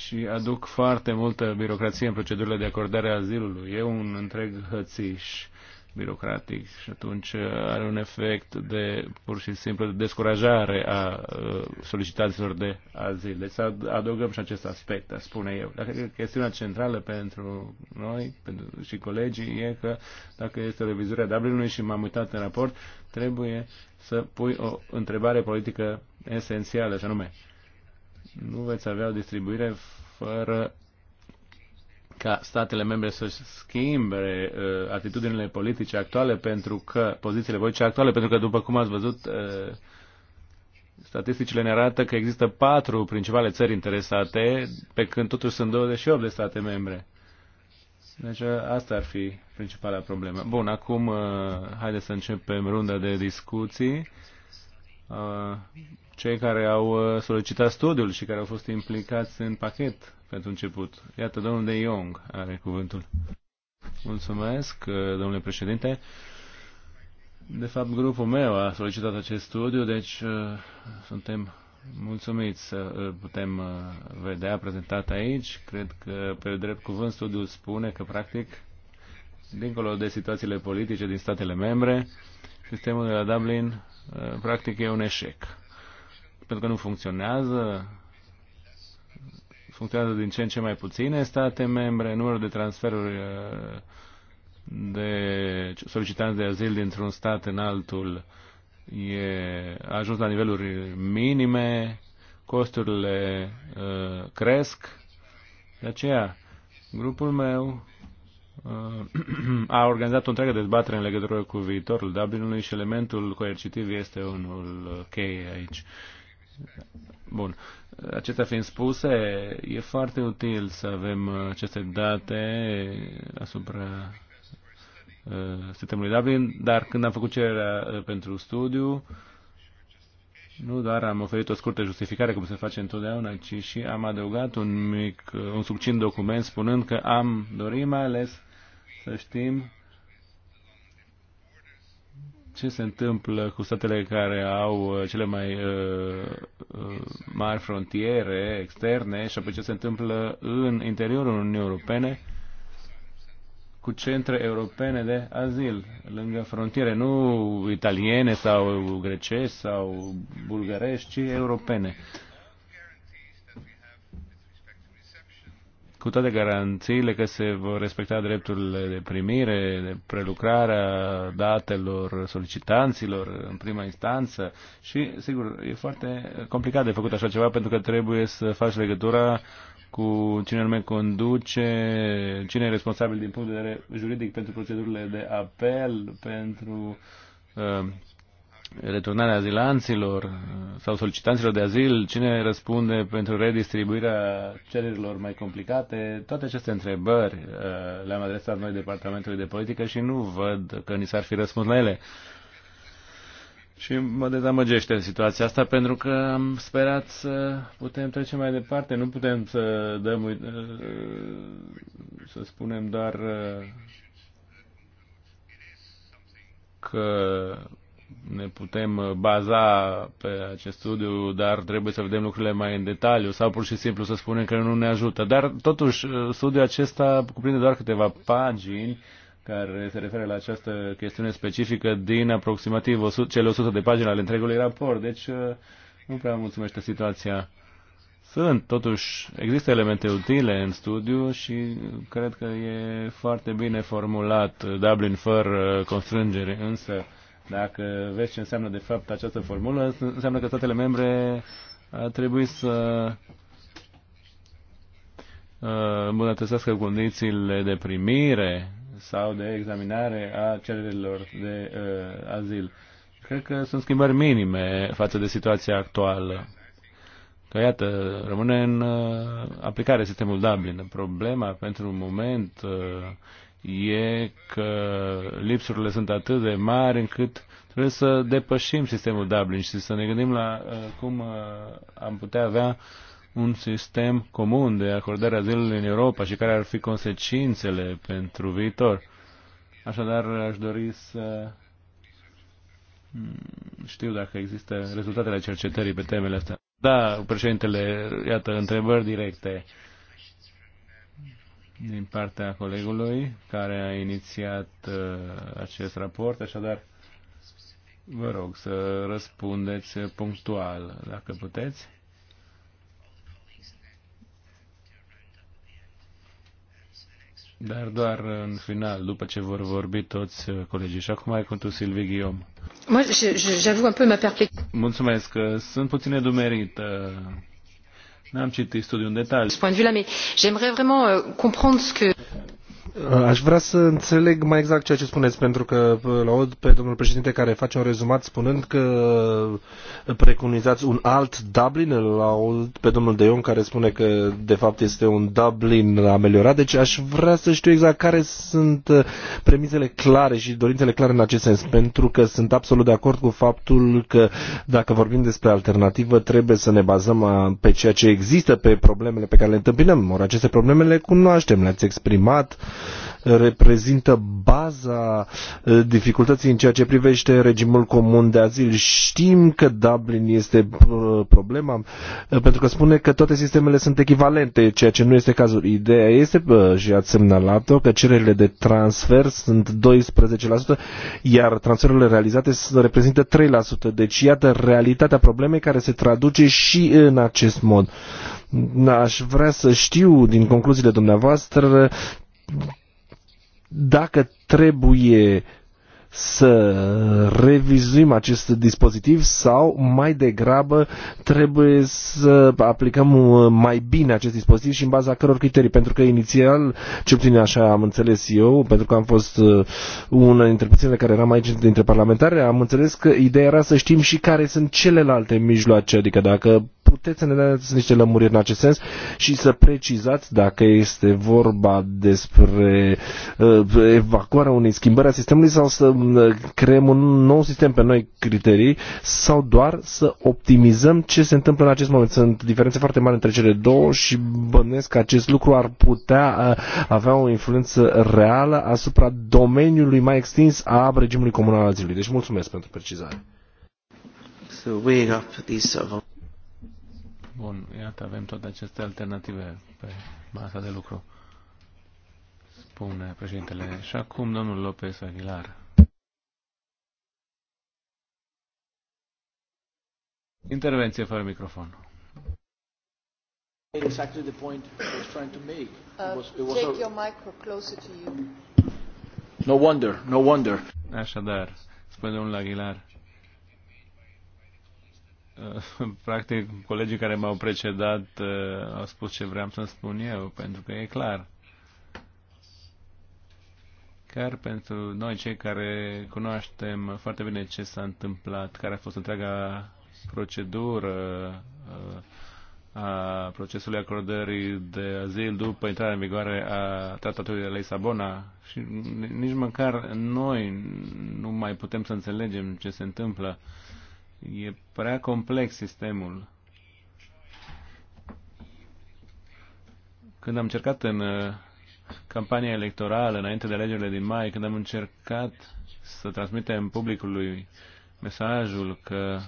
și aduc foarte multă birocrație în procedurile de acordare a azilului. E un întreg hățiș birocratic și atunci uh, are un efect de pur și simplu de descurajare a uh, solicitațiilor de azil. Deci să adăugăm și acest aspect, a spune eu. Dacă chestiunea centrală pentru noi pentru, și colegii e că dacă este revizuirea Dublinului și m-am uitat în raport, trebuie să pui o întrebare politică esențială, și anume, nu veți avea o distribuire fără ca statele membre să schimbe uh, atitudinile politice actuale pentru că, pozițiile politice actuale, pentru că, după cum ați văzut, uh, statisticile ne arată că există patru principale țări interesate, pe când totuși sunt 28 de state membre. Deci uh, asta ar fi principala problemă. Bun, acum uh, haideți să începem runda de discuții. Uh, cei care au uh, solicitat studiul și care au fost implicați în pachet pentru început. Iată, domnul De Jong are cuvântul. Mulțumesc, uh, domnule președinte. De fapt, grupul meu a solicitat acest studiu, deci uh, suntem mulțumiți să îl putem vedea prezentat aici. Cred că, pe drept cuvânt, studiul spune că, practic, dincolo de situațiile politice din statele membre, sistemul de la Dublin, practic, e un eșec pentru că nu funcționează, funcționează din ce în ce mai puține state membre, numărul de transferuri uh, de solicitanți de azil dintr-un stat în altul e, a ajuns la niveluri minime, costurile uh, cresc. De aceea, grupul meu uh, a organizat o întreagă dezbatere în legătură cu viitorul Dublinului și elementul coercitiv este unul uh, cheie aici. Uh, Bun. Acestea fiind spuse, e foarte util să avem aceste date asupra uh, sistemului Dublin, dar când am făcut cererea uh, pentru studiu, nu doar am oferit o scurtă justificare, cum se face întotdeauna, ci și am adăugat un mic, uh, un subțin document spunând că am dorit mai ales să știm ce se întâmplă cu statele care au uh, cele mai uh, uh, mari frontiere externe și apoi ce se întâmplă în interiorul Uniunii Europene cu centre europene de azil lângă frontiere, nu italiene sau grecești sau bulgărești, ci europene. cu toate garanțiile că se vor respecta drepturile de primire, de prelucrare datelor solicitanților în prima instanță și, sigur, e foarte complicat de făcut așa ceva pentru că trebuie să faci legătura cu cine anume conduce, cine e responsabil din punct de vedere juridic pentru procedurile de apel, pentru uh, returnarea azilanților uh, sau solicitanților de azil, cine răspunde pentru redistribuirea cererilor mai complicate, toate aceste întrebări uh, le-am adresat noi Departamentului de Politică și nu văd că ni s-ar fi răspuns la ele. Și mă dezamăgește situația asta pentru că am sperat să putem trece mai departe. Nu putem să dăm, uh, să spunem doar că ne putem uh, baza pe acest studiu, dar trebuie să vedem lucrurile mai în detaliu sau pur și simplu să spunem că nu ne ajută. Dar totuși uh, studiul acesta cuprinde doar câteva pagini care se referă la această chestiune specifică din aproximativ 100, cele 100 de pagini ale întregului raport. Deci uh, nu prea mulțumește situația. Sunt, totuși, există elemente utile în studiu și cred că e foarte bine formulat Dublin fără constrângere, însă dacă vezi ce înseamnă de fapt această formulă, înseamnă că statele membre ar trebui să uh, îmbunătățească condițiile de primire sau de examinare a cererilor de uh, azil. Cred că sunt schimbări minime față de situația actuală. Că iată, rămâne în uh, aplicare sistemul Dublin. Problema pentru un moment uh, e că lipsurile sunt atât de mari încât trebuie să depășim sistemul Dublin și să ne gândim la uh, cum uh, am putea avea un sistem comun de acordare a azilului în Europa și care ar fi consecințele pentru viitor. Așadar, aș dori să mm, știu dacă există rezultatele cercetării pe temele astea. Da, președintele, iată, întrebări directe din partea colegului care a inițiat uh, acest raport, așadar vă rog să răspundeți punctual, dacă puteți. Dar doar în final, după ce vor vorbi toți colegii. Și acum ai cuvântul Silvie Guillaume. Moi, j'avoue un peu ma Mulțumesc. Sunt puțin edumerită N-am citit studiul în detaliu. Aș vrea să înțeleg mai exact ceea ce spuneți, pentru că laud pe domnul președinte care face un rezumat spunând că preconizați un alt Dublin, laud pe domnul De Jong care spune că de fapt este un Dublin ameliorat, deci aș vrea să știu exact care sunt uh, premisele clare și dorințele clare în acest sens, pentru că sunt absolut de acord cu faptul că dacă vorbim despre alternativă trebuie să ne bazăm uh, pe ceea ce există, pe problemele pe care le întâmpinăm. Ori aceste probleme le cunoaștem, le-ați exprimat, reprezintă baza eh, dificultății în ceea ce privește regimul comun de azil. Știm că Dublin este eh, problema eh, pentru că spune că toate sistemele sunt echivalente, ceea ce nu este cazul. Ideea este, și ați semnalat-o, că cererile de transfer sunt 12%, iar transferurile realizate reprezintă 3%. Deci iată realitatea problemei care se traduce și în acest mod. Aș vrea să știu din concluziile dumneavoastră dacă trebuie să revizuim acest dispozitiv sau mai degrabă trebuie să aplicăm uh, mai bine acest dispozitiv și în baza căror criterii, pentru că inițial, ce puțin așa am înțeles eu, pentru că am fost uh, una dintre puținele care eram aici dintre parlamentare, am înțeles că ideea era să știm și care sunt celelalte mijloace, adică dacă puteți să ne dați niște lămuriri în acest sens și să precizați dacă este vorba despre uh, evacuarea unei schimbări a sistemului sau să uh, creăm un nou sistem pe noi criterii sau doar să optimizăm ce se întâmplă în acest moment. Sunt diferențe foarte mari între cele două și bănesc că acest lucru ar putea uh, avea o influență reală asupra domeniului mai extins a regimului comunal al zilei. Deci mulțumesc pentru precizare. So weighing up these sort of Bun, iată, avem toate aceste alternative pe masa de lucru, spune președintele. Și acum domnul Lopez Aguilar. Intervenție fără microfon. Exactly the point I was trying to make. It uh, was, it was Take a... your micro closer to you. No wonder, no wonder. Așadar, spune domnul Aguilar, Uh, practic, colegii care m-au precedat uh, au spus ce vreau să spun eu, pentru că e clar. Chiar pentru noi, cei care cunoaștem foarte bine ce s-a întâmplat, care a fost întreaga procedură uh, a procesului acordării de azil după intrarea în vigoare a tratatului de Lisabona și nici măcar noi nu mai putem să înțelegem ce se întâmplă. Uh, E prea complex sistemul. Când am încercat în uh, campania electorală, înainte de alegerile din mai, când am încercat să transmitem publicului mesajul că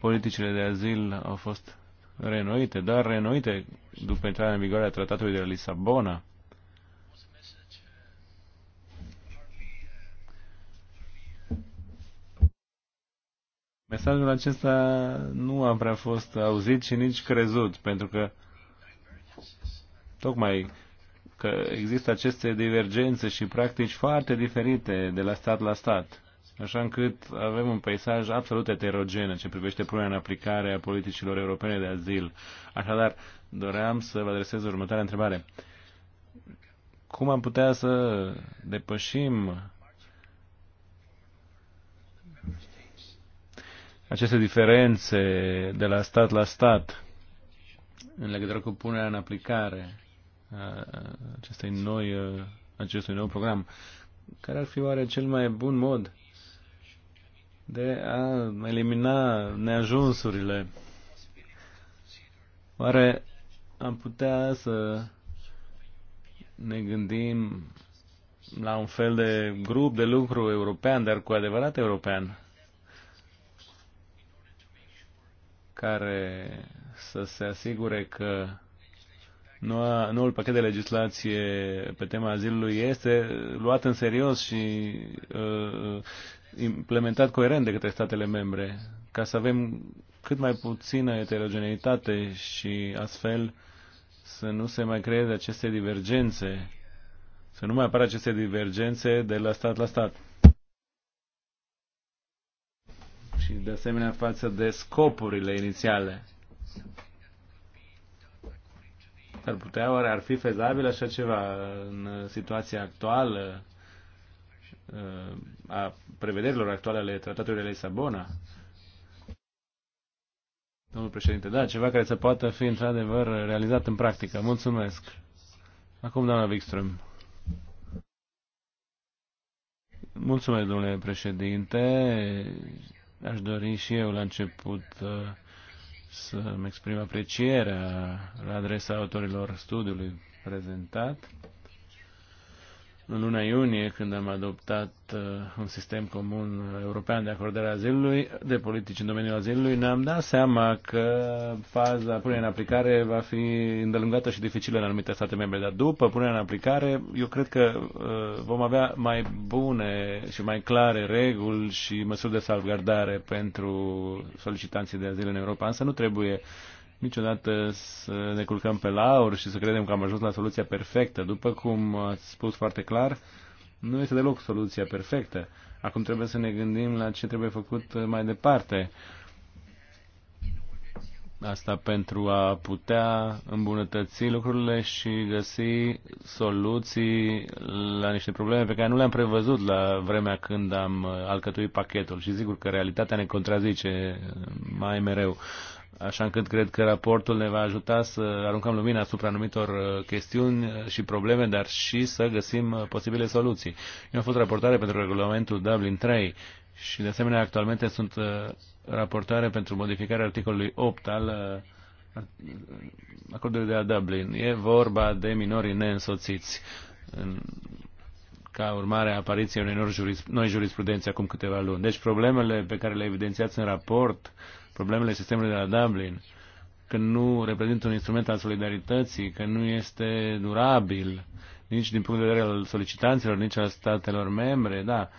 politicile de azil au fost renoite, dar renoite după intrarea în vigoare a tratatului de la Lisabona. Mesajul acesta nu a prea fost auzit și nici crezut, pentru că tocmai că există aceste divergențe și practici foarte diferite de la stat la stat, așa încât avem un peisaj absolut heterogen ce privește punerea în aplicare a politicilor europene de azil. Așadar, doream să vă adresez următoarea întrebare. Cum am putea să depășim aceste diferențe de la stat la stat în legătură cu punerea în aplicare a acestei noi, acestui nou program. Care ar fi oare cel mai bun mod de a elimina neajunsurile? Oare am putea să ne gândim la un fel de grup de lucru european, dar cu adevărat european, care să se asigure că noua, noul pachet de legislație pe tema azilului este luat în serios și uh, implementat coerent de către statele membre, ca să avem cât mai puțină heterogeneitate și astfel să nu se mai creeze aceste divergențe, să nu mai apară aceste divergențe de la stat la stat. și de asemenea față de scopurile inițiale. Ar putea, oare ar fi fezabil așa ceva în situația actuală uh, a prevederilor actuale ale tratatului de Lisabona? Domnul președinte, da, ceva care să poată fi într-adevăr realizat în practică. Mulțumesc. Acum, doamna Wikström. Mulțumesc, domnule președinte. Aș dori și eu la început uh, să-mi exprim aprecierea la adresa autorilor studiului prezentat în luna iunie, când am adoptat uh, un sistem comun european de acordare a azilului, de politici în domeniul azilului, ne-am dat seama că faza punerea în aplicare va fi îndelungată și dificilă în anumite state membre, dar după punerea în aplicare, eu cred că uh, vom avea mai bune și mai clare reguli și măsuri de salvgardare pentru solicitanții de azil în Europa, însă nu trebuie niciodată să ne culcăm pe lauri și să credem că am ajuns la soluția perfectă. După cum ați spus foarte clar, nu este deloc soluția perfectă. Acum trebuie să ne gândim la ce trebuie făcut mai departe. Asta pentru a putea îmbunătăți lucrurile și găsi soluții la niște probleme pe care nu le-am prevăzut la vremea când am alcătuit pachetul. Și sigur că realitatea ne contrazice mai mereu așa încât cred că raportul ne va ajuta să aruncăm lumina asupra anumitor uh, chestiuni uh, și probleme, dar și să găsim uh, posibile soluții. Eu am fost raportare pentru regulamentul Dublin 3 și de asemenea actualmente sunt raportare pentru modificarea articolului 8 al acordului de la Dublin. E vorba de minorii neînsoțiți ca urmare a apariției unei noi jurisprudențe acum câteva luni. Deci problemele pe care le evidențiați în raport uh, problemele sistemului de la Dublin, că nu reprezintă un instrument al solidarității, că nu este durabil, nici din punct de vedere al solicitanților, nici al statelor membre, da.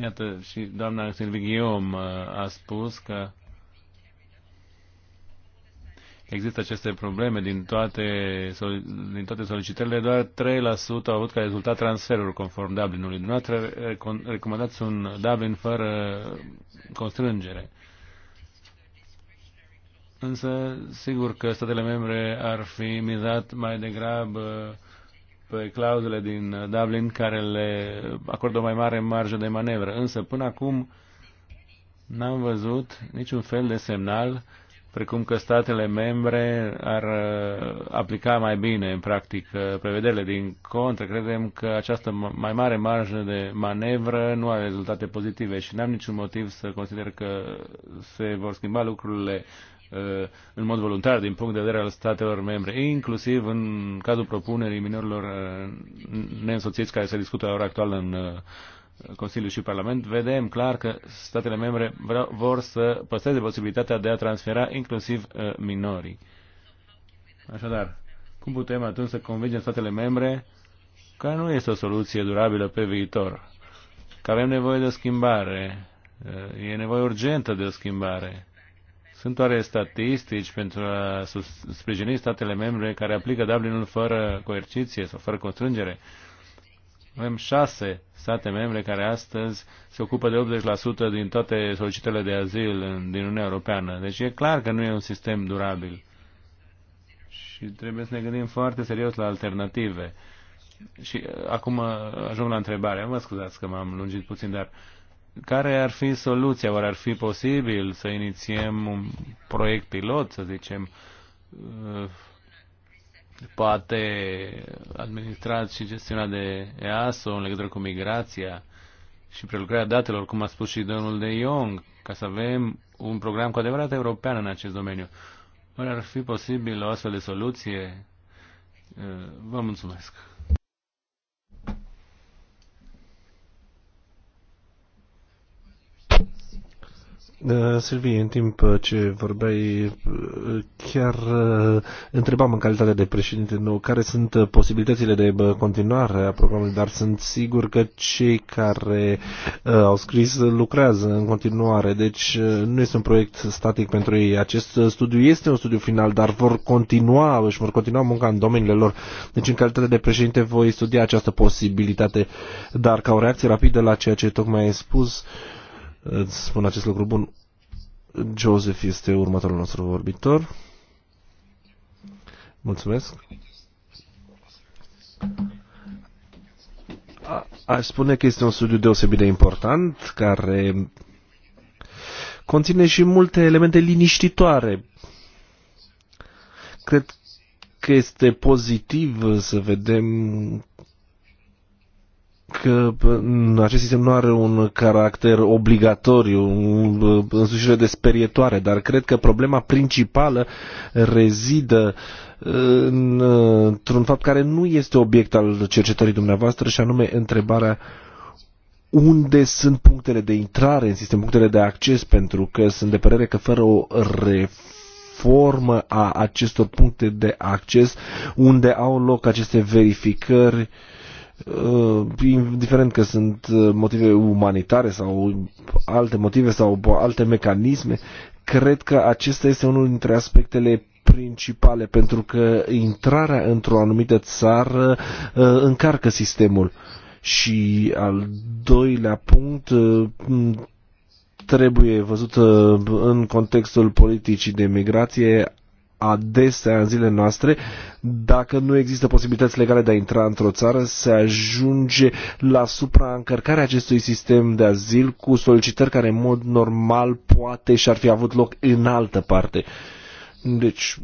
Iată, și doamna Silvie Guillaume uh, a spus că există aceste probleme din toate, din toate solicitările, doar 3% au avut ca rezultat transferul conform Dublinului. Dumneavoastră recomandați un Dublin fără constrângere. Însă, sigur că statele membre ar fi mizat mai degrabă pe clauzele din Dublin care le acordă o mai mare marjă de manevră. Însă, până acum, n-am văzut niciun fel de semnal precum că statele membre ar uh, aplica mai bine, în practic, prevederile din contră. Credem că această mai mare marjă de manevră nu are rezultate pozitive și n-am niciun motiv să consider că se vor schimba lucrurile Uh, în mod voluntar din punct de vedere al statelor membre, inclusiv în cazul propunerii minorilor uh, neînsoțiți care se discută la ora actuală în uh, Consiliu și Parlament, vedem clar că statele membre vreau, vor să păstreze posibilitatea de a transfera inclusiv minorii. Așadar, cum putem atunci să convingem statele membre că nu este o soluție durabilă pe viitor, că avem nevoie de o schimbare, e nevoie urgentă de o schimbare sunt oare statistici pentru a sprijini statele membre care aplică Dublinul fără coerciție sau fără constrângere? Avem șase state membre care astăzi se ocupă de 80% din toate solicitările de azil din Uniunea Europeană. Deci e clar că nu e un sistem durabil. Și trebuie să ne gândim foarte serios la alternative. Și uh, acum uh, ajung la întrebare. Mă scuzați că m-am lungit puțin, dar uh, care ar fi soluția? Oare ar fi posibil să inițiem un proiect pilot, să zicem, uh, poate administrat și gestionat de EASO în legătură cu migrația și prelucrarea datelor, cum a spus și domnul de Jong, ca să avem un program cu adevărat european în acest domeniu. Oare ar fi posibil o astfel de soluție? Uh, vă mulțumesc. Uh, Silvie, în timp uh, ce vorbeai, uh, chiar întrebam în calitate de președinte nou care sunt posibilitățile de continuare a programului, dar sunt sigur că cei care au scris lucrează în continuare, deci nu este un proiect static pentru ei. Acest studiu este un studiu final, dar vor continua și vor continua munca în domeniile lor. Deci în calitate de președinte voi studia această posibilitate, dar ca o reacție rapidă la ceea ce tocmai ai spus, uh, îți spun acest lucru bun. Joseph este următorul nostru vorbitor. Mulțumesc. A, aș spune că este un studiu deosebit de important, care conține și multe elemente liniștitoare. Cred că este pozitiv să vedem că mm, acest sistem nu are un caracter obligatoriu, sfârșit de sperietoare, dar cred că problema principală rezidă într-un fapt care nu este obiect al cercetării dumneavoastră și anume întrebarea unde sunt punctele de intrare în sistem, punctele de acces, pentru că sunt de părere că fără o reformă a acestor puncte de acces unde au loc aceste verificări uh, Uh, indiferent că sunt uh, motive umanitare sau alte motive sau alte mecanisme, cred că acesta este unul dintre aspectele principale, pentru că intrarea într-o anumită țară uh, încarcă sistemul. Și al doilea punct trebuie văzut în contextul politicii de migrație adesea în zilele noastre, dacă nu există posibilități legale de a intra într-o țară, se ajunge la supraîncărcarea acestui sistem de azil cu solicitări care în mod normal poate și ar fi avut loc în altă parte. Deci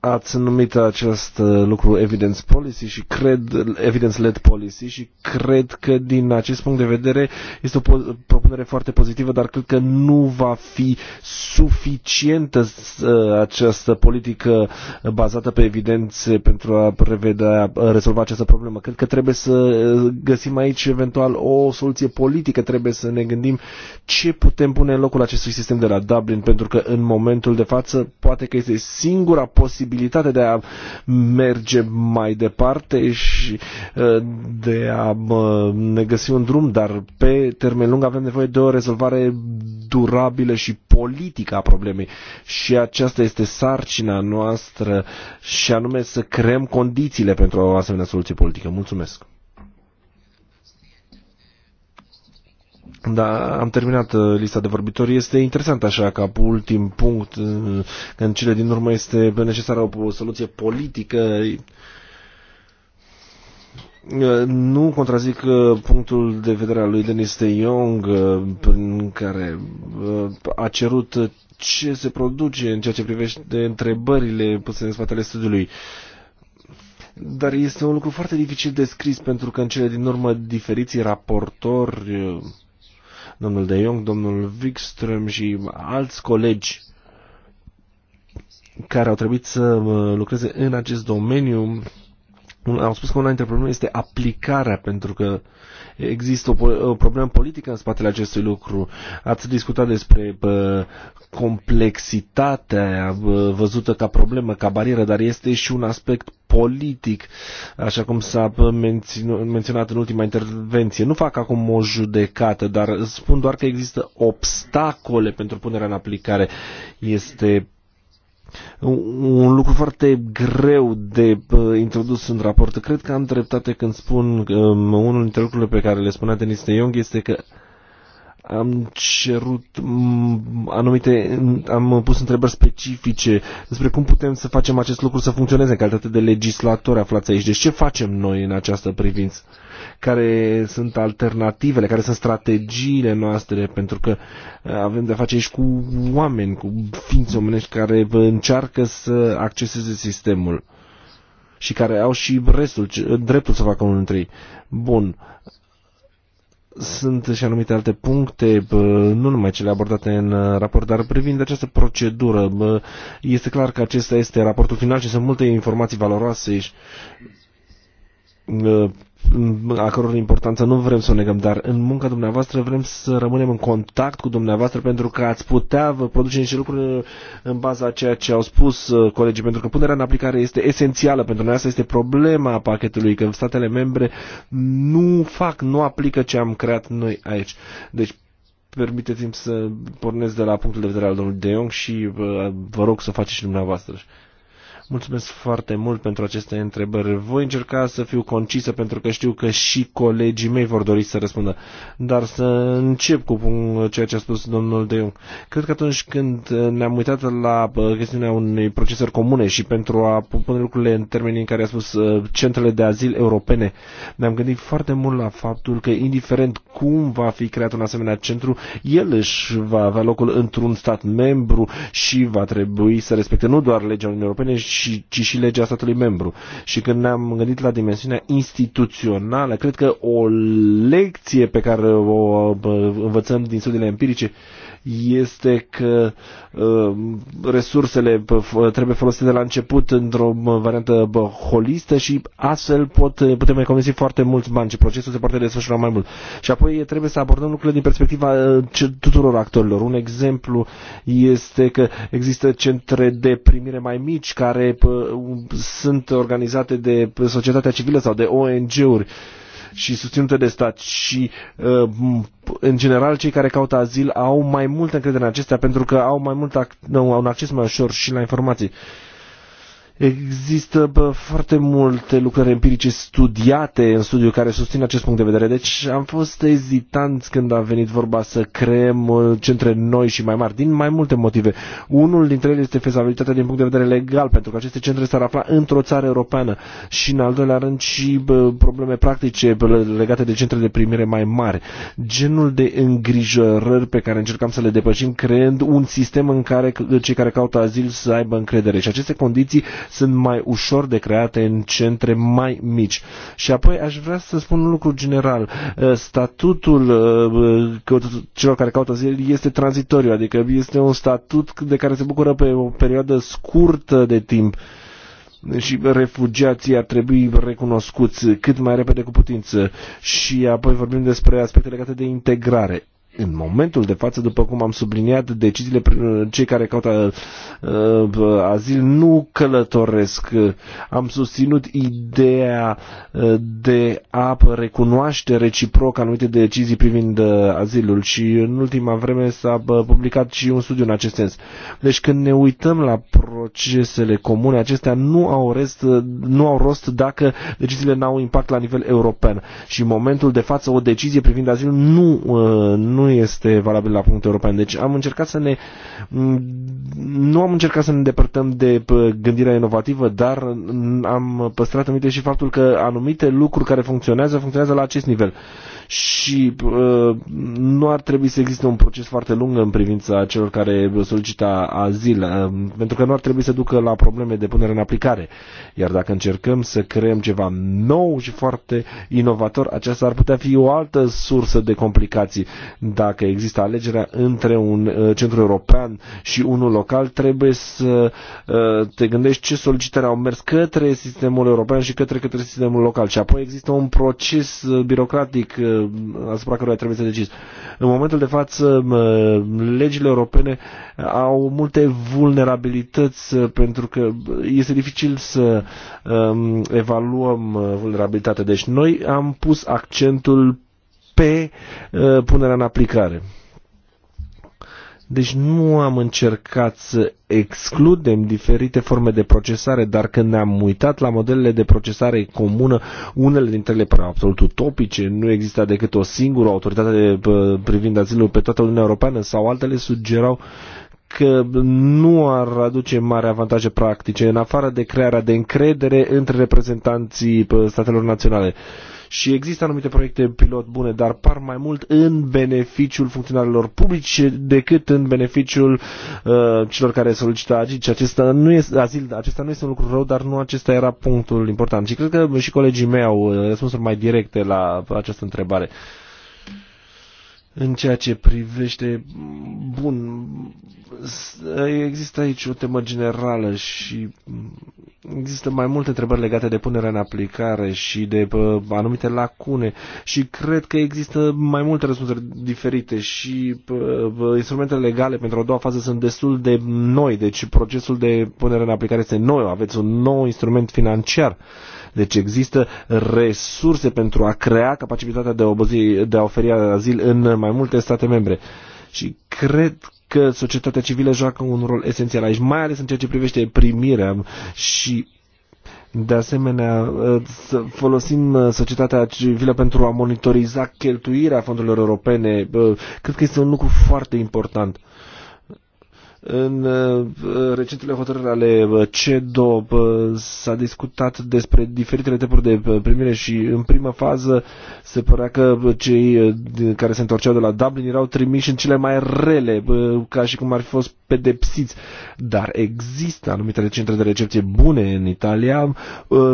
ați numit acest uh, lucru evidence policy și cred, evidence-led policy și cred că din acest punct de vedere este o propunere foarte pozitivă, dar cred că nu va fi suficientă uh, această politică bazată pe evidențe pentru a prevedea, a uh, rezolva această problemă. Cred că trebuie să găsim aici eventual o soluție politică, trebuie să ne gândim ce putem pune în locul acestui sistem de la Dublin, pentru că în momentul de față poate că este singura posibilitate posibilitate de a merge mai departe și uh, de a uh, ne găsi un drum, dar pe termen lung avem nevoie de o rezolvare durabilă și politică a problemei. Și aceasta este sarcina noastră și anume să creăm condițiile pentru o asemenea soluție politică. Mulțumesc! Da, am terminat uh, lista de vorbitori. Este interesant așa ca ultim punct, uh, în cele din urmă este necesară o soluție politică. Uh, nu contrazic punctul de vedere al lui Denis de Jong, prin care a cerut ce se produce în ceea ce privește întrebările puse în spatele studiului dar este un lucru foarte dificil de scris pentru că în cele din urmă diferiții raportori domnul De Jong, domnul Wikström și alți colegi care au trebuit să uh, lucreze în acest domeniu au spus că una dintre probleme este aplicarea, pentru că Există o, o problemă politică în spatele acestui lucru. Ați discutat despre bă, complexitatea bă, văzută ca problemă, ca barieră, dar este și un aspect politic, așa cum s-a menționat în ultima intervenție. Nu fac acum o judecată, dar spun doar că există obstacole pentru punerea în aplicare. Este un lucru foarte greu de uh, introdus în raport. Cred că am dreptate când spun um, unul dintre lucrurile pe care le spunea Denis de Jong este că am cerut anumite, am pus întrebări specifice despre cum putem să facem acest lucru să funcționeze în calitate de legislatori aflați aici. Deci ce facem noi în această privință? Uh, care sunt alternativele, care sunt strategiile noastre, pentru că uh, avem de-a face aici cu oameni, cu ființe omenești care încearcă să acceseze sistemul și care au și restul, dreptul să facă unul dintre ei. Bun, sunt și anumite alte puncte, nu numai cele abordate în uh, raport, dar privind această procedură, este clar că acesta este raportul final și sunt multe informații valoroase și a căror importanță nu vrem să o negăm, dar în munca dumneavoastră vrem să rămânem în contact cu dumneavoastră pentru că ați putea vă produce niște lucruri în baza a ceea ce au spus uh, colegii, pentru că punerea în aplicare este esențială pentru noi. Asta este problema pachetului, că statele membre nu fac, nu aplică ce am creat noi aici. Deci permiteți-mi să pornesc de la punctul de vedere al domnului De Jong și uh, vă rog să o faceți și dumneavoastră. Mulțumesc foarte mult pentru aceste întrebări. Voi încerca să fiu concisă pentru că știu că și colegii mei vor dori să răspundă. Dar să încep cu ceea ce a spus domnul De Jong. Cred că atunci când ne-am uitat la uh, chestiunea unei procesări comune și pentru a pune lucrurile în termenii în care a spus uh, centrele de azil europene, ne-am gândit foarte mult la faptul că indiferent cum va fi creat un asemenea centru, el își va avea locul într-un stat membru și va trebui să respecte nu doar legea Uniunii Europene, și, ci și legea statului membru. Și când ne-am gândit la dimensiunea instituțională, cred că o lecție pe care o învățăm din studiile empirice este că um, resursele trebuie folosite la început într-o um, variantă holistă și astfel pot, putem economisi foarte mulți bani și procesul se poate desfășura mai mult. Și apoi trebuie să abordăm lucrurile din perspectiva uh, tuturor actorilor. Un exemplu este că există centre de primire mai mici care sunt organizate de societatea civilă sau de ONG-uri. Uh, și susținute de stat și uh, în general cei care caută azil au mai multă încredere în acestea pentru că au mai mult ac- un acces mai ușor și la informații. Uh, Există bă, foarte multe lucrări empirice studiate în studiu care susțin acest punct de vedere, deci am fost ezitanți când a venit vorba să creăm uh, centre noi și mai mari, din mai multe motive. Unul dintre ele este fezabilitatea din punct de vedere legal, pentru că aceste centre s-ar afla într-o țară europeană și în al doilea rând și bă, probleme practice legate de centre de primire mai mari. Genul de îngrijorări pe care încercam să le depășim creând un sistem în care cei care caută azil să aibă încredere și aceste condiții sunt mai ușor de create în centre mai mici. Și apoi aș vrea să spun un lucru general. Uh, statutul uh, uh, celor care caută azil este tranzitoriu, adică este un statut de care se bucură pe o perioadă scurtă de timp și refugiații ar trebui recunoscuți cât mai repede cu putință și apoi vorbim despre aspecte legate de integrare. În momentul de față, după cum am subliniat, deciziile cei care caută uh, azil nu călătoresc. Am susținut ideea uh, de a recunoaște reciproc anumite decizii privind uh, azilul și în ultima vreme s-a publicat și un studiu în acest sens. Deci când ne uităm la procesele comune, acestea nu au, rest, uh, nu au rost dacă deciziile n-au impact la nivel european. Și în momentul de față o decizie privind azilul nu, uh, nu nu este valabil la punctul european. Deci am încercat să ne... Nu am încercat să ne depărtăm de gândirea inovativă, dar am păstrat în minte și faptul că anumite lucruri care funcționează, funcționează la acest nivel și uh, nu ar trebui să existe un proces foarte lung în privința celor care solicită azil, uh, pentru că nu ar trebui să ducă la probleme de punere în aplicare. Iar dacă încercăm să creăm ceva nou și foarte inovator, aceasta ar putea fi o altă sursă de complicații. Dacă există alegerea între un uh, centru european și unul local, trebuie să uh, te gândești ce solicitări au mers către sistemul european și către către sistemul local. Și apoi există un proces uh, birocratic uh, asupra căruia trebuie să decizi. În momentul de față, legile europene au multe vulnerabilități uh, pentru că uh, este dificil să um, evaluăm uh, vulnerabilitatea. Deci noi am pus accentul pe punerea în aplicare. Deci nu am încercat să excludem diferite forme de procesare, dar când ne-am uitat la modelele de procesare comună, unele dintre ele păreau absolut utopice, nu exista decât o singură autoritate privind azilul pe toată Uniunea Europeană sau altele sugerau că nu ar aduce mari avantaje practice, în afară de crearea de încredere între reprezentanții statelor naționale. Uh, și există anumite proiecte pilot bune, dar par mai mult în beneficiul funcționarilor publici decât în beneficiul uh, celor care solicită agit. acesta nu este, azil, acesta nu este un lucru rău, dar nu acesta era punctul important. Și cred că și colegii mei au uh, răspunsuri mai directe la această întrebare în ceea ce privește, bun, există aici o temă generală și există mai multe întrebări legate de punerea în aplicare și de anumite lacune și cred că există mai multe răspunsuri diferite și instrumentele legale pentru a doua fază sunt destul de noi, deci procesul de punere în aplicare este nou, aveți un nou instrument financiar. Deci există resurse pentru a crea capacitatea de a, obăzi, de a oferi azil în mai multe state membre. Uh, și cred că societatea civilă joacă un rol esențial aici, mai ales în ceea ce privește primirea și de asemenea, să folosim societatea civilă pentru a monitoriza cheltuirea fondurilor europene. Cred că este un lucru foarte important. În uh, uh, recentele hotărâri ale uh, CEDO s-a discutat despre diferitele tipuri de primire și în prima fază se părea că cei care se întorceau de la Dublin erau trimiși în cele mai rele, ca și cum ar fi fost pedepsiți. Dar există anumite centre de recepție bune în Italia,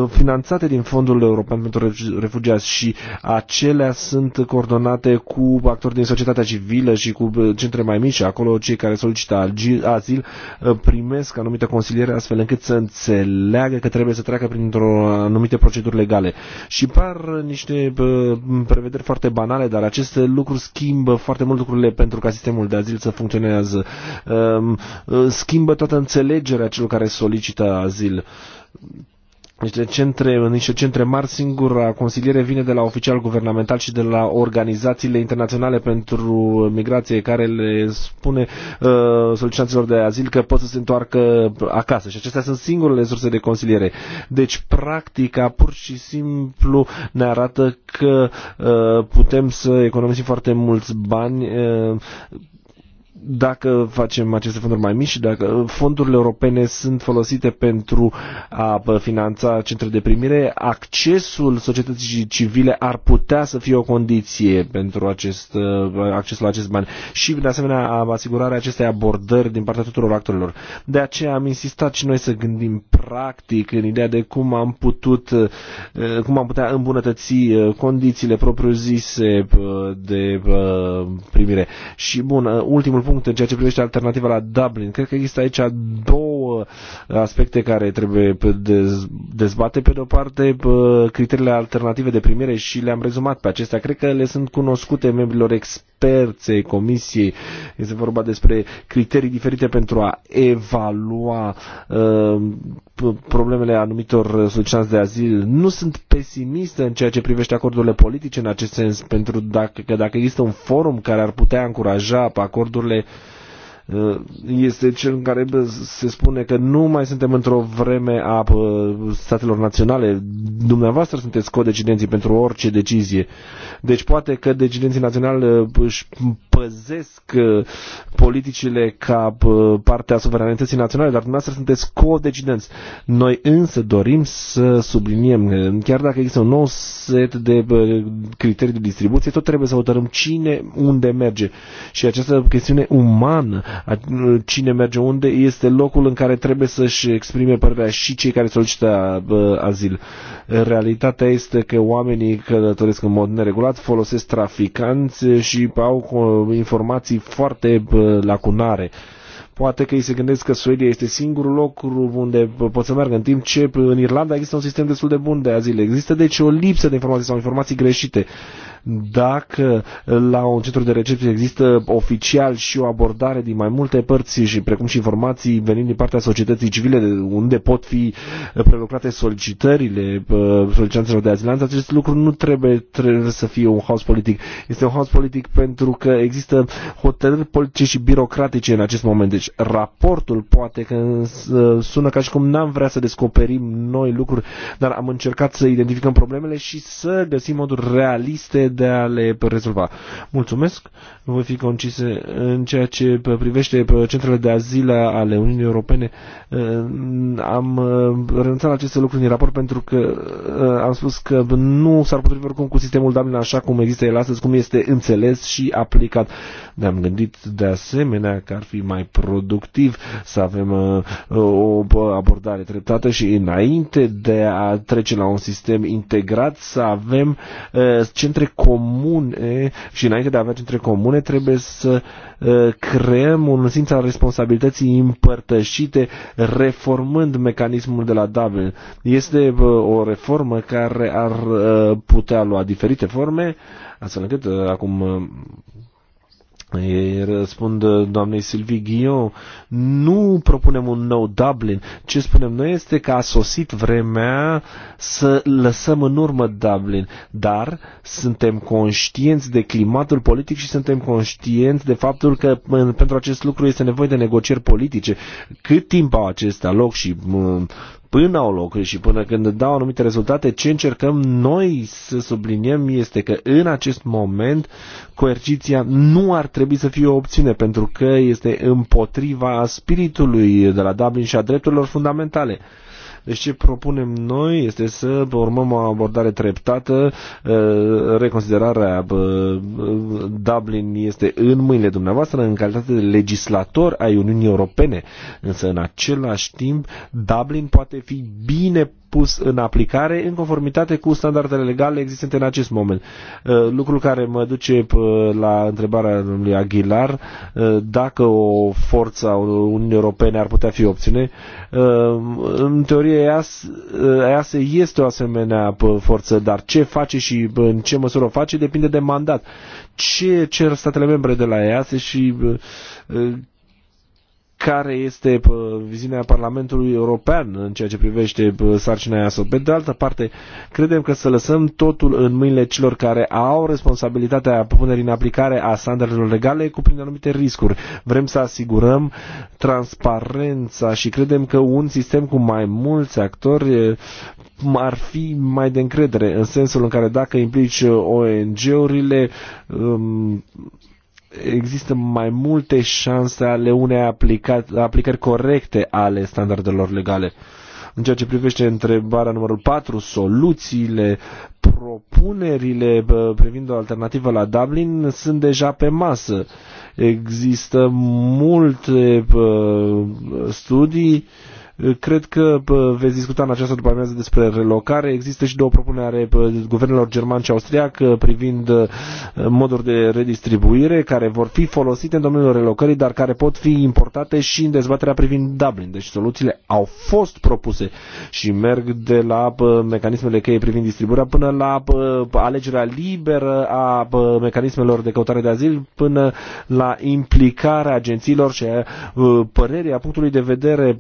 finanțate din Fondul European pentru Refugiați și acelea sunt coordonate cu actori din societatea civilă și cu centre mai mici. Acolo cei care solicită agir azil uh, primesc anumite consiliere astfel încât să înțeleagă că trebuie să treacă printr-o anumite proceduri legale. Și par niște uh, prevederi foarte banale, dar acest lucru schimbă foarte mult lucrurile pentru ca sistemul de azil să funcționează. Um, uh, schimbă toată înțelegerea celor care solicită azil niște centre, în niște centre mari, singura consiliere vine de la oficial guvernamental și de la organizațiile internaționale pentru migrație care le spune uh, solicitanților de azil că pot să se întoarcă acasă și acestea sunt singurele surse de consiliere. Deci practica pur și simplu ne arată că uh, putem să economisim foarte mulți bani uh, dacă facem aceste fonduri mai mici și dacă fondurile europene sunt folosite pentru a finanța centre de primire, accesul societății civile ar putea să fie o condiție pentru acest, accesul la acest bani și, de asemenea, asigurarea acestei abordări din partea tuturor actorilor. De aceea am insistat și noi să gândim practic în ideea de cum am putut, cum am putea îmbunătăți condițiile propriu-zise de primire. Și, bun, ultimul punct în ceea ce privește alternativa la Dublin. Cred că există aici două aspecte care trebuie dezbate. Pe de o parte, criteriile alternative de primire și le-am rezumat pe acestea. Cred că le sunt cunoscute membrilor experți terței Comisiei. Este vorba despre criterii diferite pentru a evalua uh, problemele anumitor solicitanți de azil. Nu sunt pesimistă în ceea ce privește acordurile politice în acest sens, pentru dacă, că dacă există un forum care ar putea încuraja acordurile uh, Uh, este cel în care se spune că nu mai suntem într-o vreme a uh, statelor naționale. Dumneavoastră sunteți codecidenții pentru orice decizie. Deci poate că decidenții naționali uh, își păzesc politicile ca partea a suveranității naționale, dar dumneavoastră sunteți codecidenți. Noi însă dorim să subliniem, chiar dacă există un nou set de criterii de distribuție, tot trebuie să hotărâm cine unde merge. Și această chestiune umană cine merge unde este locul în care trebuie să-și exprime părerea și cei care solicită azil. Realitatea este că oamenii călătoresc în mod neregulat, folosesc traficanți și au informații foarte lacunare poate că ei se gândesc că Suedia este singurul loc unde pot să meargă, în timp ce în Irlanda există un sistem destul de bun de azil. Există deci o lipsă de informații sau informații greșite. Dacă la un centru de recepție există oficial și o abordare din mai multe părți și precum și informații venind din partea societății civile unde pot fi prelucrate solicitările uh, solicitanților de azilanță, acest lucru nu trebuie, trebuie să fie un haos politic. Este un haos politic pentru că există hotărâri politice și birocratice în acest moment. Deci raportul poate că sună ca și cum n-am vrea să descoperim noi lucruri, dar am încercat să identificăm problemele și să găsim moduri realiste de a le rezolva. Mulțumesc, voi fi concise în ceea ce privește centrele de azil ale Uniunii Europene. Eh, am eh, renunțat la aceste lucruri din raport pentru că eh, am spus că nu s-ar potrivi oricum cu sistemul Dublin așa cum există el astăzi, cum este înțeles și aplicat. Ne-am gândit de asemenea că ar fi mai productiv să avem o abordare treptată și înainte de a trece la un sistem integrat să avem centre comune și înainte de a avea între comune trebuie să uh, creăm un simț al responsabilității împărtășite reformând mecanismul de la Dublin. Este uh, o reformă care ar uh, putea lua diferite forme, astfel încât acum ei răspund uh, doamnei Silvii Ghion, nu propunem un nou Dublin. Ce spunem noi este că a sosit vremea să lăsăm în urmă Dublin, dar suntem conștienți de climatul politic și suntem conștienți de faptul că pentru acest lucru este nevoie de negocieri politice. Cât timp au acestea loc și până au loc și până când dau anumite rezultate, ce încercăm noi să subliniem este că în acest moment coerciția nu ar trebui să fie o opțiune pentru că este împotriva spiritului de la Dublin și a drepturilor fundamentale. Deci ce propunem noi este să urmăm o abordare treptată, uh, reconsiderarea uh, Dublin este în mâinile dumneavoastră în calitate de legislator ai Uniunii Europene, însă în același timp Dublin poate fi bine pus în aplicare în conformitate cu standardele legale existente în acest moment. Uh, Lucrul care mă duce uh, la întrebarea domnului Aguilar uh, dacă o forță a Uniunii Europene ar putea fi opțiune. În teorie EASE este o asemenea forță, dar ce face și în ce măsură o face depinde de mandat. Ce cer statele membre de la EASE și care este viziunea Parlamentului European în ceea ce privește sarcina EASO. Pe de altă parte, credem că să lăsăm totul în mâinile celor care au responsabilitatea punerii în aplicare a standardelor legale cu prin anumite riscuri. Vrem să asigurăm transparența și credem că un sistem cu mai mulți actori ar fi mai de încredere, în sensul în care dacă implici uh, ONG-urile, um, există mai multe șanse ale unei aplica- aplicări corecte ale standardelor legale. În ceea ce privește întrebarea numărul 4, soluțiile, propunerile privind o alternativă la Dublin sunt deja pe masă. Există multe studii uh, Eh, cred că veți discuta în această după amiază despre relocare. Există și două propuneri ale guvernelor german și austriac privind eh, moduri de redistribuire care vor fi folosite în domeniul relocării, dar care pot fi importate și în dezbaterea privind Dublin. Deci soluțiile au fost propuse și merg de la mecanismele cheie privind distribuirea până la alegerea liberă a mecanismelor de căutare de azil până la implicarea agențiilor și părerea punctului de vedere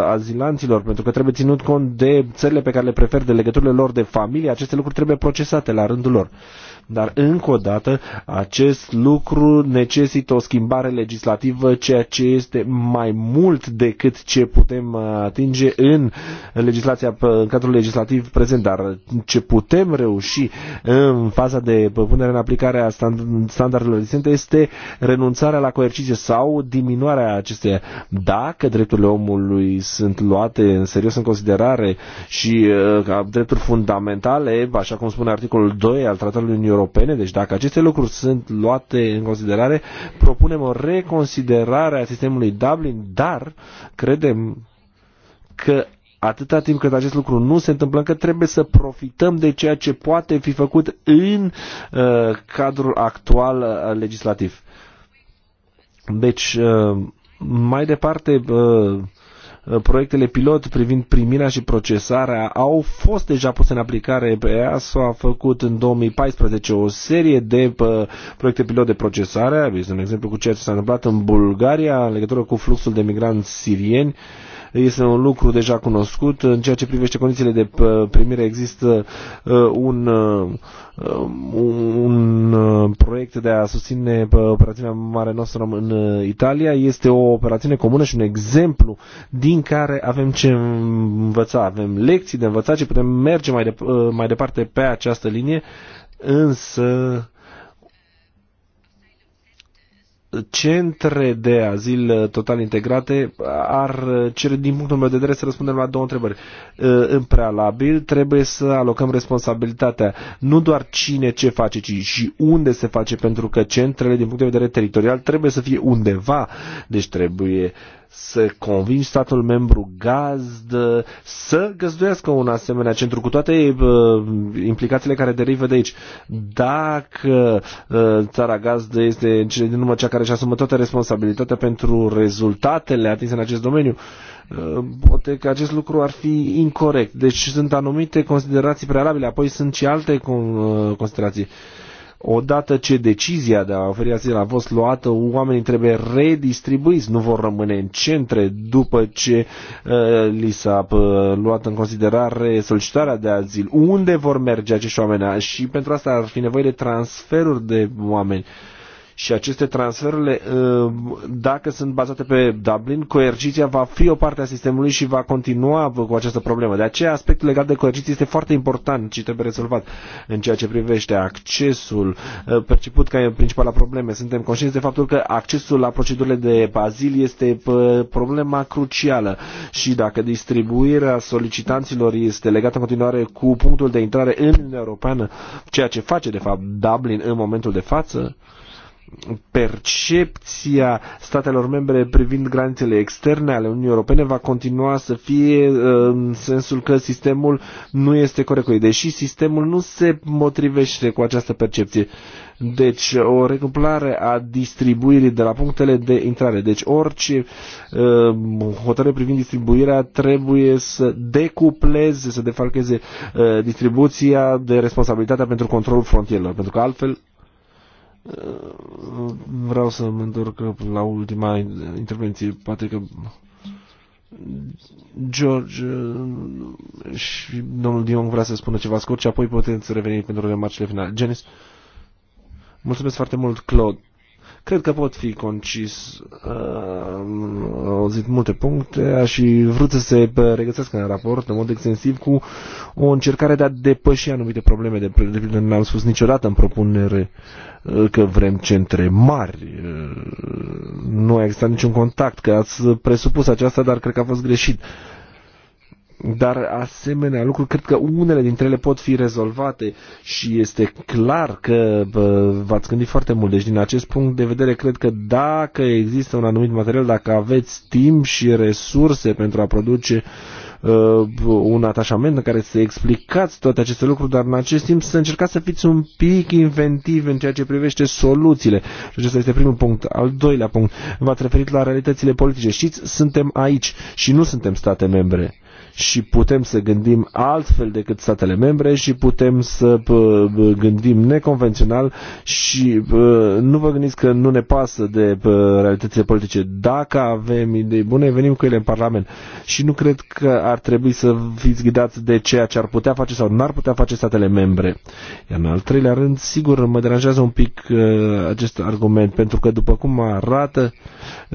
azilanților, pentru că trebuie ținut cont de țările pe care le prefer, de legăturile lor de familie, aceste lucruri trebuie procesate la rândul lor. Dar, încă o dată, acest lucru necesită o schimbare legislativă, ceea ce este mai mult decât ce putem atinge în legislația, în cadrul legislativ prezent, dar ce putem reuși în faza de punere în aplicare a standardelor existente este renunțarea la coerciție sau diminuarea acesteia. Dacă drepturile omului sunt luate în serios în considerare și uh, ca drepturi fundamentale, așa cum spune articolul 2 al Tratatului Uniunii Europene, deci dacă aceste lucruri sunt luate în considerare, propunem o reconsiderare a sistemului Dublin, dar credem că atâta timp cât acest lucru nu se întâmplă, că trebuie să profităm de ceea ce poate fi făcut în uh, cadrul actual uh, legislativ. Deci, uh, mai departe, uh, proiectele pilot privind primirea și procesarea au fost deja puse în aplicare pe EASO, a făcut în 2014 o serie de proiecte pilot de procesare, este un exemplu cu ceea ce s-a întâmplat în Bulgaria în legătură cu fluxul de migranți sirieni, uh, este un lucru deja cunoscut. În ceea ce privește condițiile de primire există ă, un, ă, um, un ă, proiect de a susține operațiunea Mare Nostrum în Italia. Este o operațiune comună și un exemplu din care avem ce învăța. Avem lecții de învățat și putem merge mai, de, mai departe pe această linie, însă centre de azil uh, total integrate ar uh, cere, din punctul meu de vedere, să răspundem la două întrebări. Uh, în prealabil, trebuie să alocăm responsabilitatea nu doar cine ce face, ci și unde se face, pentru că centrele, din punct de vedere teritorial, trebuie să fie undeva. Deci trebuie uh, să convingi statul membru gazdă să găzduiască un asemenea centru cu toate uh, implicațiile care derivă de aici. Dacă uh, țara gazdă este în cele din urmă cea care își asumă toată responsabilitatea pentru rezultatele atinse în acest domeniu, uh, poate că acest lucru ar fi incorrect. Deci sunt anumite considerații prealabile, apoi sunt și alte uh, considerații. Uh, Odată ce decizia de a oferi azil a fost luată, oamenii trebuie redistribuiți, nu vor rămâne în centre după ce uh, li s-a uh, luat în considerare solicitarea de azil. Unde vor merge acești oameni? Și pentru asta ar fi nevoie de transferuri de oameni. Uh, și aceste transferurile, uh, dacă sunt bazate pe Dublin, coerciția va fi o parte a sistemului și va continua cu această problemă. De aceea, aspectul legat de coerciție este foarte important și trebuie rezolvat în ceea ce privește accesul uh, perceput ca principala probleme. Suntem conștienți de faptul că accesul la procedurile de azil este uh, problema crucială și dacă distribuirea solicitanților este legată în continuare cu punctul de intrare în Uniunea Europeană, ceea ce face de fapt Dublin în momentul de față, percepția statelor membre privind granițele externe ale Uniunii Europene va continua să fie uh, în sensul că sistemul nu este corect, deși sistemul nu se motrivește cu această percepție. Deci o recuplare a distribuirii de la punctele de intrare. Deci orice uh, hotărâre privind distribuirea trebuie să decupleze, să defalcheze uh, distribuția de responsabilitatea pentru controlul frontierelor, pentru că altfel vreau să mă întorc la ultima intervenție. Poate că George uh, și domnul Dion vrea să spună ceva scurt și apoi să reveni pentru remarcile finale. Genis, mulțumesc foarte mult, Claude. Cred că pot fi concis. Uh, au zis multe puncte și vrut să se regăsească în raport în mod extensiv cu o încercare de a depăși anumite probleme de pildă. N-am spus niciodată în propunere uh, că vrem centre mari. Nu a existat niciun contact, că ați presupus aceasta, dar cred că a fost greșit. Dar asemenea lucruri, cred că unele dintre ele pot fi rezolvate și este clar că v-ați gândit foarte mult. Deci din acest punct de vedere, cred că dacă există un anumit material, dacă aveți timp și resurse pentru a produce uh, Uh, un atașament în care să explicați toate aceste lucruri, dar în acest timp să încercați să fiți un pic inventiv în ceea ce privește soluțiile. Și acesta este primul punct. Al doilea punct, v-ați referit la realitățile politice. Știți, suntem aici și nu suntem state membre și putem să gândim altfel decât statele membre și putem să gândim neconvențional și nu vă gândiți că nu ne pasă de realitățile politice. Dacă avem idei bune, venim cu ele în Parlament și nu cred că ar trebui să fiți ghidați de ceea ce ar putea face sau n-ar putea face statele membre. Iar în al treilea rând, sigur, mă deranjează un pic ă, acest argument, pentru că după cum arată,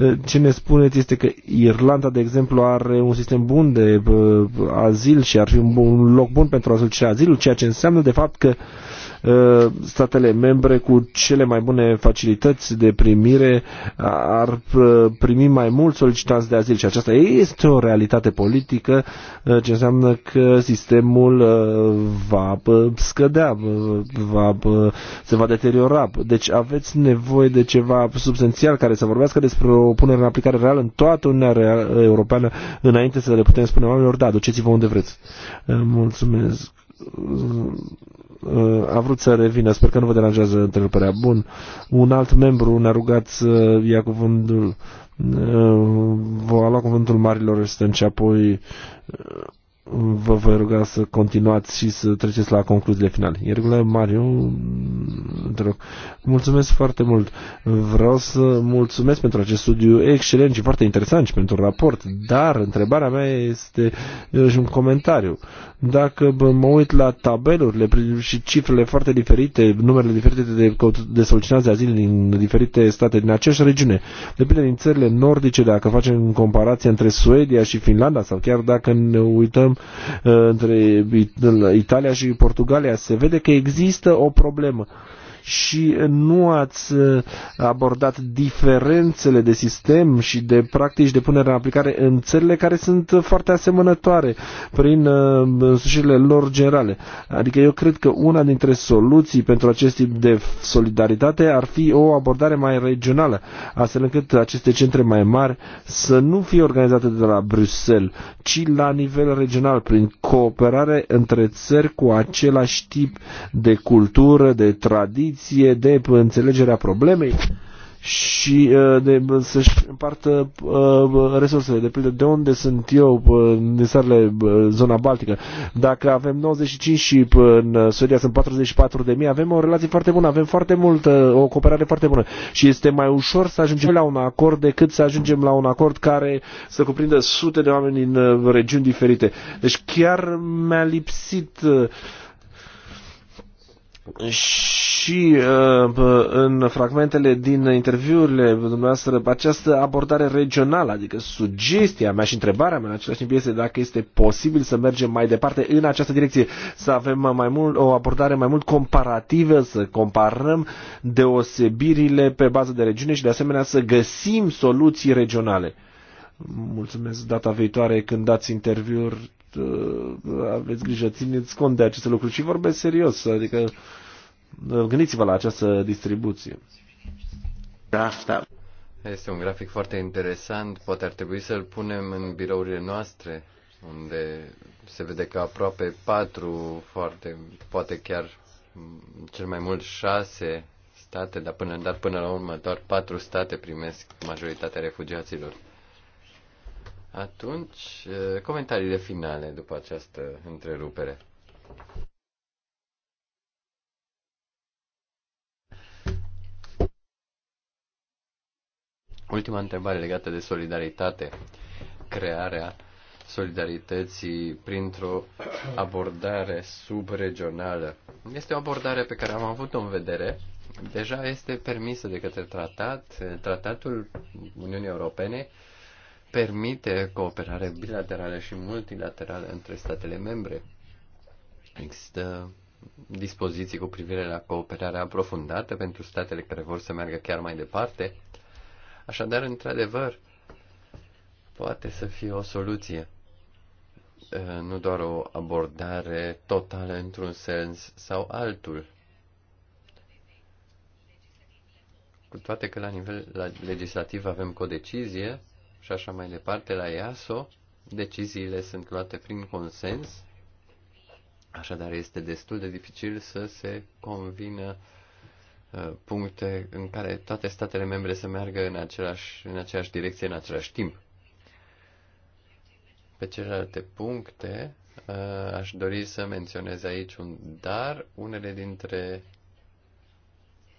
ă, ce ne spuneți este că Irlanda, de exemplu, are un sistem bun de Uh, azil și ar fi un, un loc bun pentru a solicita azilul, ceea ce înseamnă de fapt că uh, Eh, statele membre cu cele mai bune facilități de primire ar eh, primi mai mult solicitanți de azil și aceasta este o realitate politică eh, ce înseamnă că sistemul va scădea, va, se va deteriora. Deci aveți nevoie de ceva substanțial care să vorbească despre o punere în aplicare reală în toată Uniunea Europeană înainte să le putem spune oamenilor, da, duceți-vă unde vreți. Mulțumesc a vrut să revină. Sper că nu vă deranjează întreruperea. Bun. Un alt membru ne-a rugat să ia cuvântul. Uh, vă a luat cuvântul marilor este și apoi vă voi ruga să continuați și să treceți la concluziile finale. E regulă, Mariu, te rog. Mulțumesc foarte mult. Vreau să mulțumesc pentru acest studiu excelent și foarte interesant și pentru raport, dar întrebarea mea este și un comentariu. Dacă mă uit la tabelurile și cifrele foarte diferite, numerele diferite de, de solicitați de azil din diferite state din aceeași regiune, de pildă din țările nordice, dacă facem comparație între Suedia și Finlanda sau chiar dacă ne uităm între Italia și Portugalia, se vede că există o problemă și nu ați uh, abordat diferențele de sistem și de practici de punere în aplicare în țările care sunt uh, foarte asemănătoare prin uh, însușirile lor generale. Adică eu cred că una dintre soluții pentru acest tip de solidaritate ar fi o abordare mai regională, astfel încât aceste centre mai mari să nu fie organizate de la Bruxelles, ci la nivel regional, prin cooperare între țări cu același tip de cultură, de tradiție, poziție, de înțelegerea problemei și uh, de, să-și împartă uh, resursele. De pildă, de unde sunt eu în uh, țările zona Baltică? Dacă avem 95 și în Suedia sunt 44 de mii, avem o relație foarte bună, avem foarte multă, o cooperare foarte bună și este mai ușor să ajungem la un acord decât să ajungem la un acord care să cuprindă sute de oameni în regiuni diferite. Deci chiar mi-a lipsit uh, și uh, în fragmentele din interviurile dumneavoastră această abordare regională, adică sugestia mea și întrebarea mea în același timp este dacă este posibil să mergem mai departe în această direcție, să avem mai mult, o abordare mai mult comparativă, să comparăm deosebirile pe bază de regiune și de asemenea să găsim soluții regionale. Mulțumesc data viitoare când dați interviuri Uh, aveți grijă, țineți cont de aceste lucruri și vorbesc serios, adică uh, gândiți-vă la această distribuție. Asta. Da, da. Este un grafic foarte interesant, poate ar trebui să-l punem în birourile noastre, unde se vede că aproape patru, foarte, poate chiar cel mai mult șase state, dar până, dar până la urmă doar patru state primesc majoritatea refugiaților. Atunci, comentariile finale după această întrerupere. Ultima întrebare legată de solidaritate. Crearea solidarității printr-o abordare subregională. Este o abordare pe care am avut-o în vedere. Deja este permisă de către tratat, tratatul Uniunii Europene permite cooperare bilaterală și multilaterală între statele membre. Există dispoziții cu privire la cooperarea aprofundată pentru statele care vor să meargă chiar mai departe. Așadar, într-adevăr, poate să fie o soluție. Nu doar o abordare totală într-un sens sau altul. Cu toate că la nivel legislativ avem codecizie, și așa mai departe la EASO, deciziile sunt luate prin consens, așadar este destul de dificil să se convină uh, puncte în care toate statele membre să meargă în, același, în aceeași direcție în același timp. Pe celelalte puncte uh, aș dori să menționez aici un dar. Unele dintre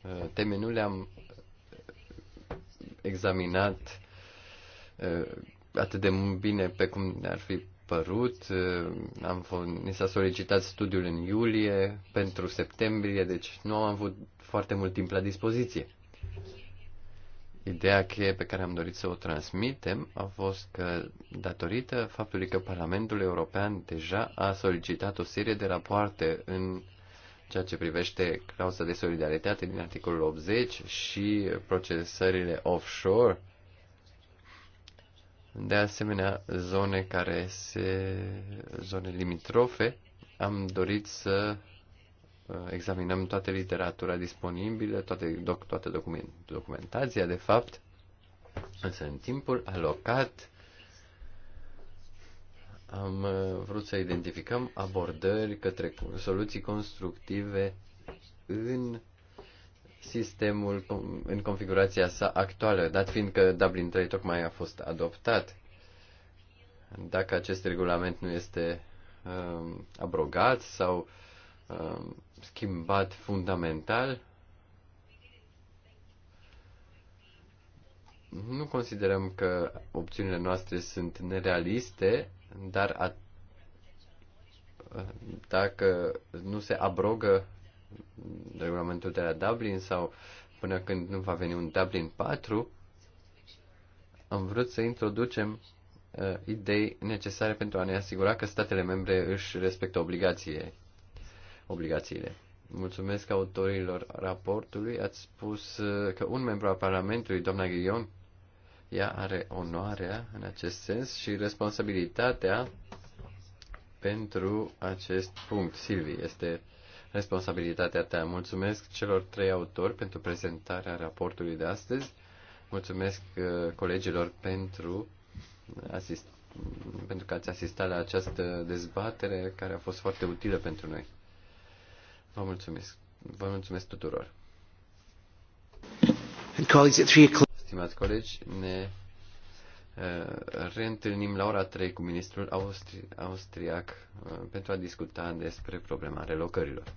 uh, teme nu le-am examinat Eh, atât de bine pe cum ne-ar fi părut. Eh, am fost, ni s-a solicitat studiul în iulie pentru septembrie, deci nu am avut foarte mult timp la dispoziție. Ideea cheie pe care am dorit să o transmitem a fost că, datorită faptului că Parlamentul European deja a solicitat o serie de rapoarte în ceea ce privește clauza de solidaritate din articolul 80 și procesările offshore, de asemenea, zone care se zone limitrofe, am dorit să uh, examinăm toată literatura disponibilă, toate, doc, toată document, documentația, de fapt, însă în timpul alocat am uh, vrut să identificăm abordări către soluții constructive în sistemul în configurația sa actuală, dat fiind că Dublin 3 tocmai a fost adoptat. Dacă acest regulament nu este um, abrogat sau um, schimbat fundamental, nu considerăm că opțiunile noastre sunt nerealiste, dar a, dacă nu se abrogă regulamentul de la Dublin sau până când nu va veni un Dublin 4, am vrut să introducem uh, idei necesare pentru a ne asigura că statele membre își respectă obligațiile. obligațiile. Mulțumesc autorilor raportului. Ați spus uh, că un membru al Parlamentului, doamna Ghion, ea are onoarea în acest sens și responsabilitatea pentru acest punct. Silvi este uh, responsabilitatea ta. Mulțumesc celor trei autori pentru prezentarea raportului de astăzi. Mulțumesc uh, colegilor pentru, uh, asist, pentru că ați asistat la această dezbatere care a fost foarte utilă pentru noi. Vă mulțumesc. Vă mulțumesc tuturor. Stimați colegi, ne uh, reîntâlnim la ora 3 cu ministrul austri- austriac pentru a discuta despre problema relocărilor.